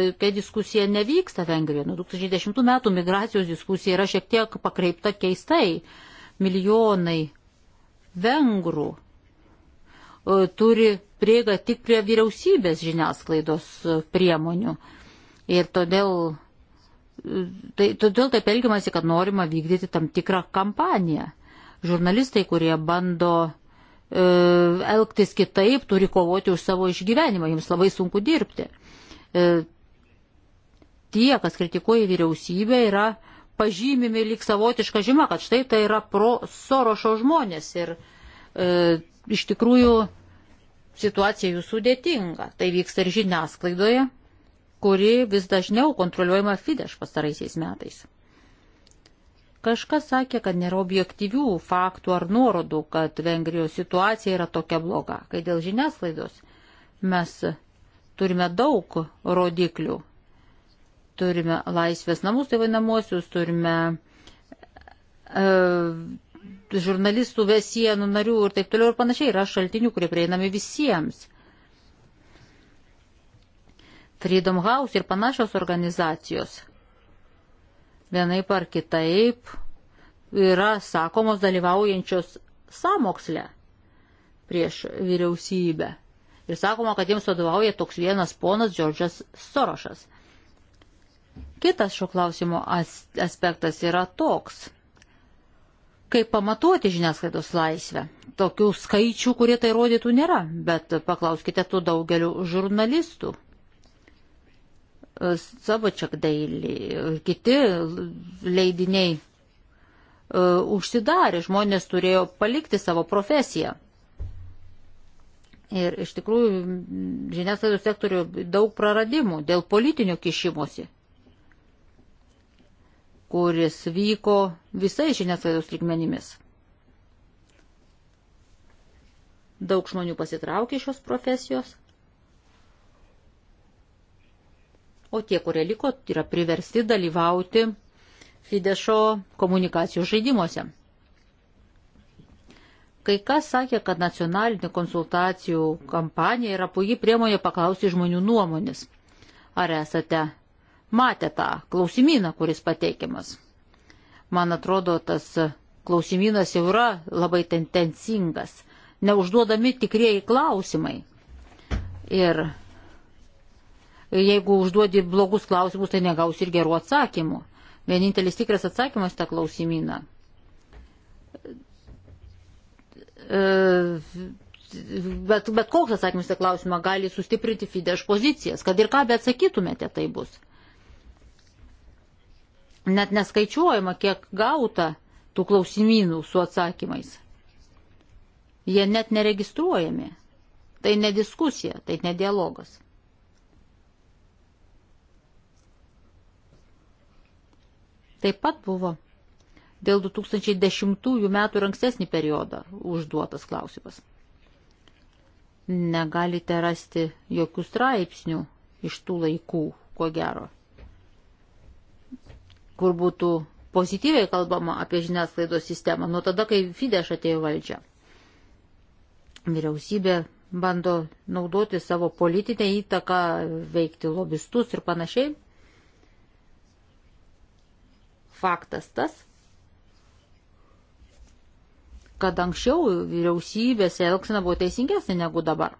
tokia diskusija nevyksta Vengrijoje. Nuo 2010 metų migracijos diskusija yra šiek tiek pakreipta keistai. Milijonai vengrų e, turi prieiga tik prie vyriausybės žiniasklaidos e, priemonių. Ir todėl, e, tai, todėl taip elgiamasi, kad norima vykdyti tam tikrą kampaniją. Žurnalistai, kurie bando e, elgtis kitaip, turi kovoti už savo išgyvenimą, jiems labai sunku dirbti. E, tie, kas kritikuoja vyriausybę, yra pažymimi lyg savotiška žyma, kad štai tai yra pro Sorošo žmonės. Ir e, iš tikrųjų situacija jų sudėtinga. Tai vyksta ir žiniasklaidoje, kuri vis dažniau kontroliuojama Fidesz pastaraisiais metais. Kažkas sakė, kad nėra objektyvių faktų ar nuorodų, kad Vengrijos situacija yra tokia bloga, kai dėl žiniasklaidos mes turime daug rodiklių. Turime laisvės namus, tai vadinamosius, turime e, žurnalistų vesienų narių ir taip toliau ir panašiai yra šaltinių, kurie prieinami visiems. Freedom House ir panašios organizacijos vienaip ar kitaip yra sakomos dalyvaujančios samokslė prieš vyriausybę. Ir sakoma, kad jiems vadovauja toks vienas ponas Džordžas Sorošas. Kitas šio klausimo aspektas yra toks. Kaip pamatuoti žiniasklaidos laisvę? Tokių skaičių, kurie tai rodytų, nėra, bet paklauskite tų daugeliu žurnalistų. Savočiak dailį ir kiti leidiniai e, užsidarė, žmonės turėjo palikti savo profesiją. Ir iš tikrųjų žiniasklaidos sektorių daug praradimų dėl politinio kišimosi kuris vyko visai žiniasklaidos lygmenimis. Daug žmonių pasitraukė šios profesijos, o tie, kurie liko, yra priversti dalyvauti Fidešo komunikacijos žaidimuose. Kai kas sakė, kad nacionalinė konsultacijų kampanija yra puikiai priemonė paklausti žmonių nuomonės. Ar esate matė tą klausimyną, kuris pateikiamas. Man atrodo, tas klausimynas jau yra labai tendencingas, neužduodami tikrieji klausimai. Ir jeigu užduodi blogus klausimus, tai negaus ir gerų atsakymų. Vienintelis tikras atsakymas tą klausimyną. E, bet, bet koks atsakymas tą klausimą gali sustiprinti Fidesz pozicijas, kad ir ką be atsakytumėte, tai bus net neskaičiuojama, kiek gauta tų klausimynų su atsakymais. Jie net neregistruojami. Tai ne diskusija, tai ne dialogas. Taip pat buvo dėl 2010 metų ir ankstesnį periodą užduotas klausimas. Negalite rasti jokių straipsnių iš tų laikų, ko gero kur būtų pozityviai kalbama apie žiniasklaidos sistemą nuo tada, kai Fidesz atėjo valdžia. Vyriausybė bando naudoti savo politinę įtaką, veikti lobistus ir panašiai. Faktas tas, kad anksčiau vyriausybės elgsena buvo teisingesnė negu dabar.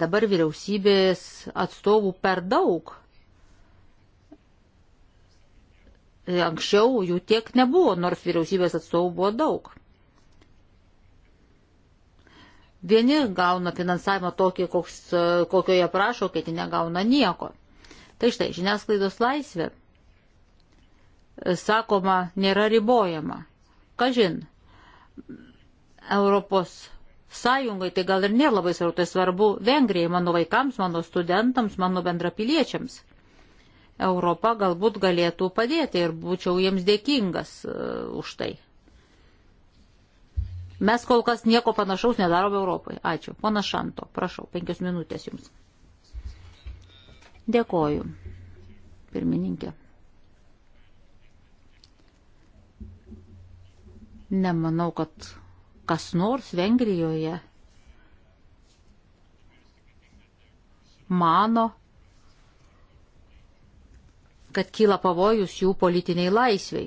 Dabar vyriausybės atstovų per daug Anksčiau jų tiek nebuvo, nors vyriausybės atstovų buvo daug. Vieni gauna finansavimą tokį, koks, kokio jie prašo, kiti negauna nieko. Tai štai, žiniasklaidos laisvė, sakoma, nėra ribojama. Kažin, Europos sąjungai tai gal ir nėra labai svarbu, tai svarbu Vengrijai, mano vaikams, mano studentams, mano bendrapiliečiams. Europa galbūt galėtų padėti ir būčiau jiems dėkingas e, už tai. Mes kol kas nieko panašaus nedarome Europoje. Ačiū. Pana Šanto, prašau, penkios minutės jums. Dėkoju, pirmininkė. Nemanau, kad kas nors Vengrijoje mano, kad kyla pavojus jų politiniai laisviai.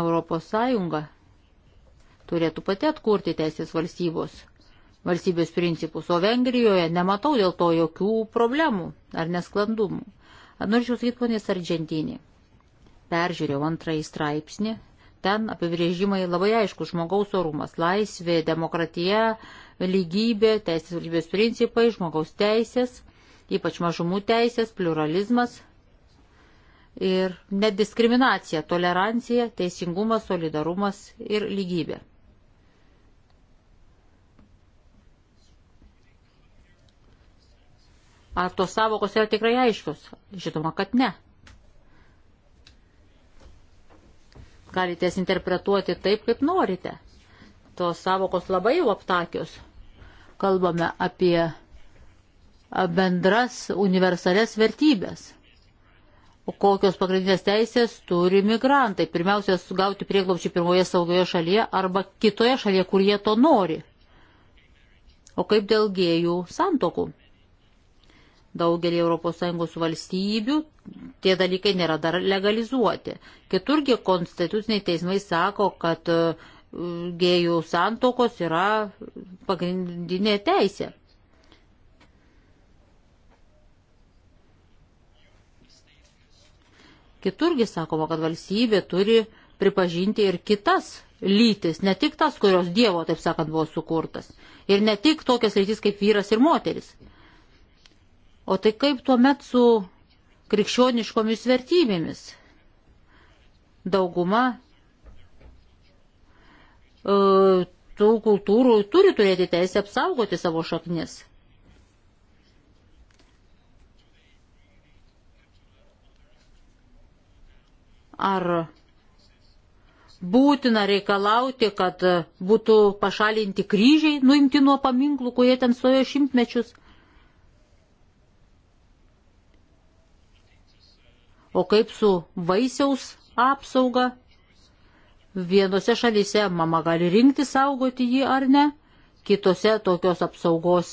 Europos Sąjunga turėtų pati atkurti teisės valstybos, valstybės principus, o Vengrijoje nematau dėl to jokių problemų ar nesklandumų. Ar norėčiau sakyti, ponės Argentinį. Peržiūrėjau antrąjį straipsnį, ten apibrėžimai labai aišku - žmogaus orumas, laisvė, demokratija, lygybė, teisės valstybės principai, žmogaus teisės ypač mažumų teisės, pluralizmas ir nediskriminacija, tolerancija, teisingumas, solidarumas ir lygybė. Ar tos savokos yra tikrai aiškios? Žinoma, kad ne. Galite jas interpretuoti taip, kaip norite. Tos savokos labai jau aptakios. Kalbame apie bendras universales vertybės. O kokios pagrindinės teisės turi migrantai? Pirmiausia, gauti prieglobšį pirmoje saugioje šalyje arba kitoje šalyje, kur jie to nori. O kaip dėl gėjų santokų? Daugelį ES valstybių tie dalykai nėra dar legalizuoti. Kiturgi konstituciniai teismai sako, kad e, gėjų santokos yra pagrindinė teisė. Kiturgi sakoma, kad valstybė turi pripažinti ir kitas lytis, ne tik tas, kurios Dievo, taip sakant, buvo sukurtas. Ir ne tik tokias lytis kaip vyras ir moteris. O tai kaip tuomet su krikščioniškomis vertybėmis? Dauguma e, tų kultūrų turi turėti teisę apsaugoti savo šaknis. Ar būtina reikalauti, kad būtų pašalinti kryžiai, nuimti nuo paminklų, kurie ten stojo šimtmečius? O kaip su vaisiaus apsauga? Vienose šalyse mama gali rinkti saugoti jį ar ne, kitose tokios apsaugos,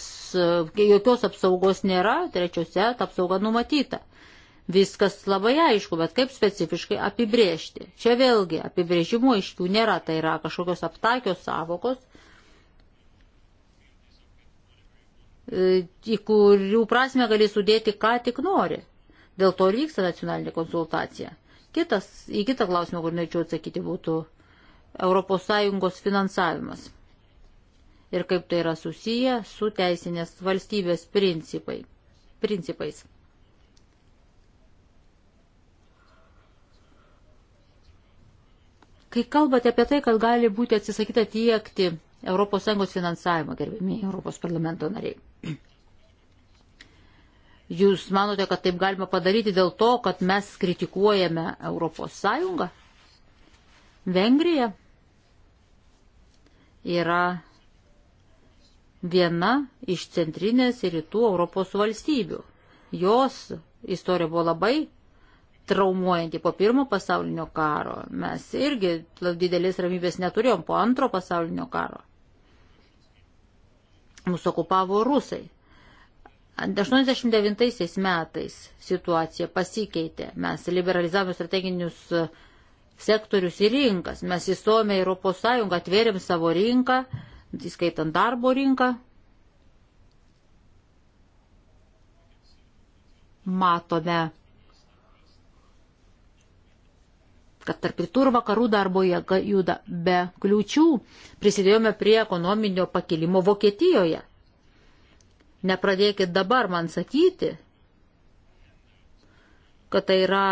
jokios apsaugos nėra, trečiose ta apsauga numatyta viskas labai aišku, bet kaip specifiškai apibriežti. Čia vėlgi apibrėžimo iškių nėra, tai yra kažkokios aptakios savokos, e, į kurių prasme gali sudėti, ką tik nori. Dėl to ir vyksta nacionalinė konsultacija. Kitas, į kitą klausimą, kur norėčiau atsakyti, būtų ES finansavimas. Ir kaip tai yra susiję su teisinės valstybės principai, principais. Kai kalbate apie tai, kad gali būti atsisakyta tiekti ES finansavimą, gerbimi Europos parlamento nariai. Jūs manote, kad taip galima padaryti dėl to, kad mes kritikuojame ES? Vengrija yra viena iš centrinės ir rytų Europos valstybių. Jos istorija buvo labai traumuojanti. Po pirmo pasaulinio karo mes irgi didelės ramybės neturėjom po antro pasaulinio karo. Mūsų okupavo rusai. 89 metais situacija pasikeitė. Mes liberalizavome strateginius e, sektorius ir rinkas. Mes įstojome Europos Sąjungą, atvėrėm savo rinką, įskaitant darbo rinką. Matome kad tarp rytų ir vakarų darbo jėga juda be kliūčių, prisidėjome prie ekonominio pakilimo Vokietijoje. Nepradėkit dabar man sakyti, kad tai yra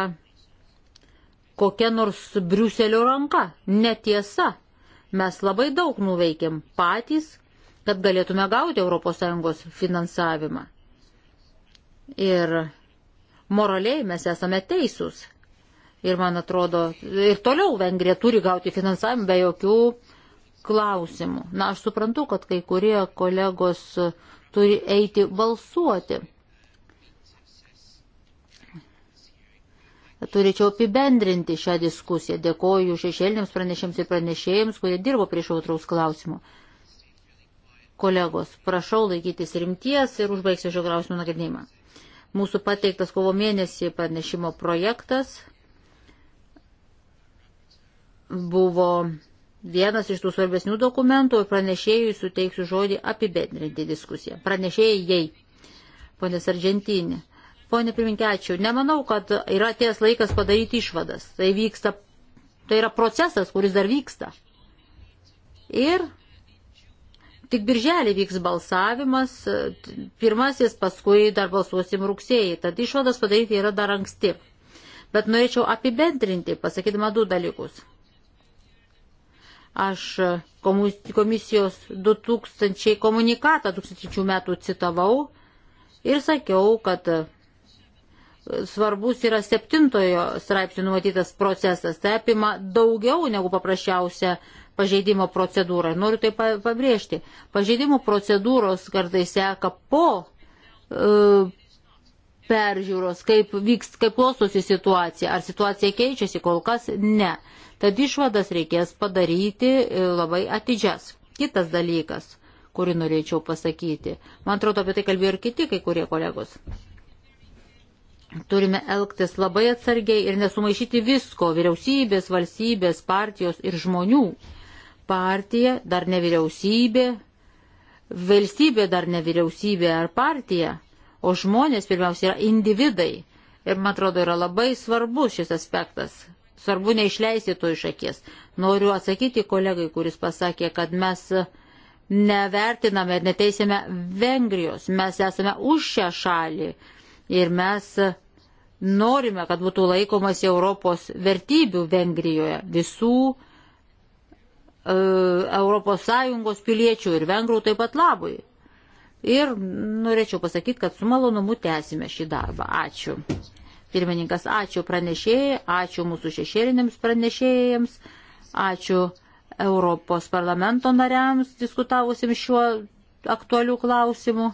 kokia nors Briuselio ranka. Netiesa. Mes labai daug nuveikėm patys, kad galėtume gauti ES finansavimą. Ir moraliai mes esame teisūs. Ir man atrodo, ir toliau Vengrija turi gauti finansavimą be jokių klausimų. Na, aš suprantu, kad kai kurie kolegos turi eiti balsuoti. Turėčiau apibendrinti šią diskusiją. Dėkoju šešėlėms pranešėms ir pranešėjams, kurie dirbo prie šautraus klausimų. Kolegos, prašau laikytis rimties ir užbaigsiu šio klausimo nagrinėjimą. Mūsų pateiktas kovo mėnesį pranešimo projektas buvo vienas iš tų svarbesnių dokumentų ir pranešėjui suteiksiu žodį apibendrinti diskusiją. Pranešėjai jai, ponės Argentinė. Pone Pirminkečiau, nemanau, kad yra ties laikas padaryti išvadas. Tai vyksta, tai yra procesas, kuris dar vyksta. Ir tik birželį vyks balsavimas, pirmasis, paskui dar balsuosim rugsėjai, tad išvadas padaryti yra dar anksti. Bet norėčiau apibendrinti, pasakydama du dalykus. Aš komisijos 2000 komunikatą 2000 metų citavau ir sakiau, kad e, svarbus yra septintojo straipsnių numatytas procesas. Tai apima daugiau negu paprasčiausia pažeidimo procedūra. Noriu tai pabrėžti. Pažeidimo procedūros kartais seka po e, peržiūros, kaip vyks, kaip klostosi situacija. Ar situacija keičiasi, kol kas ne. Tad išvadas reikės padaryti e, labai atidžias. Kitas dalykas, kurį norėčiau pasakyti, man atrodo, apie tai kalbėjo ir kiti kai kurie kolegos. Turime elgtis labai atsargiai ir nesumaišyti visko - vyriausybės, valstybės, partijos ir žmonių. Partija dar ne vyriausybė, valstybė dar ne vyriausybė ar partija, o žmonės pirmiausia yra individai. Ir man atrodo, yra labai svarbus šis aspektas, Svarbu neišleisti to iš akies. Noriu atsakyti kolegai, kuris pasakė, kad mes nevertiname ir neteisėme Vengrijos. Mes esame už šią šalį ir mes norime, kad būtų laikomas Europos vertybių Vengrijoje visų e, ES piliečių ir vengrų taip pat labui. Ir norėčiau pasakyti, kad su malonumu tęsime šį darbą. Ačiū. Pirmininkas, ačiū pranešėjai, ačiū mūsų šešėlinėms pranešėjams, ačiū Europos parlamento nariams diskutavusim šiuo aktualiu klausimu.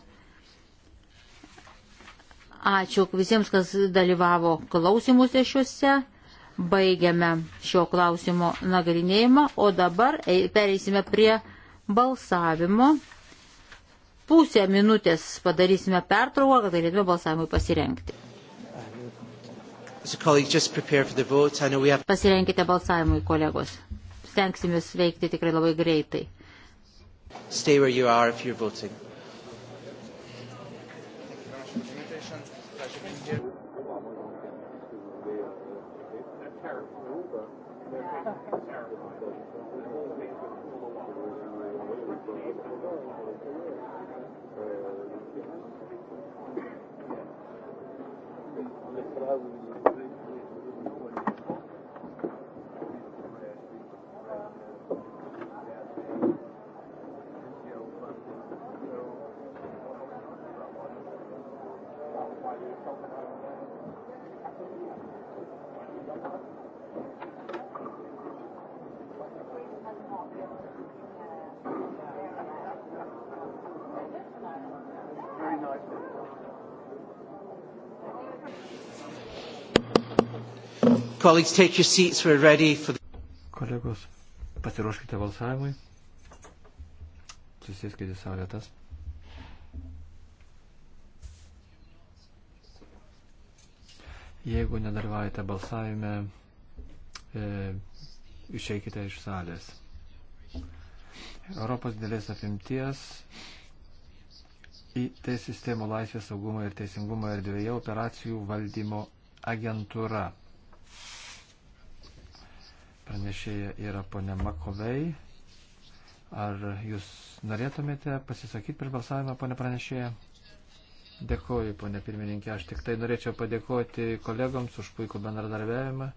Ačiū visiems, kas dalyvavo klausimuose šiuose. Baigiame šio klausimo nagrinėjimą, o dabar pereisime prie balsavimo. Pusę minutės padarysime pertrauką, kad galėtume balsavimui pasirenkti. Pasirenkite balsavimui, kolegos. Stengsimės veikti tikrai labai greitai. Stay where you are if you're voting. Colleagues, take your seats. We're ready for the... Kolegos, pasiruoškite balsavimui. Susiskite savo vietas. Jeigu nedalyvaujate balsavime, e, išeikite iš salės. Europos dėlės apimties IT sistemų laisvės saugumo ir teisingumo erdvėje operacijų valdymo agentūra. Pranešėja yra ponia Makovei. Ar jūs norėtumėte pasisakyti per balsavimą, ponia pranešėja? Dėkuoju, ponia pirmininkė. Aš tik tai norėčiau padėkoti kolegoms už puikų bendradarbiavimą.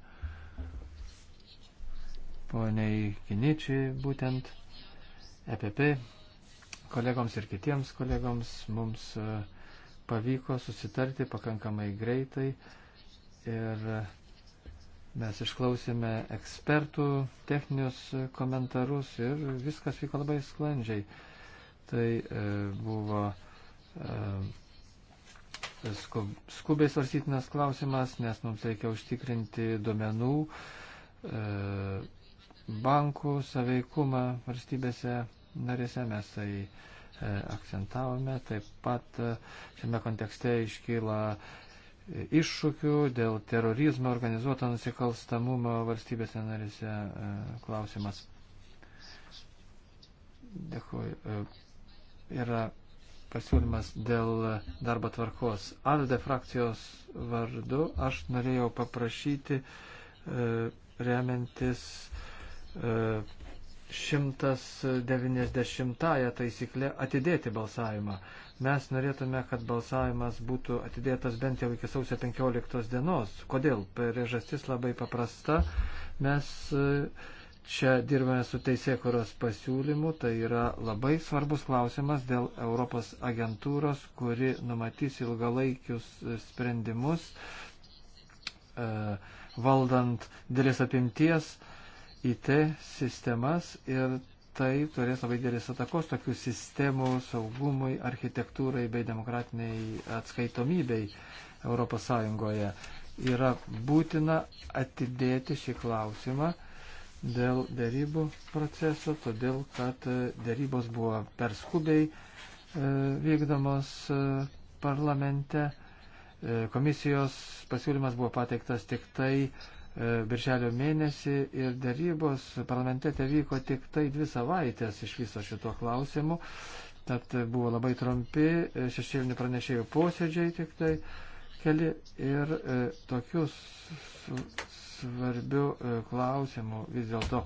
Poniai Kiničiai būtent, EPP kolegoms ir kitiems kolegoms mums e, pavyko susitarti pakankamai greitai ir Mes išklausėme ekspertų techninius komentarus ir viskas vyko labai sklandžiai. Tai e, buvo e, skub, skubiai svarsytinas klausimas, nes mums reikia užtikrinti duomenų e, bankų saveikumą valstybėse narėse. Mes tai e, akcentavome. Taip pat e, šiame kontekste iškyla e, iššūkių, dėl terorizmo, organizuoto nusikalstamumo valstybėse narise e, klausimas. Dėkui. E, yra pasiūlymas dėl darbo tvarkos. ALDE frakcijos vardu aš norėjau paprašyti e, remiantis 190 taisyklę atidėti balsavimą. Mes norėtume, kad balsavimas būtų atidėtas bent jau iki sausio 15 dienos. Kodėl? Priežastis labai paprasta. Mes e, čia dirbame su teisėkuros pasiūlymu. Tai yra labai svarbus klausimas dėl Europos agentūros, kuri numatys ilgalaikius e, sprendimus e, valdant dėlės apimties IT sistemas ir tai turės labai didelis atakos tokių sistemų saugumui, architektūrai bei demokratiniai atskaitomybei ES. Yra būtina atidėti šį klausimą dėl dėrybų proceso, todėl kad e, dėrybos buvo per skubiai e, vykdomos e, parlamente. Komisijos pasiūlymas buvo pateiktas tik tai E, birželio mėnesį ir darybos parlamente te vyko tik tai dvi savaitės iš viso šito klausimu. Tad buvo labai trumpi e, šešėlinių pranešėjų posėdžiai tik tai keli ir e, tokius svarbių e, klausimų vis dėlto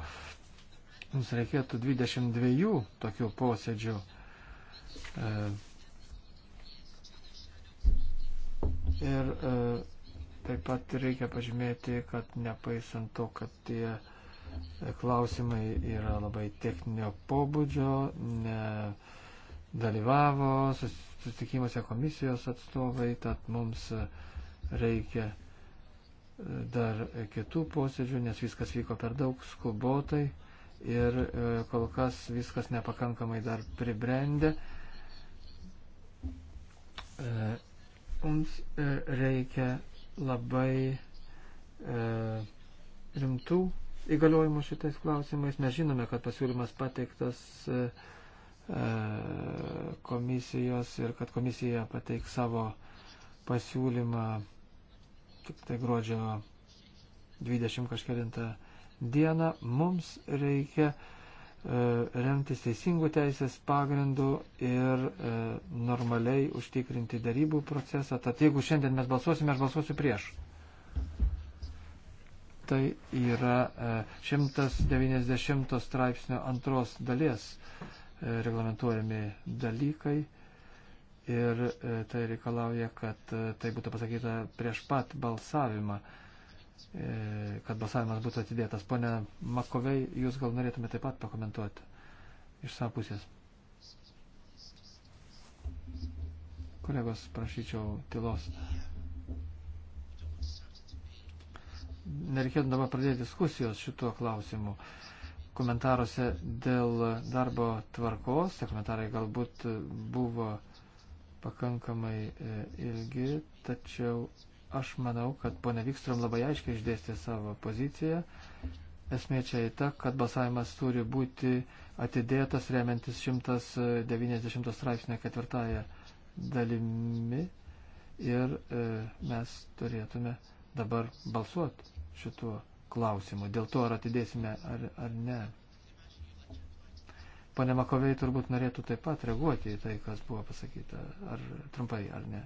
mums reikėtų 22 tokių posėdžių. E, ir e, Taip pat reikia pažymėti, kad nepaisant to, kad tie klausimai yra labai techninio pobūdžio, nedalyvavo susitikimuose komisijos atstovai, tad mums reikia dar kitų posėdžių, nes viskas vyko per daug skubotai ir e, kol kas viskas nepakankamai dar pribrendė. E, mums e, reikia labai e, rimtų įgaliojimų šitais klausimais. Mes žinome, kad pasiūlymas pateiktas e, e komisijos ir kad komisija pateik savo pasiūlymą tik tai gruodžio 20 kažkėlintą dieną. Mums reikia e, E, remtis teisingų teisės pagrindų ir e, normaliai užtikrinti darybų procesą. Tad jeigu šiandien mes balsuosime, aš balsuosiu prieš. Tai yra e, 190 straipsnio antros dalies e, reglamentuojami dalykai ir e, tai reikalauja, kad e, tai būtų pasakyta prieš pat balsavimą. E, E, kad balsavimas būtų atidėtas. Pone Makovei, jūs gal norėtumėte taip pat pakomentuoti iš savo pusės. Kolegos, prašyčiau tylos. Nereikėtų dabar pradėti diskusijos šituo klausimu. Komentaruose dėl darbo tvarkos, tie komentarai galbūt buvo pakankamai e, ilgi, tačiau Aš manau, kad ponia Vikstrom labai aiškiai išdėstė savo poziciją. Esmė čia į tą, kad balsavimas turi būti atidėtas remiantis 190 straipsnio ketvirtąją dalimi ir e, mes turėtume dabar balsuoti šituo klausimu. Dėl to ar atidėsime ar, ar ne. Pane Makovei turbūt norėtų taip pat reaguoti į tai, kas buvo pasakyta. Ar trumpai, ar ne?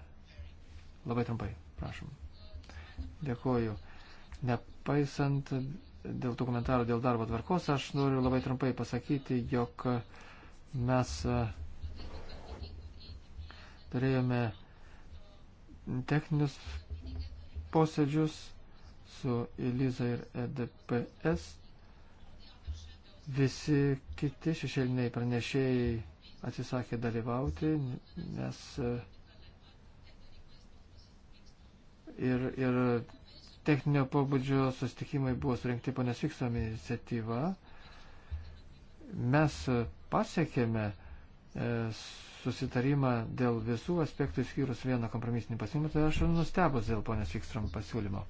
Labai trumpai. Prašom. Dėkuoju. Nepaisant dėl tų komentarų dėl darbo tvarkos, aš noriu labai trumpai pasakyti, jog mes e, turėjome techninius posėdžius su Eliza ir EDPS. Visi kiti šešėliniai pranešėjai atsisakė dalyvauti, nes uh, ir, ir techninio pobūdžio sustikimai buvo surinkti ponės Viksom iniciatyva. Mes pasiekėme e, susitarimą dėl visų aspektų išskyrus vieną kompromisinį pasiūlymą, tai aš nustebus dėl ponės Vikstrom pasiūlymo.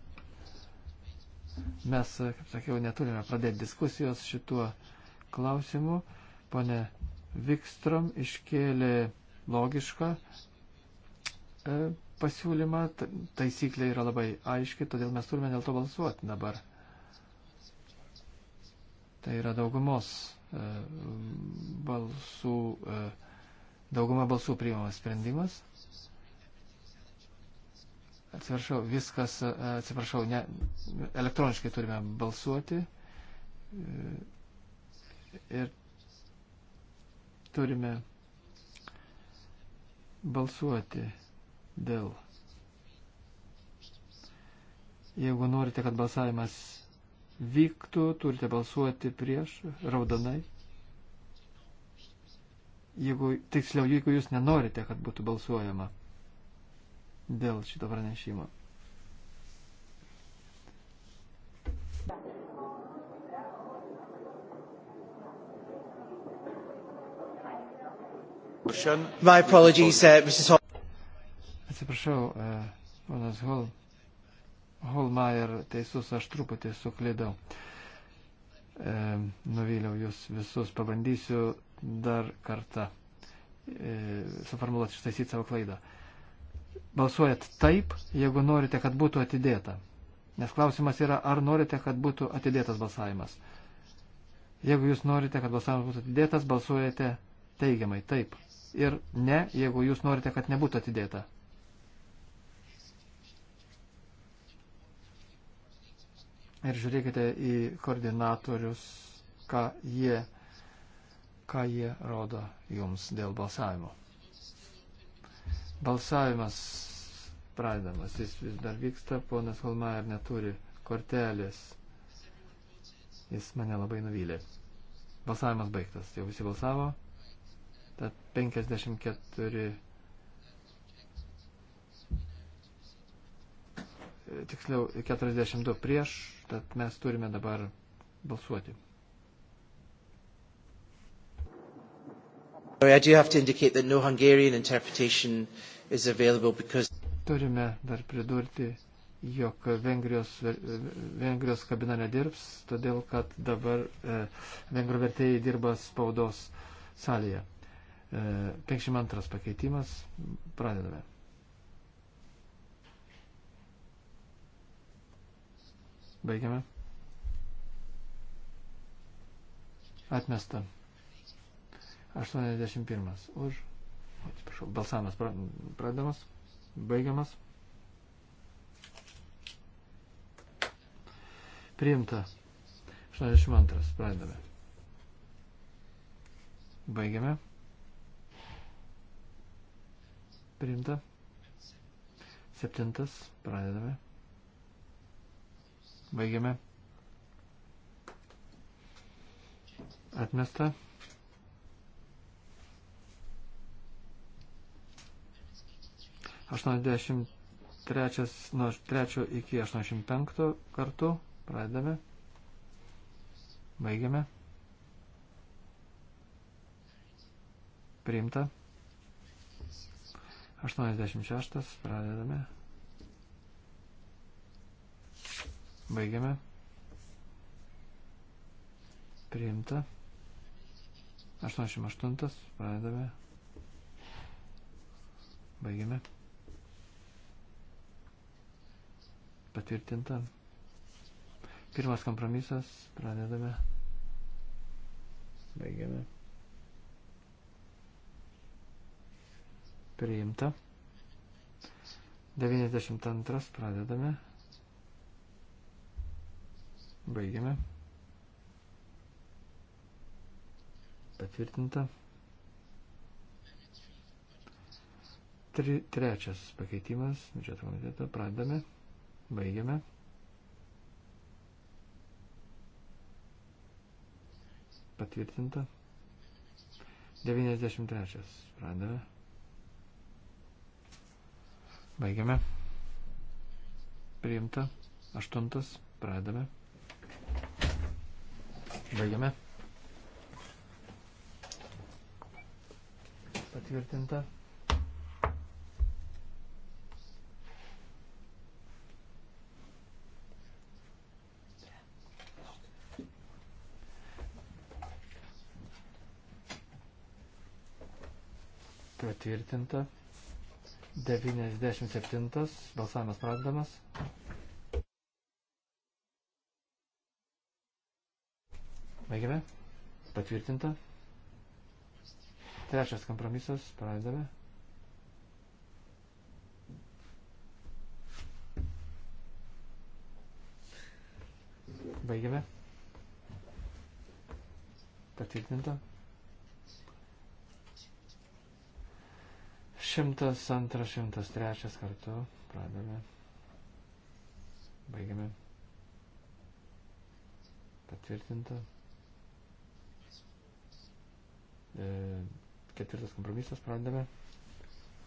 Mes, e, kaip sakiau, neturime pradėti diskusijos šituo klausimu. Pone Vikstrom iškėlė logišką e, pasiūlymą. Taisyklė yra labai aiški, todėl mes turime dėl to balsuoti dabar. Tai yra daugumos e, balsų, e, dauguma balsų priimamas sprendimas. Atsiprašau, viskas, e, atsiprašau, ne, elektroniškai turime balsuoti ir turime balsuoti dėl. Jeigu norite, kad balsavimas vyktų, turite balsuoti prieš, raudonai. Jeigu, tiksliau, jeigu jūs nenorite, kad būtų balsuojama dėl šito pranešimo. My apologies, uh, Mrs. Hall. Atsiprašau, e, ponas Hol, Holmeier teisus, aš truputį suklydau. E, nuvyliau jūs visus, pabandysiu dar kartą e, suformuluoti, ištaisyti savo klaidą. Balsuojat taip, jeigu norite, kad būtų atidėta. Nes klausimas yra, ar norite, kad būtų atidėtas balsavimas. Jeigu jūs norite, kad balsavimas būtų atidėtas, balsuojate teigiamai taip. Ir ne, jeigu jūs norite, kad nebūtų atidėta. ir žiūrėkite į koordinatorius, ką jie, ką jie rodo jums dėl balsavimo. Balsavimas pradedamas, jis vis dar vyksta, ponas Holmaier neturi kortelės. Jis mane labai nuvylė. Balsavimas baigtas, jau visi balsavo. Tad 54 tiksliau 42 prieš, tad mes turime dabar balsuoti. Sorry, I do have to indicate that no Hungarian interpretation is available because... Turime dar pridurti, jog Vengrijos, Vengrijos kabina nedirbs, todėl kad dabar e, Vengro vertėjai dirba spaudos salėje. E, 52 pakeitimas, pradedame. Baigiame. Atmesta. 81. Už. Atsiprašau. Balsavimas pradedamas. Baigiamas. Priimta. 82. Pradedame. Baigiame. Priimta. Septintas. Pradedame. Baigiame. Atmesta. Aštuoniasdešimt trečias, nuo trečio iki aštuoniasdešimt penkto kartu. Pradedame. Baigiame. Priimta. 86. Pradedame. Baigiame. Priimta. 88. Pradedame. Baigiame. Patvirtinta. Pirmas kompromisas. Pradedame. Baigiame. Priimta. 92. Pradedame. Baigiame. Patvirtinta. Tri, trečias pakeitimas, biudžeto komiteto, pradame, baigiame. Patvirtinta. 93. Pradame. Baigiame. Priimta. Aštuntas. Pradame. Baigiame. Patvirtinta. Patvirtinta. 97. Balsavimas pradedamas. patvirtinta. Trečias kompromisas, pradedame. Baigiame. Patvirtinta. 102, 103 kartu. Pradame. Baigiame. Patvirtinta. E, ketvirtas kompromisas pradame.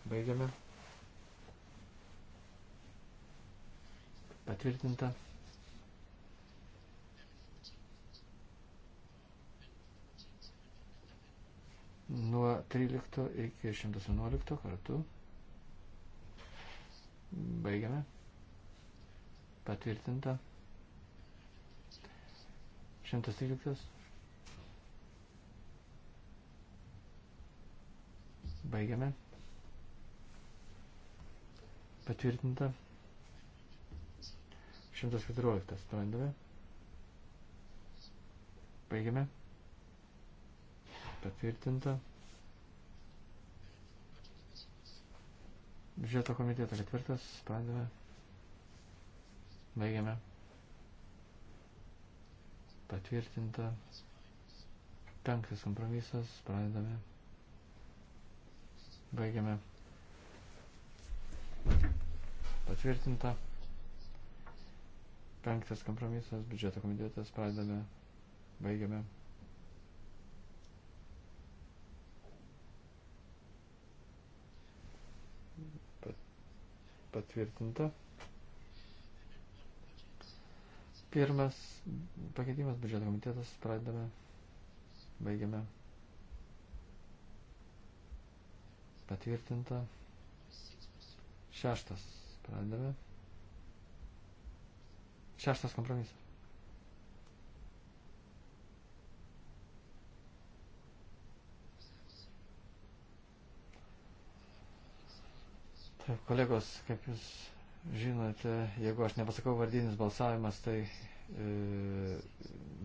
Baigiame. Patvirtinta. Nuo 13 iki 111 kartų. Baigiame. Patvirtinta. 113. Baigiame. Patvirtinta. 114. Sprendame. Baigiame. Patvirtinta. Biudžeto komiteto ketvirtas. Sprendame. Baigiame. Patvirtinta. Penktas kompromisas. Pradedame. Baigiame. Patvirtinta. Penktas kompromisas, biudžeto komitetas, pradedame, baigiame. Patvirtinta. Pirmas pakeitimas, biudžeto komitetas, pradedame, baigiame. patvirtinta. Šeštas, pradedame. Šeštas kompromisas. Taip, kolegos, kaip jūs žinote, jeigu aš nepasakau vardinis balsavimas, tai e,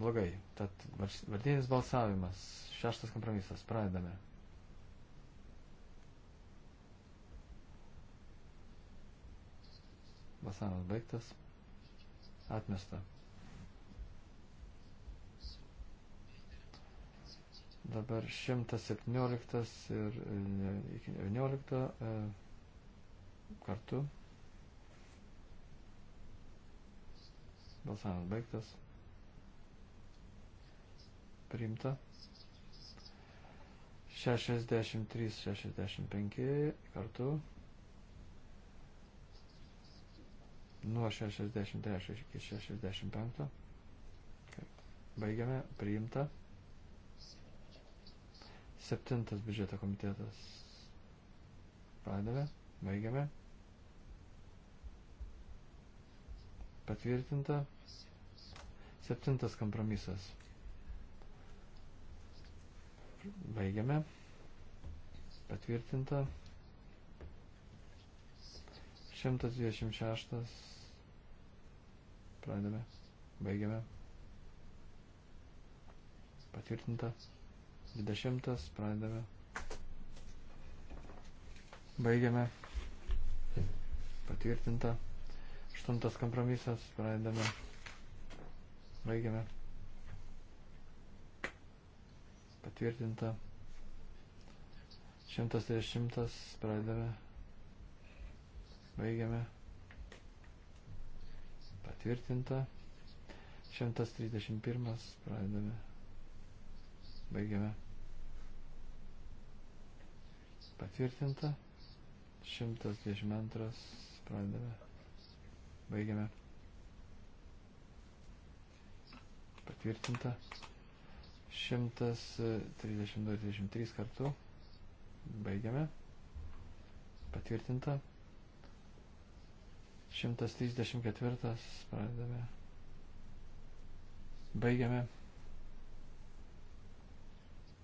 blogai. Tad vardinis balsavimas, šeštas kompromisas, pradedame. Balsavimas baigtas. Atmesta. Dabar 117 ir 19 e, e, kartu. Balsavimas baigtas. Priimta. 63-65 kartu. nuo 63 iki 65. Baigiame, priimta. Septintas biudžeto komitetas. Pradame, baigiame. Patvirtinta. Septintas kompromisas. Baigiame. Patvirtinta. 126. Pradame. Baigiame. Patvirtinta. 20. Pradame. Baigiame. Patvirtinta. 8. Kompromisas. Pradame. Baigiame. Patvirtinta. 130. Pradame. Baigiame. Patvirtinta. 131. Pradedame. Baigiame. Patvirtinta. 122. Pradedame. Baigiame. Patvirtinta. 132-33 kartų. Baigiame. Patvirtinta. 134 pradedame. Baigiame.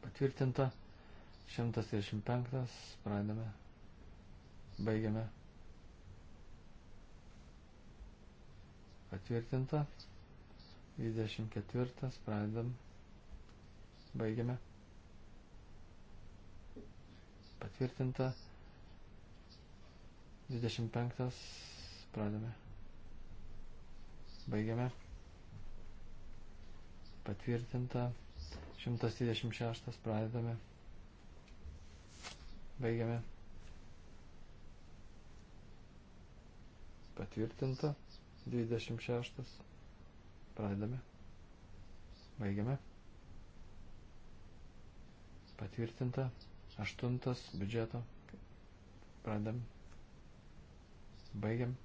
Patvirtinta. 135 pradedame. Baigiame. Patvirtinta. 24 pradedam. Baigiame. Patvirtinta. 25 Pradame. Baigiame. Patvirtinta. 126 pradedame. Baigiame. Patvirtinta. 26. Pradedame. Baigiame. Patvirtinta. 8. Biudžeto. Pradedam. Baigiam.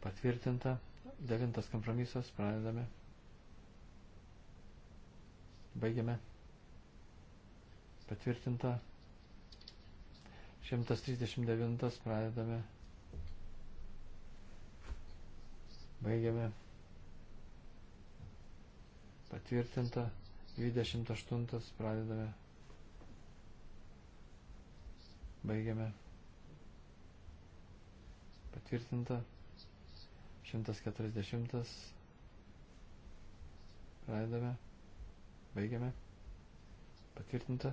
Patvirtinta. Devintas kompromisas. Pradedame. Baigiame. Patvirtinta. 139 pradedame. Baigiame. Patvirtinta. 28 pradedame. Baigiame. Patvirtinta. 140. Pradedame. Baigiame. Patvirtinta.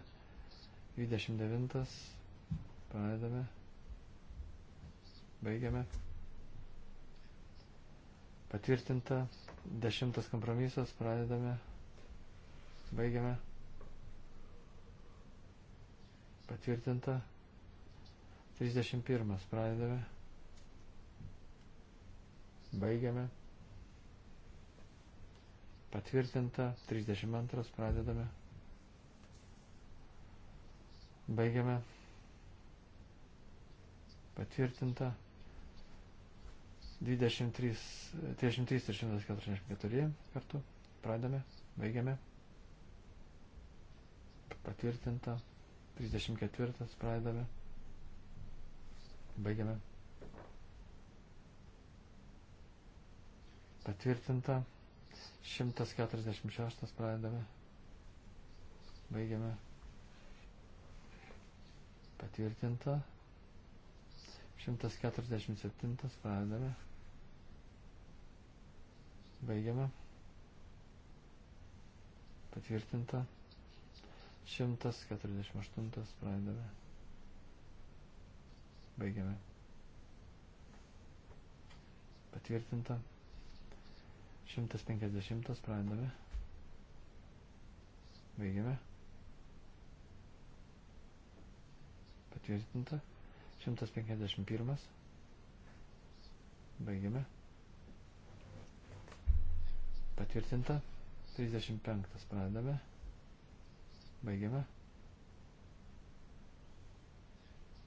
29. Pradedame. Baigiame. Patvirtinta. 10 kompromisas. Pradedame. Baigiame. Patvirtinta. 31. Pradedame. Baigiame. Patvirtinta. 32 pradedame. Baigiame. Patvirtinta. 23, 33 ir 144 kartu. Pradame. Baigiame. Patvirtinta. 34 pradedame. Baigiame. Patvirtinta. 146 pradedame. Baigiame. Patvirtinta. 147 pradedame. Baigiame. Patvirtinta. 148 pradedame. Baigiame. Patvirtinta. 150 pradedame. Baigiame. Patvirtinta. 151. Baigiame. Patvirtinta. 35 pradedame. Baigiame.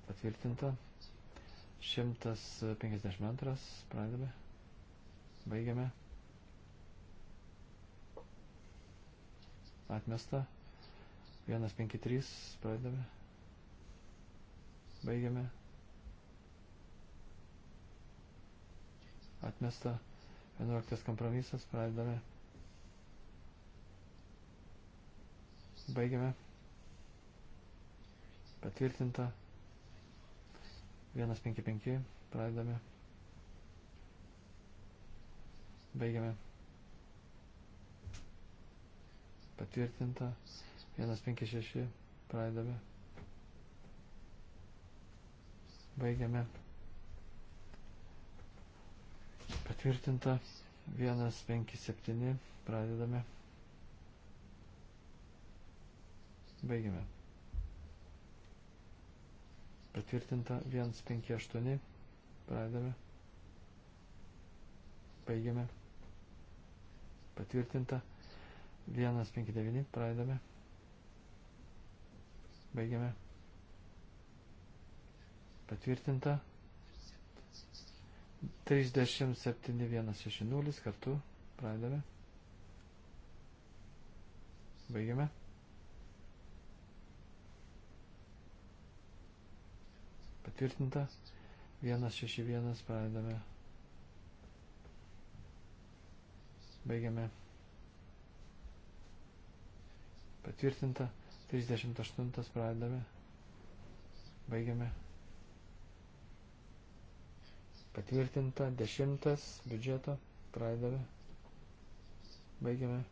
Patvirtinta. 152 pradedame. Baigiame. atmesta. 153 pradedame. Baigiame. Atmesta. 11 kompromisas pradedame. Baigiame. Patvirtinta. 155 pradedame. Baigiame. patvirtinta. 156 pradedame. Baigiame. Patvirtinta. 157 pradedame. Baigiame. Patvirtinta 158. Pradedame. Baigiame. Patvirtinta 159 pradedame. Baigiame. Patvirtinta. 37160 kartu pradedame. Baigiame. Patvirtinta. 161 pradedame. Baigiame. Patvirtinta. 38 pradedame. Baigiame. Patvirtinta. 10 biudžeto. Pradedame. Baigiame.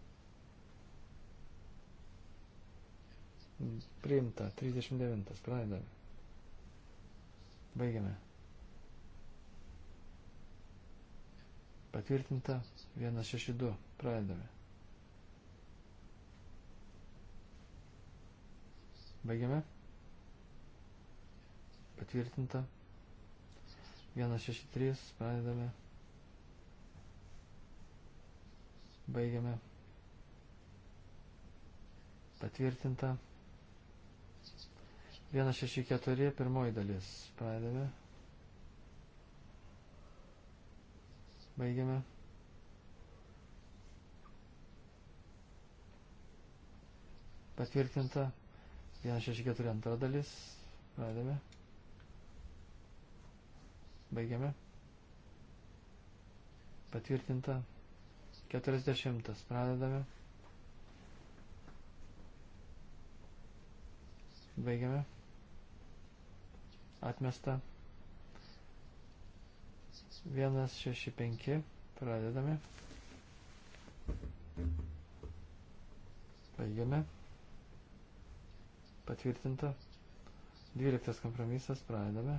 Priimta. 39 pradedame. Baigiame. Patvirtinta. 162 pradedame. Baigiame. Patvirtinta. 163. Pradedame. Baigiame. Patvirtinta. 164. Pirmoji dalis. Pradedame. Baigiame. Patvirtinta. 164 antra dalis. Pradėme. Baigiame. Patvirtinta. 40. Pradedame. Baigiame. Atmesta. 165. Pradedame. Baigiame. Patvirtinta. 12 kompromisas. Pradedame.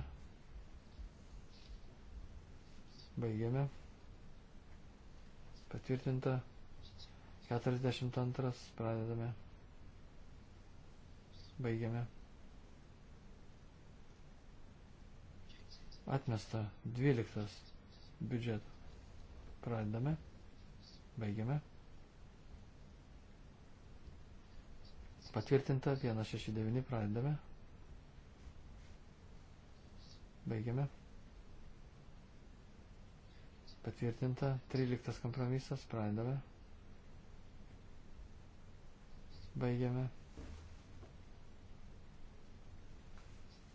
Baigiame. Patvirtinta. 42. Pradedame. Baigiame. Atmesta. 12. Biudžet. Pradedame. Baigiame. Patvirtinta 169 pradedame. Baigiame. Patvirtinta 13 kompromisas pradedame. Baigiame.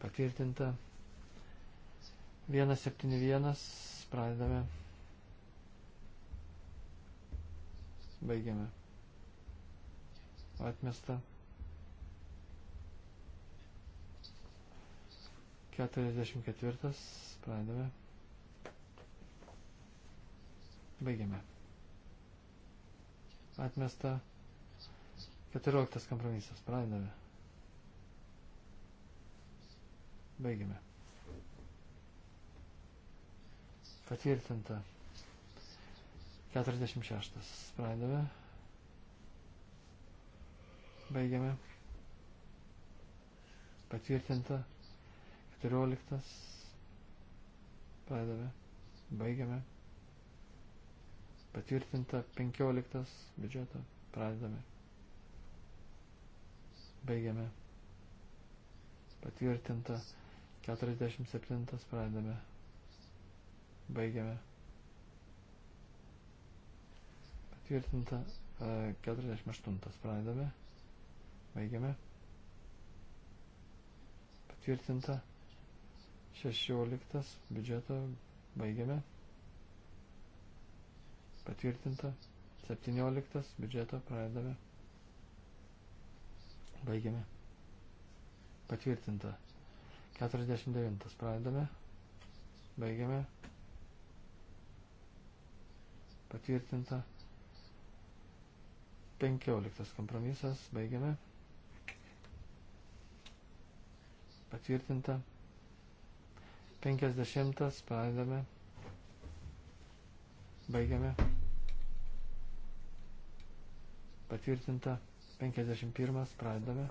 Patvirtinta 171 pradedame. Baigiame. Atmesta 44 pradedame. Baigiame. Atmesta 14 kompromisas. Pradedame. Baigiame. Patvirtinta 46. Pradedame. Baigiame. Patvirtinta 14. Pradame. Baigiame. Patvirtinta 15 biudžeto. Pradedame. Baigiame. Patvirtinta 47 pradedame. Baigiame. Patvirtinta 48 e, pradedame. Baigiame. Patvirtinta 16 biudžeto baigiame. Patvirtinta. 17 biudžeto pradedame. Baigiame. Patvirtinta. 49 pradedame. Baigiame. Patvirtinta. 15 kompromisas. Baigiame. Patvirtinta. 50 pradedame. Baigiame. Patvirtinta. 51 pradedame.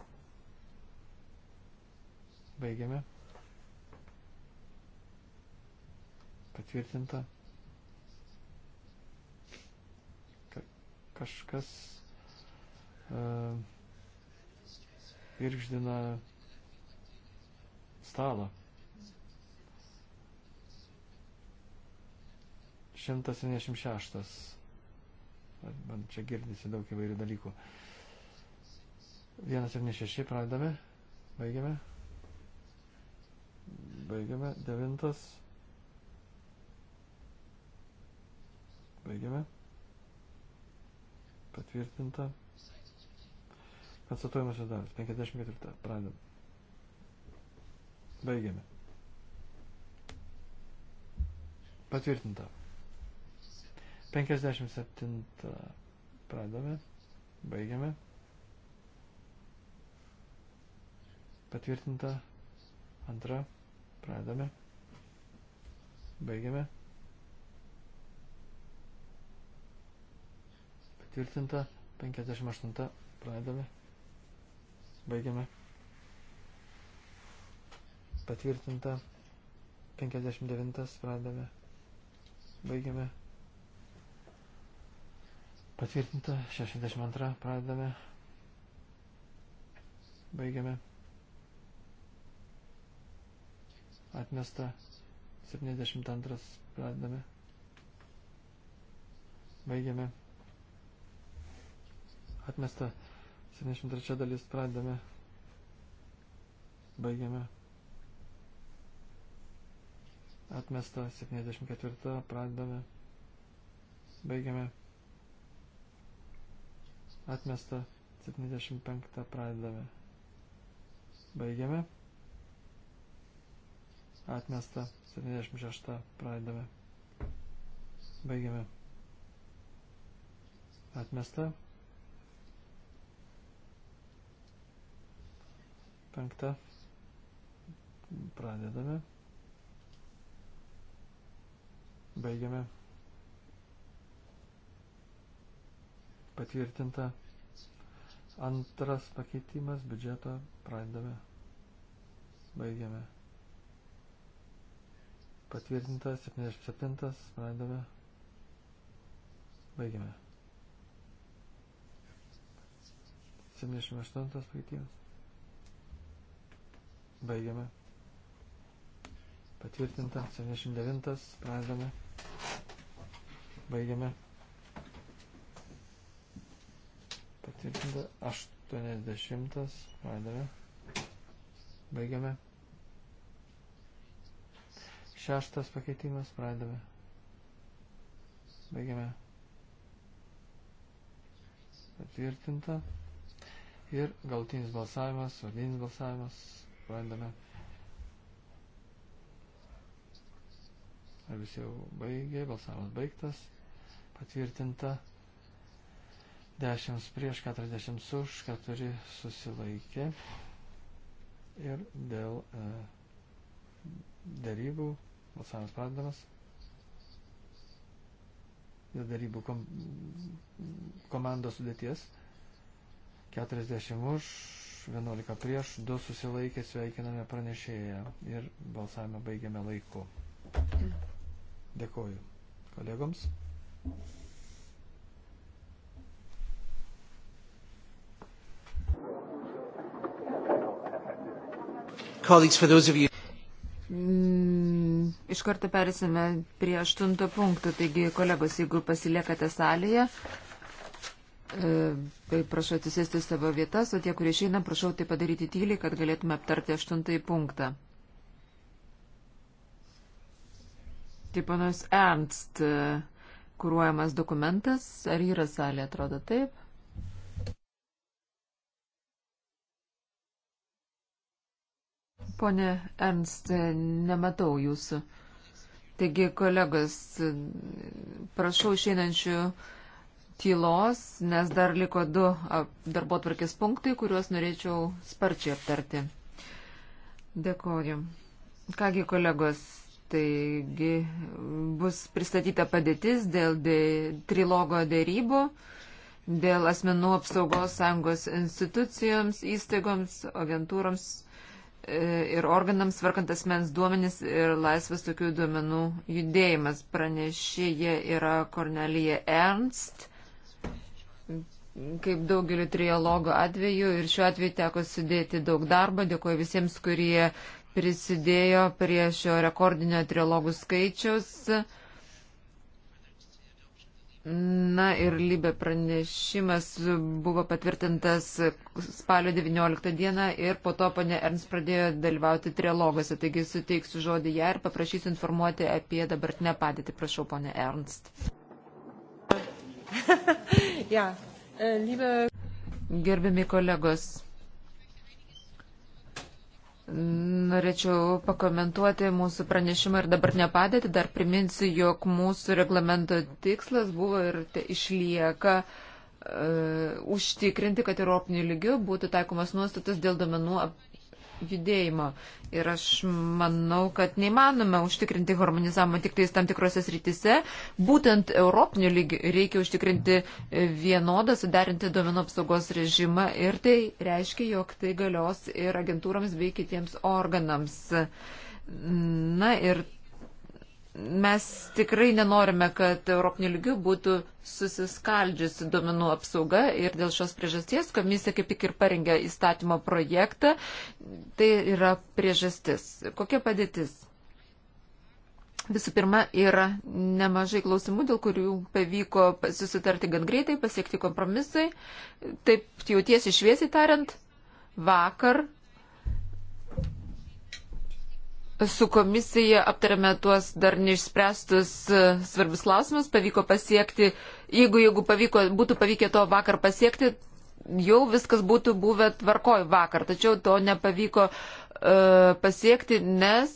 Baigiame. Patvirtinta. Kažkas uh, e, irgždina stalą. 176. Man čia girdisi daug įvairių dalykų. 176 pradame. Baigiame. Baigiame. 9. Baigiame. Patvirtinta. Konstatuojamas dalis. 54. Pradame. Baigiame. Patvirtinta. 57 pradame, baigiame. Patvirtinta antra, pradame, baigiame. Patvirtinta 58 pradame, baigiame. Patvirtinta 59 pradame, baigiame. Patvirtinta, 62 pradedame. Baigiame. Atmesta, 72 pradedame. Baigiame. Atmesta, 73 dalis pradedame. Baigiame. Atmesta, 74 pradedame. Baigiame. Atmesta 75 pradedame. Baigiame. Atmesta 76 pradedame. Baigiame. Atmesta. Penkta. Pradedame. Baigiame. patvirtinta. Antras pakeitimas biudžeto pradedame. Baigiame. Patvirtinta 77. Pradedame. Baigiame. 78 pakeitimas. Baigiame. Patvirtinta 79. Pradedame. Baigiame. patvirtinta 80 pradavė baigiame šeštas pakeitimas pradavė baigiame patvirtinta ir galtinis balsavimas vardinis balsavimas pradame ar visi jau baigė balsavimas baigtas patvirtinta 10 prieš 40 už, 4 susilaikė. Ir dėl e, darybų, balsavimas pradedamas, dėl darybų kom, komandos sudėties, 40 už, 11 prieš, 2 susilaikė, sveikiname pranešėją ir balsavimą baigiame laiku. Dėkoju kolegoms. Thank you. Colleagues, for those of you. Mm, iš karto perėsime prie aštunto punktų. Taigi, kolegos, jeigu pasiliekate salėje, e, tai prašau atsisėsti savo vietas, o tie, kurie išeina, prašau tai padaryti tyliai, kad galėtume aptarti aštuntąjį punktą. Tai panas Ernst e, kūruojamas dokumentas. Ar yra salė, atrodo taip? Pone Ernst, nematau jūsų. Taigi, kolegos, prašau išeinančių tylos, nes dar liko du darbo tvarkės punktai, kuriuos norėčiau sparčiai aptarti. Dėkoju. Kągi, kolegos, taigi bus pristatyta padėtis dėl de, trilogo dėrybų dėl asmenų apsaugos sąjungos institucijoms, įstaigoms, agentūroms E, ir organams varkant asmens duomenis ir laisvas tokių duomenų judėjimas. Pranešėje yra Kornelija Ernst, kaip daugeliu trialogo atveju ir šiuo atveju teko sudėti daug darbo. Dėkuoju visiems, kurie prisidėjo prie šio rekordinio trialogų skaičiaus. Na ir Libė pranešimas buvo patvirtintas spalio 19 dieną ir po to ponė Ernst pradėjo dalyvauti trialoguose. Taigi suteiksiu žodį ją ir paprašysiu informuoti apie dabartinę padėtį. Prašau, ponė Ernst. ja, e, liebe... Gerbiami kolegos. Norėčiau pakomentuoti mūsų pranešimą ir dabar nepadėti. Dar priminsiu, jog mūsų reglamento tikslas buvo ir išlieka e, užtikrinti, kad Europinių lygių būtų taikomas nuostatas dėl domenų ap judėjimo. Ir aš manau, kad neįmanome užtikrinti harmonizavimo tik tais tam tikrose srityse. Būtent europiniu lygiu reikia užtikrinti vienodą, suderinti duomenų apsaugos režimą ir tai reiškia, jog tai galios ir agentūrams bei kitiems organams. Na ir mes tikrai nenorime, kad Europinių lygių būtų susiskaldžiusi duomenų apsauga ir dėl šios priežasties komisija kaip tik ir parengė įstatymo projektą. Tai yra priežastis. Kokia padėtis? Visų pirma, yra nemažai klausimų, dėl kurių pavyko susitarti gan greitai, pasiekti kompromisai. Taip jau tiesiai šviesiai tariant, vakar su komisija aptarėme tuos dar neišspręstus e, svarbius klausimus, pavyko pasiekti, jeigu, jeigu pavyko, būtų pavykę to vakar pasiekti, jau viskas būtų buvę tvarkoj vakar, tačiau to nepavyko e, pasiekti, nes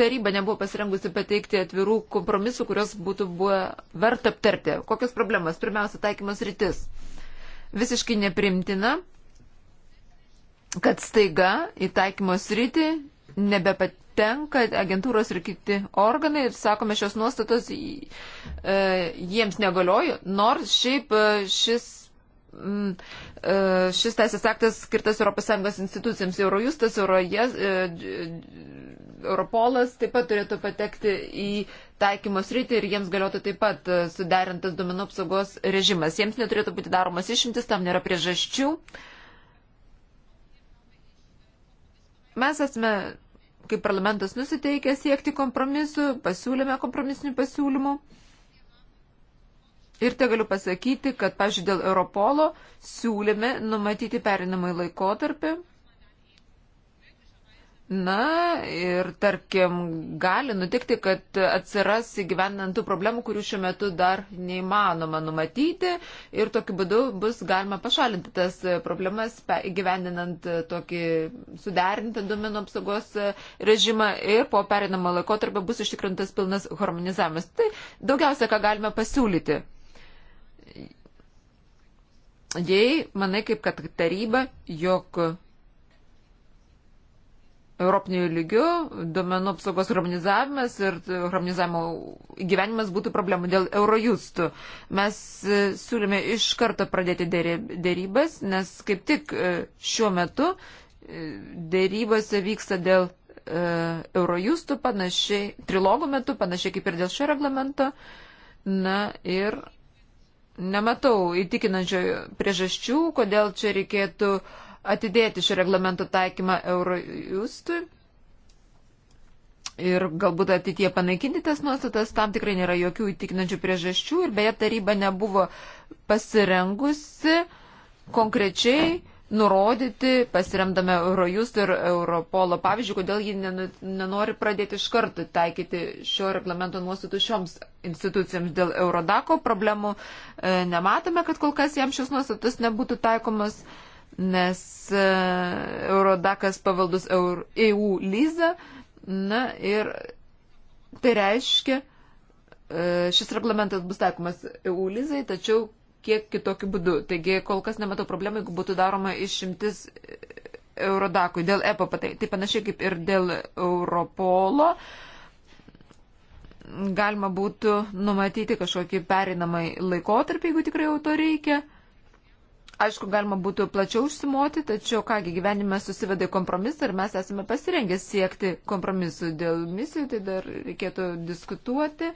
taryba nebuvo pasirengusi pateikti atvirų kompromisų, kurios būtų buvę verta aptarti. Kokios problemas? Pirmiausia, taikymas rytis. Visiškai neprimtina, kad staiga į taikymo sritį nebepat tenka agentūros ir kiti organai ir sakome, šios nuostatos e, jiems negalioju, nors šiaip e, šis. Mm, e, šis teisės aktas skirtas ES institucijams Eurojustas, Eurojas, Europolas taip pat turėtų patekti į taikymos rytį ir jiems galėtų taip pat suderintas duomenų apsaugos režimas. Jiems neturėtų būti daromas išimtis, tam nėra priežasčių. Mes esame kaip parlamentas nusiteikia siekti kompromisų, pasiūlėme kompromisinių pasiūlymų. Ir te galiu pasakyti, kad, pažiūrėjau, dėl Europolo siūlėme numatyti perinamai laikotarpį Na ir tarkim, gali nutikti, kad atsiras įgyvendintų problemų, kurių šiuo metu dar neįmanoma numatyti ir tokiu būdu bus galima pašalinti tas problemas, įgyvendinant tokį suderintą duomenų apsaugos režimą ir po perinamo laikotarpio bus ištikrintas pilnas harmonizavimas. Tai daugiausia, ką galime pasiūlyti. Jei manai kaip kad taryba, jog Europinių lygių duomenų apsaugos harmonizavimas ir harmonizavimo gyvenimas būtų problema dėl Eurojustų. Mes e, siūlėme iš karto pradėti dėrybas, nes kaip tik e, šiuo metu e, dėrybose vyksta dėl Eurojustų panašiai, trilogų metu panašiai kaip ir dėl šio reglamento. Na ir nematau įtikinančio priežasčių, kodėl čia reikėtų uh, atidėti šio reglamento taikymą Eurojustui ir galbūt ateitie panaikinti tas nuostatas, tam tikrai nėra jokių įtikinančių priežasčių ir beje taryba nebuvo pasirengusi konkrečiai nurodyti, pasiremdame Eurojust ir Europolo pavyzdžių, kodėl ji nenori pradėti iš karto taikyti šio reglamento nuostatų šioms institucijoms dėl Eurodako problemų. E, nematome, kad kol kas jam šios nuostatos nebūtų taikomas. E, nes e, Eurodakas pavaldus EU e lyza. Na ir tai reiškia, e, šis reglamentas bus taikomas EU lyzai, tačiau kiek kitokiu būdu. Taigi kol kas nematau problemų, jeigu būtų daroma išimtis Eurodakui dėl EPO, tai, tai panašiai kaip ir dėl Europolo. Galima būtų numatyti kažkokį perinamą laikotarpį, jeigu tikrai jau to reikia. Aišku, galima būtų plačiau užsimoti, tačiau kągi gyvenime susiveda į kompromisą ir mes esame pasirengę siekti kompromisų dėl misijų, tai dar reikėtų diskutuoti.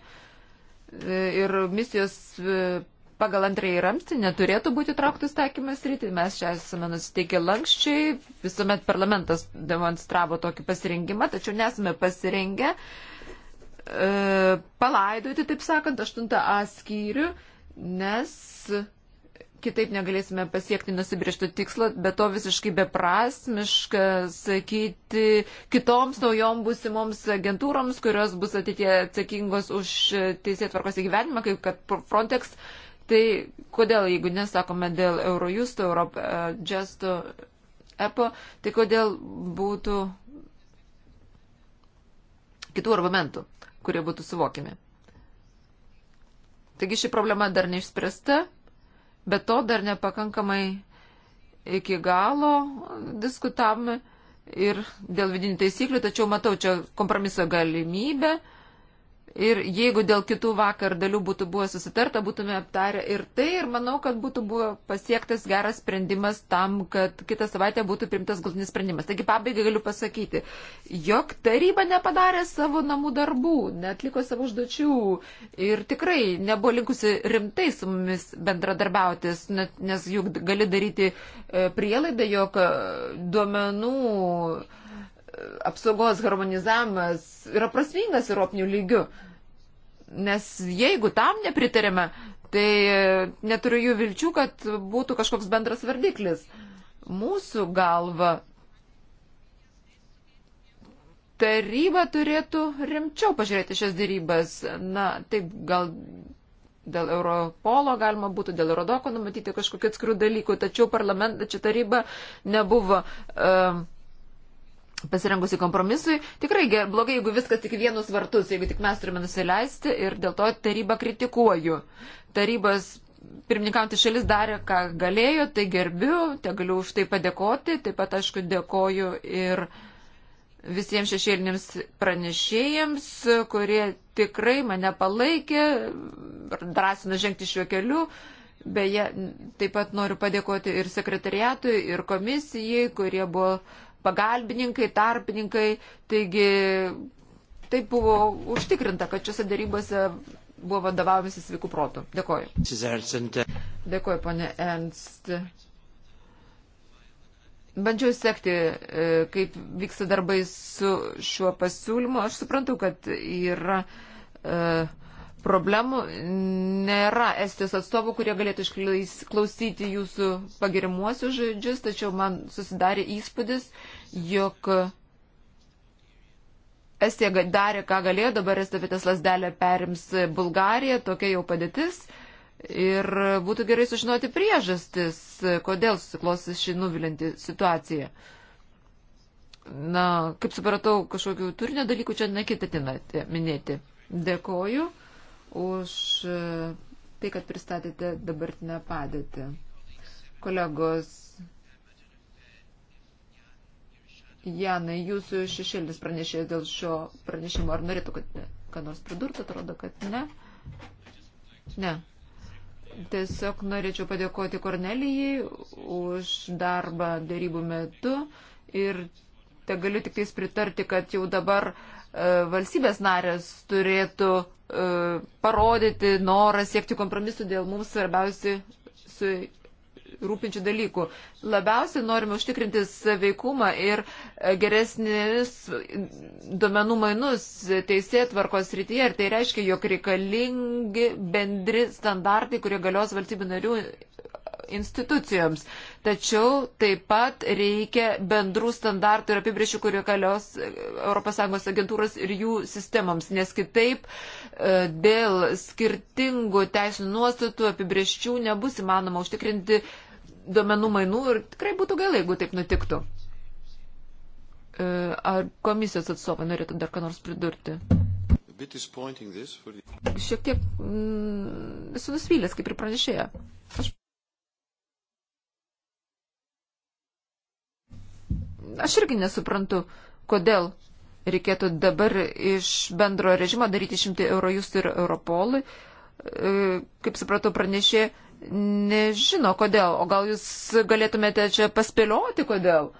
E, ir misijos e, pagal antrąjį ramstį neturėtų būti trauktas taikymas rytį. Mes čia esame nusiteikę lankščiai, visuomet parlamentas demonstravo tokį pasirinkimą, tačiau nesame pasirengę e, palaidoti, taip sakant, 8A skyrių, nes kitaip negalėsime pasiekti nusibriežtų tikslo, bet to visiškai beprasmiška sakyti kitoms naujom būsimoms agentūroms, kurios bus ateitie atsakingos už teisėtvarkos įgyvenimą, kaip kad Frontex. Tai kodėl, jeigu nesakome dėl Eurojusto, Eurojusto, e, EPO, tai kodėl būtų kitų argumentų, kurie būtų suvokiami. Taigi ši problema dar neišspręsta, bet to dar nepakankamai iki galo diskutavome ir dėl vidinių taisyklių, tačiau matau čia kompromiso galimybę Ir jeigu dėl kitų vakar dalių būtų buvę susitarta, būtume aptarę ir tai, ir manau, kad būtų buvo pasiektas geras sprendimas tam, kad kitą savaitę būtų primtas galtinis sprendimas. Taigi pabaigai galiu pasakyti, jog taryba nepadarė savo namų darbų, netliko savo užduočių ir tikrai nebuvo linkusi rimtai su mumis bendradarbiautis, nes juk gali daryti e, prielaidą, jog e, duomenų apsaugos harmonizavimas yra prasmingas Europinių lygių. Nes jeigu tam nepritarėme, tai neturiu jų vilčių, kad būtų kažkoks bendras vardiklis. Mūsų galva taryba turėtų rimčiau pažiūrėti šias dėrybas. Na, taip gal dėl Europolo galima būtų, dėl Eurodoko numatyti kažkokių atskirų dalykų, tačiau parlamenta čia taryba nebuvo. Uh, pasirengusi kompromisui. Tikrai ger, blogai, jeigu viskas tik vienus vartus, jeigu tik mes turime nusileisti ir dėl to tarybą kritikuoju. Tarybos pirmininkauti šalis darė, ką galėjo, tai gerbiu, te galiu už tai padėkoti. Taip pat, aišku, dėkoju ir visiems šešėlinėms pranešėjams, kurie tikrai mane palaikė, drąsino žengti šiuo keliu. Beje, taip pat noriu padėkoti ir sekretariatui, ir komisijai, kurie buvo uh, pagalbininkai, tarpininkai. Taigi taip buvo užtikrinta, kad šiuose darybose buvo vadovavimasi sveikų protų. Dėkoju. Dėkoju, ponė Ernst. Bandžiau sekti, e, kaip vyksta darbai su šiuo pasiūlymu. Aš suprantu, kad yra. Uh, problemų nėra Estijos atstovų, kurie galėtų išklausyti jūsų pagirimuosius žodžius, tačiau man susidarė įspūdis, jog Estija darė, ką galėjo, dabar Estafetės lasdelę perims Bulgarija, tokia jau padėtis. Ir būtų gerai sužinoti priežastis, kodėl susiklosi šį nuvilinti situaciją. Na, kaip supratau, kažkokių turinio dalykų čia nekitinate minėti. Dėkoju už e, tai, kad pristatėte dabartinę padėtį. Kolegos, Janai, jūsų šešėlis pranešė dėl šio pranešimo. Ar norėtų, kad ką nors pridurtų? Atrodo, kad ne. Ne. Tiesiog norėčiau padėkoti Kornelijai už darbą darybų metu ir te galiu tik tais pritarti, kad jau dabar e, valstybės narės turėtų E, parodyti norą siekti kompromisų dėl mums svarbiausių su rūpinčių dalykų. Labiausiai norime užtikrinti saveikumą ir geresnis duomenų mainus teisė tvarkos rytyje. Ir tai reiškia, jog reikalingi bendri standartai, kurie galios valstybių narių institucijoms. Tačiau taip pat reikia bendrų standartų ir apibriešių, kurio kalios ES agentūros ir jų sistemams, nes kitaip e, dėl skirtingų teisinių nuostatų apibrieščių nebus įmanoma užtikrinti duomenų mainų ir tikrai būtų gaila, jeigu taip nutiktų. E, ar komisijos atstovai norėtų dar ką nors pridurti? Šiek tiek mm, esu nusvylęs, kaip ir pranešėja. Aš Aš irgi nesuprantu, kodėl reikėtų dabar iš bendro režimo daryti šimtai euro jūs ir Europolui. E, kaip supratau, pranešė, nežino kodėl, o gal jūs galėtumėte čia paspėlioti, kodėl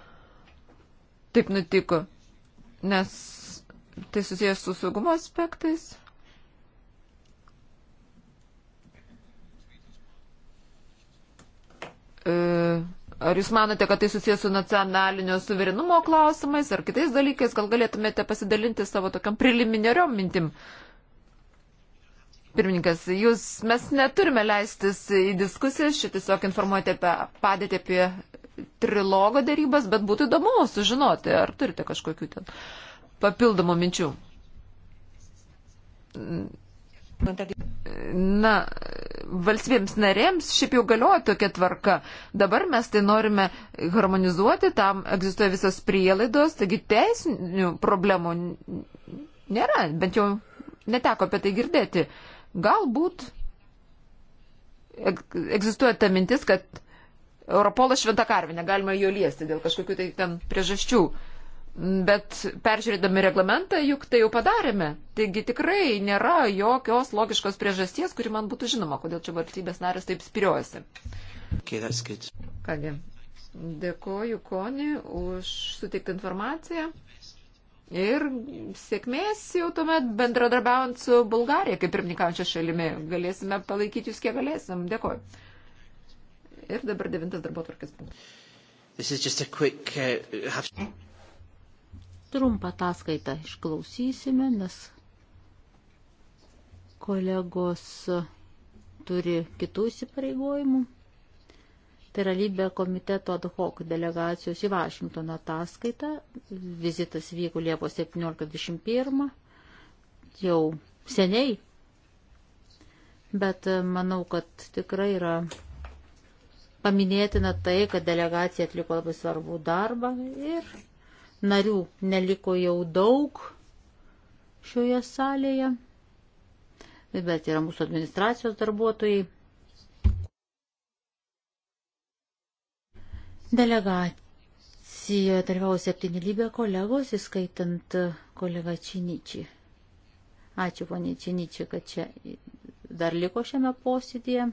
taip nutiko. Nes tai susijęs su saugumo aspektais. E... Ar jūs manote, kad tai susijęs su nacionalinio suverenumo klausimais ar kitais dalykais? Gal galėtumėte pasidalinti savo tokiam preliminariom mintim? Pirmininkas, jūs, mes neturime leistis į diskusijas, šitą tiesiog informuoti apie padėtį apie trilogo darybas, bet būtų įdomu sužinoti, ar turite kažkokių ten papildomų minčių na, valstybėms narėms šiaip jau galioja tokia tvarka. Dabar mes tai norime harmonizuoti, tam egzistuoja visos prielaidos, taigi teisinių problemų nėra, bent jau neteko apie tai girdėti. Galbūt egzistuoja ta mintis, kad Europolas šventą karvinę, galima jo liesti dėl kažkokių tai ten priežasčių. Bet peržiūrėdami reglamentą, juk tai jau padarėme. Taigi tikrai nėra jokios logiškos priežasties, kuri man būtų žinoma, kodėl čia valstybės narės taip spiriojasi. Okay, Kągi, dėkoju Koni už suteiktą informaciją. Ir sėkmės jau tuomet bendradarbiaujant su Bulgarija, kaip pirmininkaujančia šalimi. Galėsime palaikyti jūs kiek galėsim. Dėkoju. Ir dabar devintas darbo tvarkės punktas. Trumpą ataskaitą išklausysime, nes kolegos turi kitų įsipareigojimų. Tai yra lybė komiteto ad hoc delegacijos į Vašingtoną ataskaita. Vizitas vyko Liepos 17-21. Jau seniai. Bet e, manau, kad tikrai yra paminėtina tai, kad delegacija atliko labai svarbų darbą ir narių neliko jau daug šioje salėje, bet yra mūsų administracijos darbuotojai. Delegacijoje dalyvavo septyni lybė kolegos, įskaitant kolegą Činičį. Ačiū, ponė Činičį, kad čia dar liko šiame posėdėje.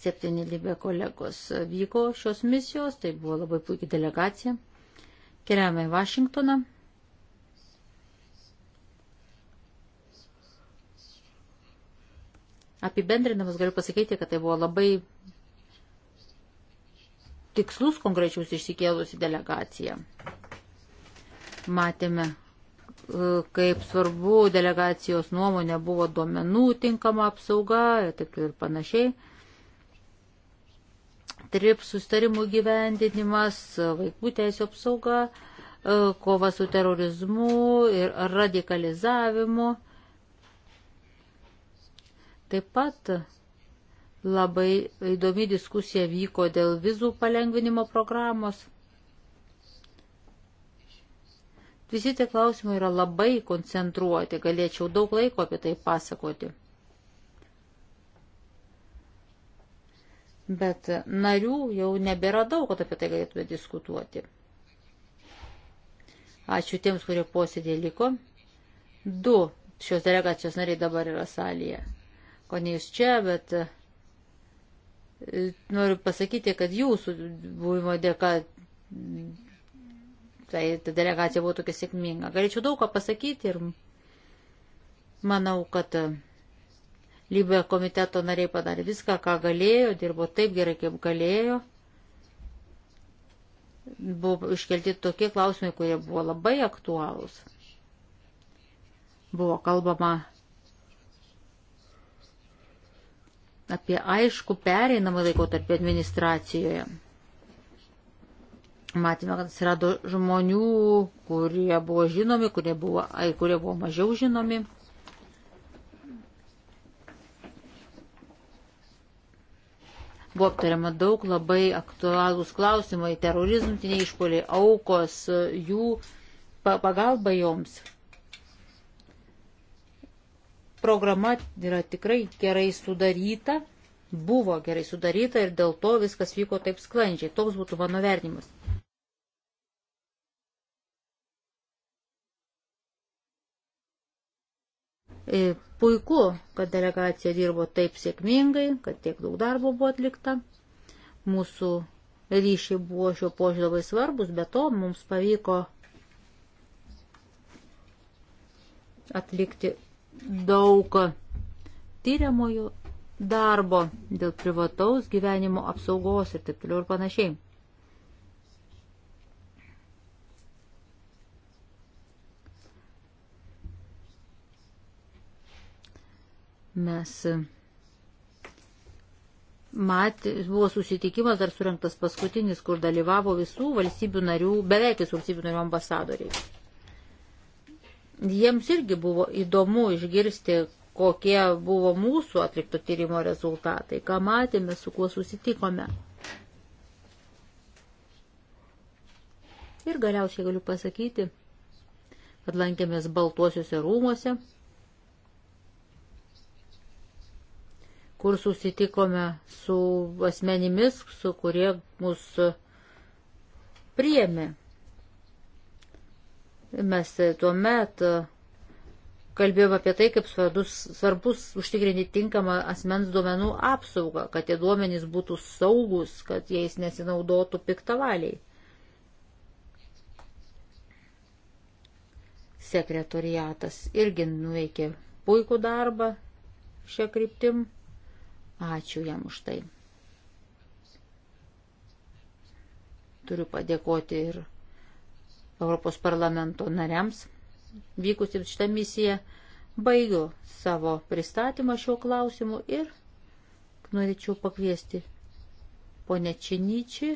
Septyni Libė kolegos vyko šios misijos, tai buvo labai puikia delegacija. Keliavome į Vašingtoną. Apibendrinamas galiu pasakyti, kad tai buvo labai tikslus konkrečius išsikėlusi delegacija. Matėme, e, kaip svarbu delegacijos nuomonė buvo duomenų tinkama apsauga ir taip ir panašiai. TRIP sustarimų gyvendinimas, vaikų teisų apsauga, e, kova su terorizmu ir radikalizavimu. Taip pat labai įdomi diskusija vyko dėl vizų palengvinimo programos. Visi tie klausimai yra labai koncentruoti, galėčiau daug laiko apie tai pasakoti. bet narių jau nebėra daug, kad apie tai galėtume diskutuoti. Ačiū tiems, kurie posėdė liko. Du šios delegacijos nariai dabar yra salėje. Ko ne jūs čia, bet e, noriu pasakyti, kad jūsų buvimo dėka tai ta delegacija buvo tokia sėkminga. Galėčiau daug ką pasakyti ir manau, kad Libė komiteto nariai padarė viską, ką galėjo, dirbo taip gerai, kaip galėjo. Buvo iškelti tokie klausimai, kurie buvo labai aktualūs. Buvo kalbama apie aišku pereinamą laikotarpį administracijoje. Matėme, kad atsirado žmonių, kurie buvo žinomi, kurie buvo, ai, kurie buvo mažiau žinomi. Buvo aptariama daug labai aktualūs klausimai - terorizmtiniai išpoliai, aukos, jų pagalba joms. Programa yra tikrai gerai sudaryta, buvo gerai sudaryta ir dėl to viskas vyko taip sklandžiai. Toks būtų mano vertinimas. E, puiku, kad delegacija dirbo taip sėkmingai, kad tiek daug darbo buvo atlikta. Mūsų ryšiai buvo šio požiūrį labai svarbus, bet to mums pavyko atlikti daug tyriamojų darbo dėl privataus gyvenimo apsaugos ir taip toliau ir panašiai. Mes e, matė, buvo susitikimas dar surinktas paskutinis, kur dalyvavo visų valstybių narių, beveik visų valstybių narių ambasadoriai. Jiems irgi buvo įdomu išgirsti, kokie buvo mūsų atlikto tyrimo rezultatai, ką matėme, su kuo susitikome. Ir galiausiai galiu pasakyti, kad lankėmės Baltuosiuose rūmose kur susitikome su asmenimis, su kurie mus priėmė. Mes tuo metu kalbėjome apie tai, kaip svarbus, svarbus užtikrinti tinkamą asmens duomenų apsaugą, kad tie duomenys būtų saugus, kad jais nesinaudotų piktavaliai. Sekretoriatas irgi nuveikė puikų darbą šią kryptim. Ačiū jam už tai. Turiu padėkoti ir Europos parlamento nariams vykusiems šitą misiją. Baigiu savo pristatymą šiuo klausimu ir norėčiau pakviesti ponę Činyčį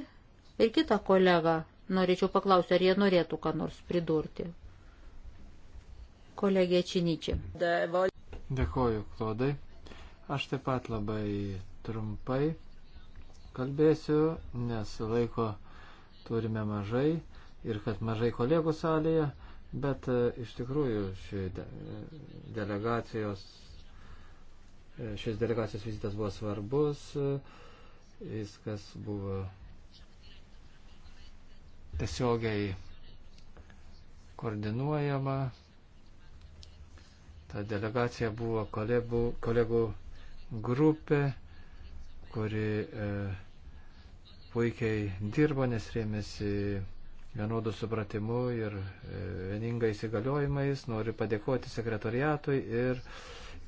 ir kitą kolegą. Norėčiau paklausti, ar jie norėtų ką nors pridurti. Kolegė Činyčia. Dėkoju, Klodai. Aš taip pat labai trumpai kalbėsiu, nes laiko turime mažai ir kad mažai kolegų salėje, bet e, iš tikrųjų ši de, delegacijos, e, šis delegacijos vizitas buvo svarbus, e, viskas buvo tiesiogiai koordinuojama. Ta delegacija buvo kolegų, kolegų grupė, kuri e, puikiai dirbo, nes rėmėsi vienodų supratimų ir e, vieningai įsigaliojimais. Noriu padėkoti sekretariatui ir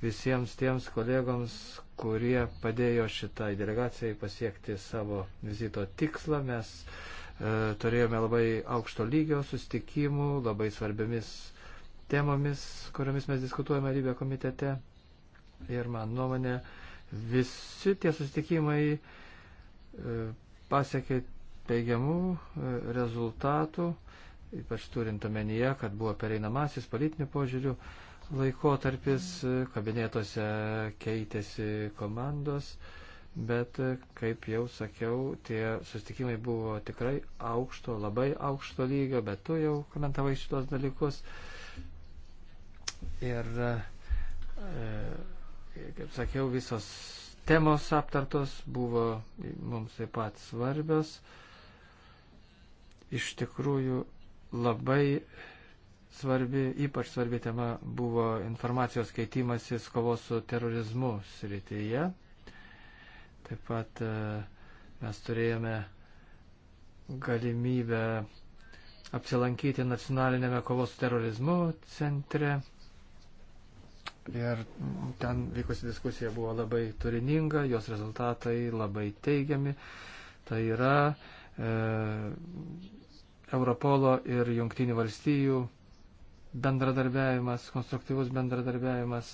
visiems tiems kolegoms, kurie padėjo šitai delegacijai pasiekti savo vizito tikslą. Mes e, turėjome labai aukšto lygio sustikimų, labai svarbiamis temomis, kuriomis mes diskutuojame lygio komitete ir man nuomonė visi tie susitikimai e, pasiekė teigiamų e, rezultatų, ypač turint omenyje, kad buvo pereinamasis politinių požiūrių laikotarpis, e, kabinetuose keitėsi komandos, bet, kaip jau sakiau, tie susitikimai buvo tikrai aukšto, labai aukšto lygio, bet tu jau komentavai šitos dalykus. Ir e, kaip sakiau, visos temos aptartos buvo mums taip pat svarbios. Iš tikrųjų, labai svarbi, ypač svarbi tema buvo informacijos keitimasis kovos su terorizmu srityje. Taip pat e, mes turėjome galimybę apsilankyti nacionalinėme kovos su terorizmu centre. Ir ten vykusi diskusija buvo labai turininga, jos rezultatai labai teigiami. Tai yra e, Europolo ir Junktinių valstijų bendradarbiavimas, konstruktyvus bendradarbiavimas,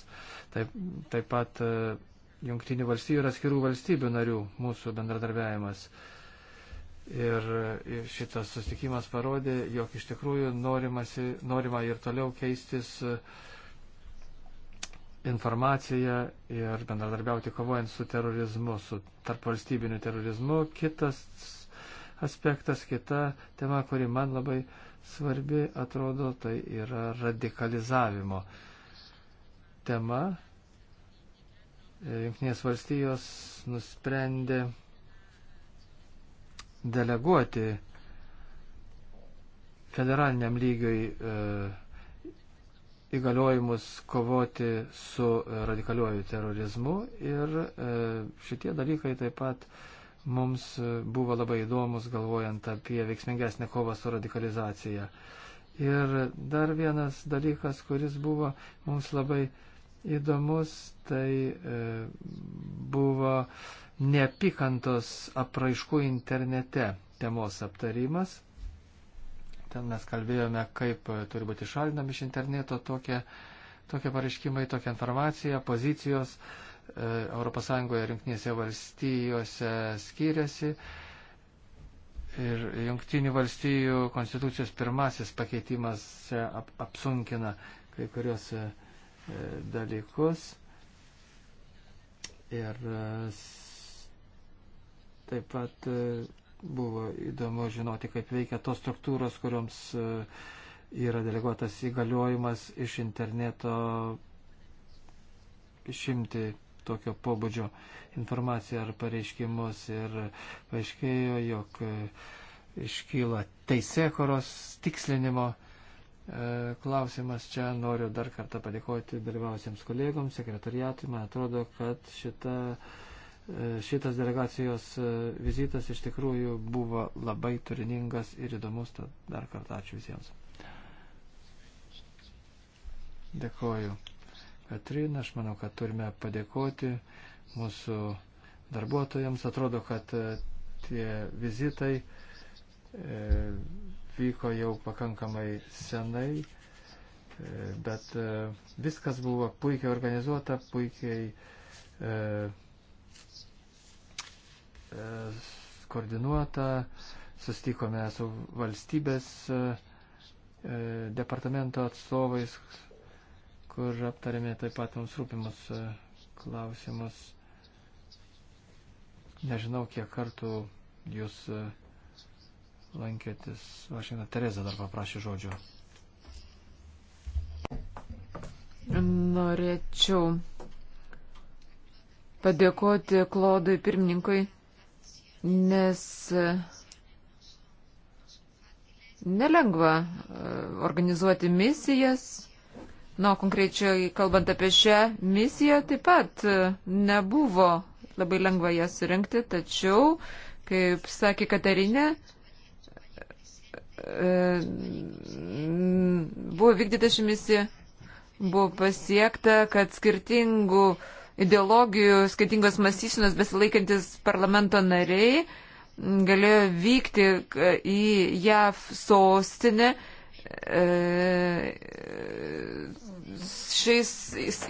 taip, taip pat e, Junktinių valstijų ir atskirų valstybių narių mūsų bendradarbiavimas. Ir, ir e, šitas susitikimas parodė, jog iš tikrųjų norimasi, norima ir toliau keistis. E, informaciją ir bendradarbiauti kovojant su terorizmu, su tarpvalstybiniu terorizmu. Kitas aspektas, kita tema, kuri man labai svarbi atrodo, tai yra radikalizavimo tema. Junktinės valstijos nusprendė deleguoti federaliniam lygiui e, įgaliojimus kovoti su e, radikaliuoju terorizmu ir e, šitie dalykai taip pat mums e, buvo labai įdomus galvojant apie veiksmingesnę kovą su radikalizacija. Ir dar vienas dalykas, kuris buvo mums labai įdomus, tai buvo neapykantos apraiškų internete temos aptarimas. Ten mes kalbėjome, kaip turi būti šalinami iš interneto tokie, tokie pareiškimai, tokia informacija, pozicijos ES ir jungtinėse valstijose skiriasi. Ir jungtinių valstijų konstitucijos pirmasis pakeitimas ap apsunkina kai kurios e, dalykus. Ir e, taip pat e, Buvo įdomu žinoti, kaip veikia tos struktūros, kuriuoms e, yra deleguotas įgaliojimas iš interneto išimti tokio pobūdžio informaciją ar pareiškimus ir paaiškėjo, jog e, iškyla teisėkoros tikslinimo e, klausimas čia. Noriu dar kartą padėkoti dalyvausiems kolegoms, sekretariatui. Man atrodo, kad šita šitas delegacijos e, vizitas iš tikrųjų buvo labai turiningas ir įdomus, tad dar kartą ačiū visiems. Dėkoju. Katrina, aš manau, kad turime padėkoti mūsų darbuotojams. Atrodo, kad e, tie vizitai e, vyko jau pakankamai senai, bet viskas buvo puikiai organizuota, puikiai E, koordinuota, sustikome su valstybės e, e, departamento atstovais, kur aptarėme taip pat mums rūpimus klausimus. Nežinau, kiek kartų jūs lankėtis. Aš žinau, Tereza dar paprašė žodžio. Norėčiau padėkoti Klodui pirmininkui nes e, nelengva e, organizuoti misijas. Na, nu, konkrečiai kalbant apie šią misiją, taip pat e, nebuvo labai lengva ją surinkti, tačiau, kaip sakė Katarinė, buvo vykdyta ši misija, buvo pasiekta, kad skirtingų uh, ideologijų, skirtingos mąstysenos besilaikantis parlamento nariai galėjo vykti į JAV sostinę e, šiais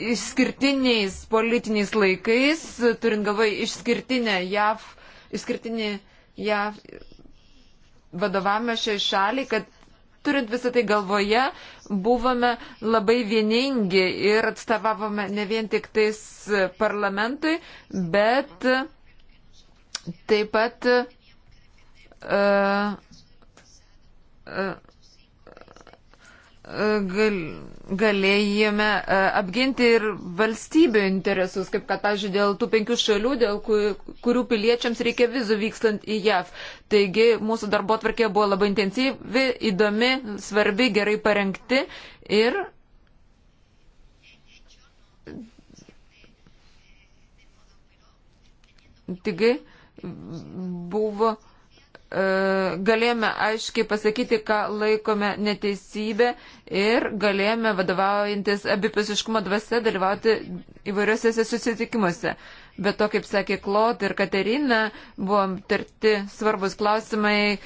išskirtiniais politiniais laikais, turint galvai išskirtinę JAV, išskirtinį JAV vadovavimą šiai šaliai, kad turint visą tai galvoje, buvome labai vieningi ir atstovavome ne vien tik tais parlamentui, bet taip pat. Uh, uh, uh, gal, galėjome e, apginti ir valstybių interesus, kaip kad, pažiūrėjau, dėl tų penkių šalių, dėl kurių piliečiams reikia vizų vykstant į JAV. Taigi mūsų darbo atvarkė buvo labai intensyvi, įdomi, svarbi, gerai parengti ir. Taigi buvo galėjome aiškiai pasakyti, ką laikome neteisybė ir galėjome vadovaujantis abipusiškumo dvasia dalyvauti įvairiuose susitikimuose. Bet to, kaip sakė Klot ir Katerina, buvo tarti svarbus klausimai,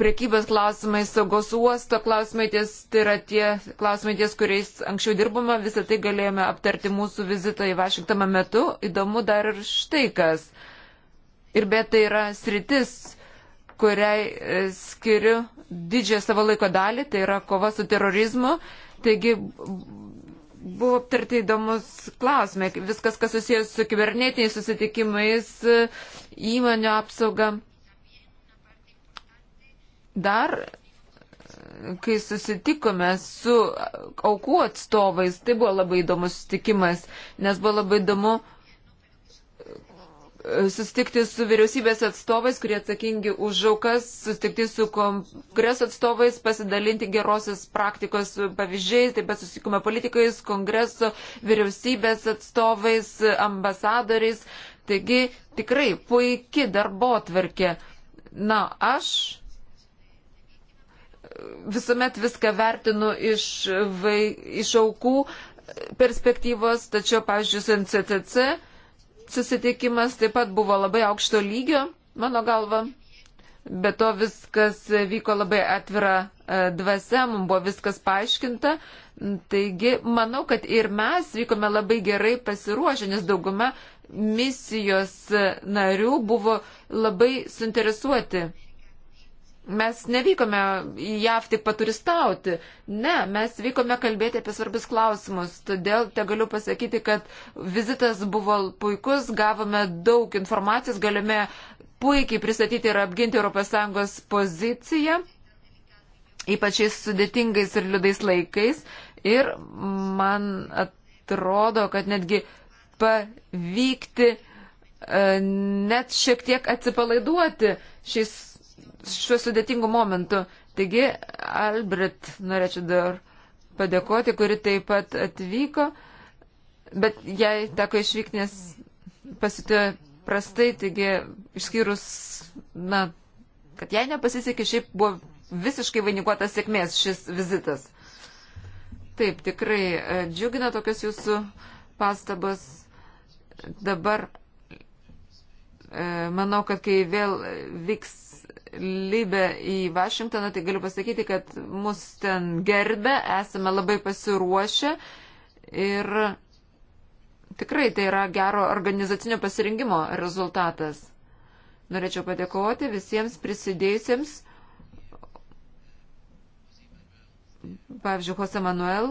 priekybos klausimai, saugos uosto klausimai, ties, tai yra tie klausimai, ties kuriais anksčiau dirbome, visą tai galėjome aptarti mūsų vizito į Vašingtoną metu. Įdomu dar ir štai kas. Ir bet tai yra sritis, kuriai e, skiriu didžiąją savo laiko dalį, tai yra kova su terorizmu. Taigi buvo aptarti įdomus klausimai, viskas, kas susijęs su kibernetiniais susitikimais, įmonių apsauga. Dar, e, kai susitikome su aukų atstovais, tai buvo labai įdomus susitikimas, nes buvo labai įdomu sustikti su vyriausybės atstovais, kurie atsakingi už žaukas, sustikti su kongreso atstovais, pasidalinti gerosios praktikos pavyzdžiais, taip pat susikome politikais, kongreso, vyriausybės atstovais, ambasadoriais. Taigi tikrai puikiai darbo atverkė. Na, aš visuomet viską vertinu iš, vai, iš aukų perspektyvos, tačiau, pavyzdžiui, su NCCC susitikimas taip pat buvo labai aukšto lygio, mano galva. Be to viskas vyko labai atvira e, dvasia, mums buvo viskas paaiškinta. Taigi, manau, kad ir mes vykome labai gerai pasiruošę, nes dauguma misijos narių buvo labai suinteresuoti Mes nevykome į JAV tik paturistauti. Ne, mes vykome kalbėti apie svarbius klausimus. Todėl te galiu pasakyti, kad vizitas buvo puikus, gavome daug informacijos, galime puikiai pristatyti ir apginti ES poziciją, ypač šiais sudėtingais ir liudais laikais. Ir man atrodo, kad netgi pavykti e, net šiek tiek atsipalaiduoti šiais šiuo sudėtingu momentu. Taigi, Albrecht norėčiau dar padėkoti, kuri taip pat atvyko, bet jai teko išvykti, nes pasitėjo prastai, taigi išskyrus, na, kad jai nepasisekė, šiaip buvo visiškai vainikuotas sėkmės šis vizitas. Taip, tikrai e, džiugina tokios jūsų pastabos. Dabar e, manau, kad kai vėl vyks Libę į Vašingtoną, tai galiu pasakyti, kad mus ten gerbė, esame labai pasiruošę ir tikrai tai yra gero organizacinio pasirinkimo rezultatas. Norėčiau padėkoti visiems prisidėjusiems, pavyzdžiui, Jose Manuel,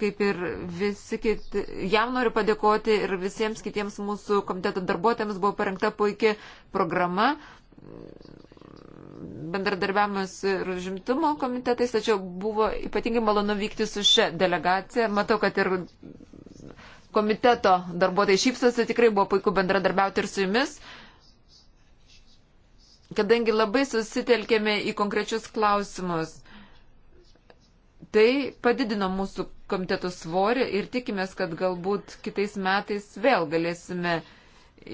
kaip ir visi kiti, jam noriu padėkoti ir visiems kitiems mūsų komiteto darbuotėms buvo parengta puikia programa bendradarbiavimas ir žimtumo komitetais, tačiau buvo ypatingai malonu vykti su šia delegacija. Matau, kad ir komiteto darbuotojai šypsosi, tikrai buvo puiku bendradarbiauti ir su jumis, kadangi labai susitelkėme į konkrečius klausimus. Tai padidino mūsų komiteto svorį ir tikimės, kad galbūt kitais metais vėl galėsime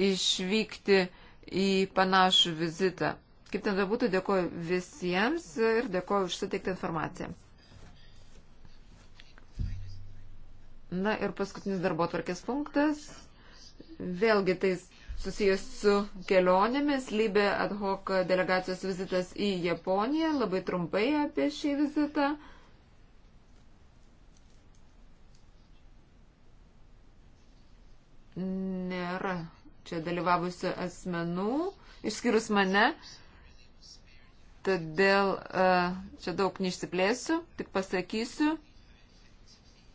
išvykti uh, į panašų vizitą. Kaip ten bebūtų, dėkoju visiems ir dėkoju už suteiktą informaciją. Na ir paskutinis darbo tvarkės punktas. Vėlgi tai susijęs su kelionėmis. Lybė ad hoc delegacijos vizitas į Japoniją. Labai trumpai apie šį vizitą. Nėra čia dalyvavusių asmenų, išskyrus mane. Todėl e, čia daug neišsiplėsiu, tik pasakysiu,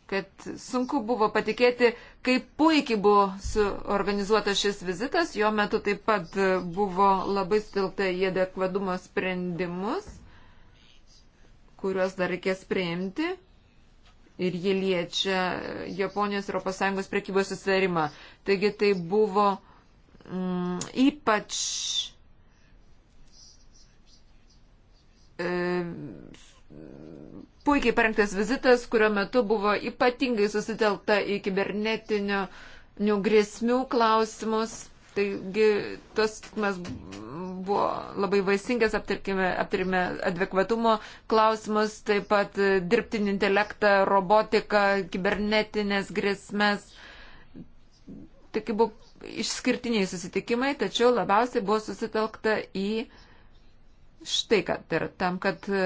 kad sunku buvo patikėti, kaip puikiai buvo suorganizuotas šis vizitas. Jo metu taip pat buvo labai stilta į adekvadumo sprendimus, kuriuos dar reikės priimti. Ir jie liečia Japonijos ir ES prekybos susitarimą. Taigi tai buvo uh, Mm, ypač e, puikiai parengtas vizitas, kurio metu buvo ypatingai susitelta į kibernetinių grėsmių klausimus. Taigi tos mes buvo labai vaisingas, aptarkime, aptarime adekvatumo klausimus, taip pat dirbtinį intelektą, robotiką, kibernetinės grėsmės. Taigi buvo išskirtiniai susitikimai, tačiau labiausiai buvo susitelkta į štai, kad tai ir tam, kad e,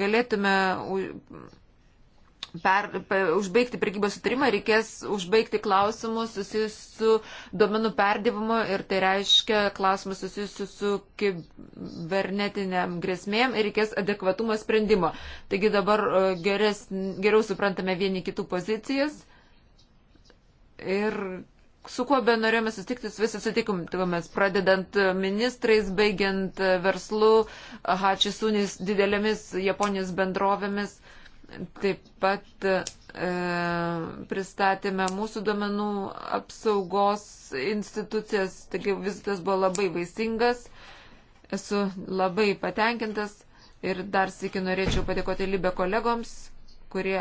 galėtume per, per, užbaigti prekybos sutarimą, reikės užbaigti klausimus susijusius su duomenų perdivimu ir tai reiškia klausimus susijusius su kibernetiniam grėsmėm ir reikės adekvatumo sprendimo. Taigi dabar e, geres, geriau suprantame vieni kitų pozicijas ir su kuo be norėjome susitikti, su visi sutikomės, tai pradedant ministrais, baigiant verslu, Hačisunis didelėmis Japonijos bendrovėmis. Taip pat e, pristatėme mūsų duomenų apsaugos institucijas, taigi vizitas buvo labai vaisingas, esu labai patenkintas ir dar sėki norėčiau padėkoti Libe kolegoms, kurie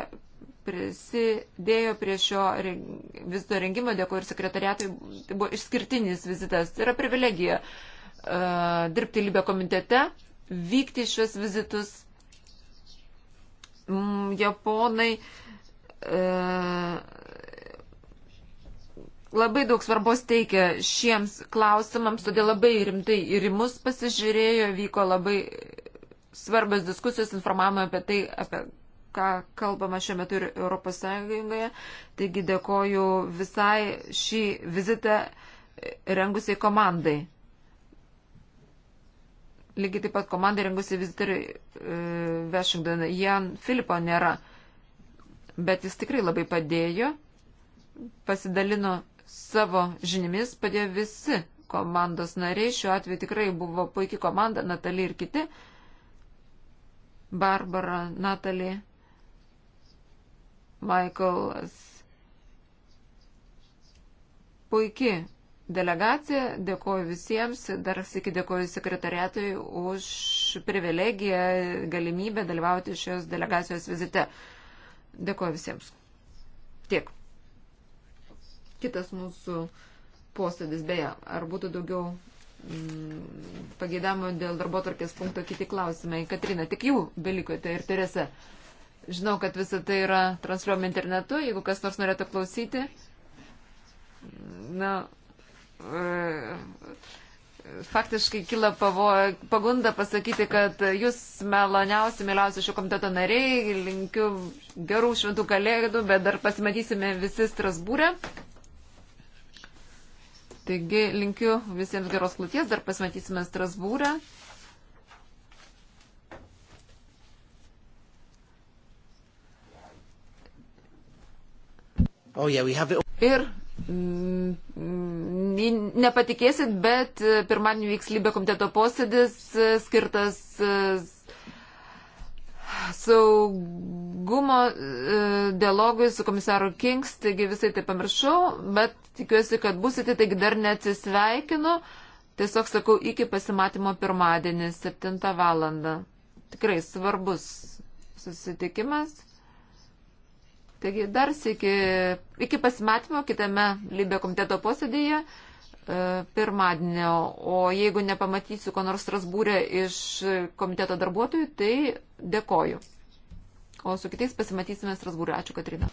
prisidėjo prie šio vizito rengimo, dėkuoju ir sekretariatui, tai buvo išskirtinis vizitas, tai yra privilegija uh, dirbti lybę komitete, vykti šios vizitus. Mm, Japonai uh, labai daug svarbos teikia šiems klausimams, todėl labai rimtai ir į mus pasižiūrėjo, vyko labai svarbios diskusijos, informavome apie tai, apie ką kalbama šiuo metu ir Europos Sąjungoje. Taigi dėkoju visai šį vizitą rengusiai komandai. Lygiai taip pat komandai rengusiai vizitą ir Washingtoną. E, Jan Filipo nėra, bet jis tikrai labai padėjo, pasidalino savo žinimis, padėjo visi komandos nariai. Šiuo atveju tikrai buvo puikia komanda, Natalija ir kiti. Barbara, Natalija. Michaelas. Puiki delegacija, dėkoju visiems, dar sėki dėkoju sekretariatui už privilegiją, galimybę dalyvauti šios delegacijos vizite. Dėkoju visiems. Tiek. Kitas mūsų posėdis, beje, ar būtų daugiau mm, pageidavimo dėl darbo tarkės punkto kiti klausimai. Katrina, tik jų belikote tai ir Teresa. Žinau, kad visą tai yra transliuojama internetu, jeigu kas nors norėtų klausyti. Na, e, faktiškai kyla pavoja, pagunda pasakyti, kad jūs meloniausi, mėliausi šio komiteto nariai, linkiu gerų šventų kalėdų, bet dar pasimatysime visi Strasbūrė. Taigi linkiu visiems geros klūties, dar pasimatysime Strasbūrę. Oh, yeah, have... Ir mm, nepatikėsit, bet e, pirmadienį vyks Libė komiteto posėdis e, skirtas e, saugumo dialogui su komisaru Kings, taigi visai tai pamiršau, bet tikiuosi, kad busite, taigi dar neatsisveikinu. Tiesiog sakau, iki pasimatymo pirmadienį 7 val. Tikrai svarbus susitikimas. Taigi dar iki, iki pasimatymo kitame Libė komiteto posėdėje e, pirmadienio, o jeigu nepamatysiu, ko nors Strasbūrė iš komiteto darbuotojų, tai dėkoju. O su kitais pasimatysime Strasbūrė. Ačiū, Katrina.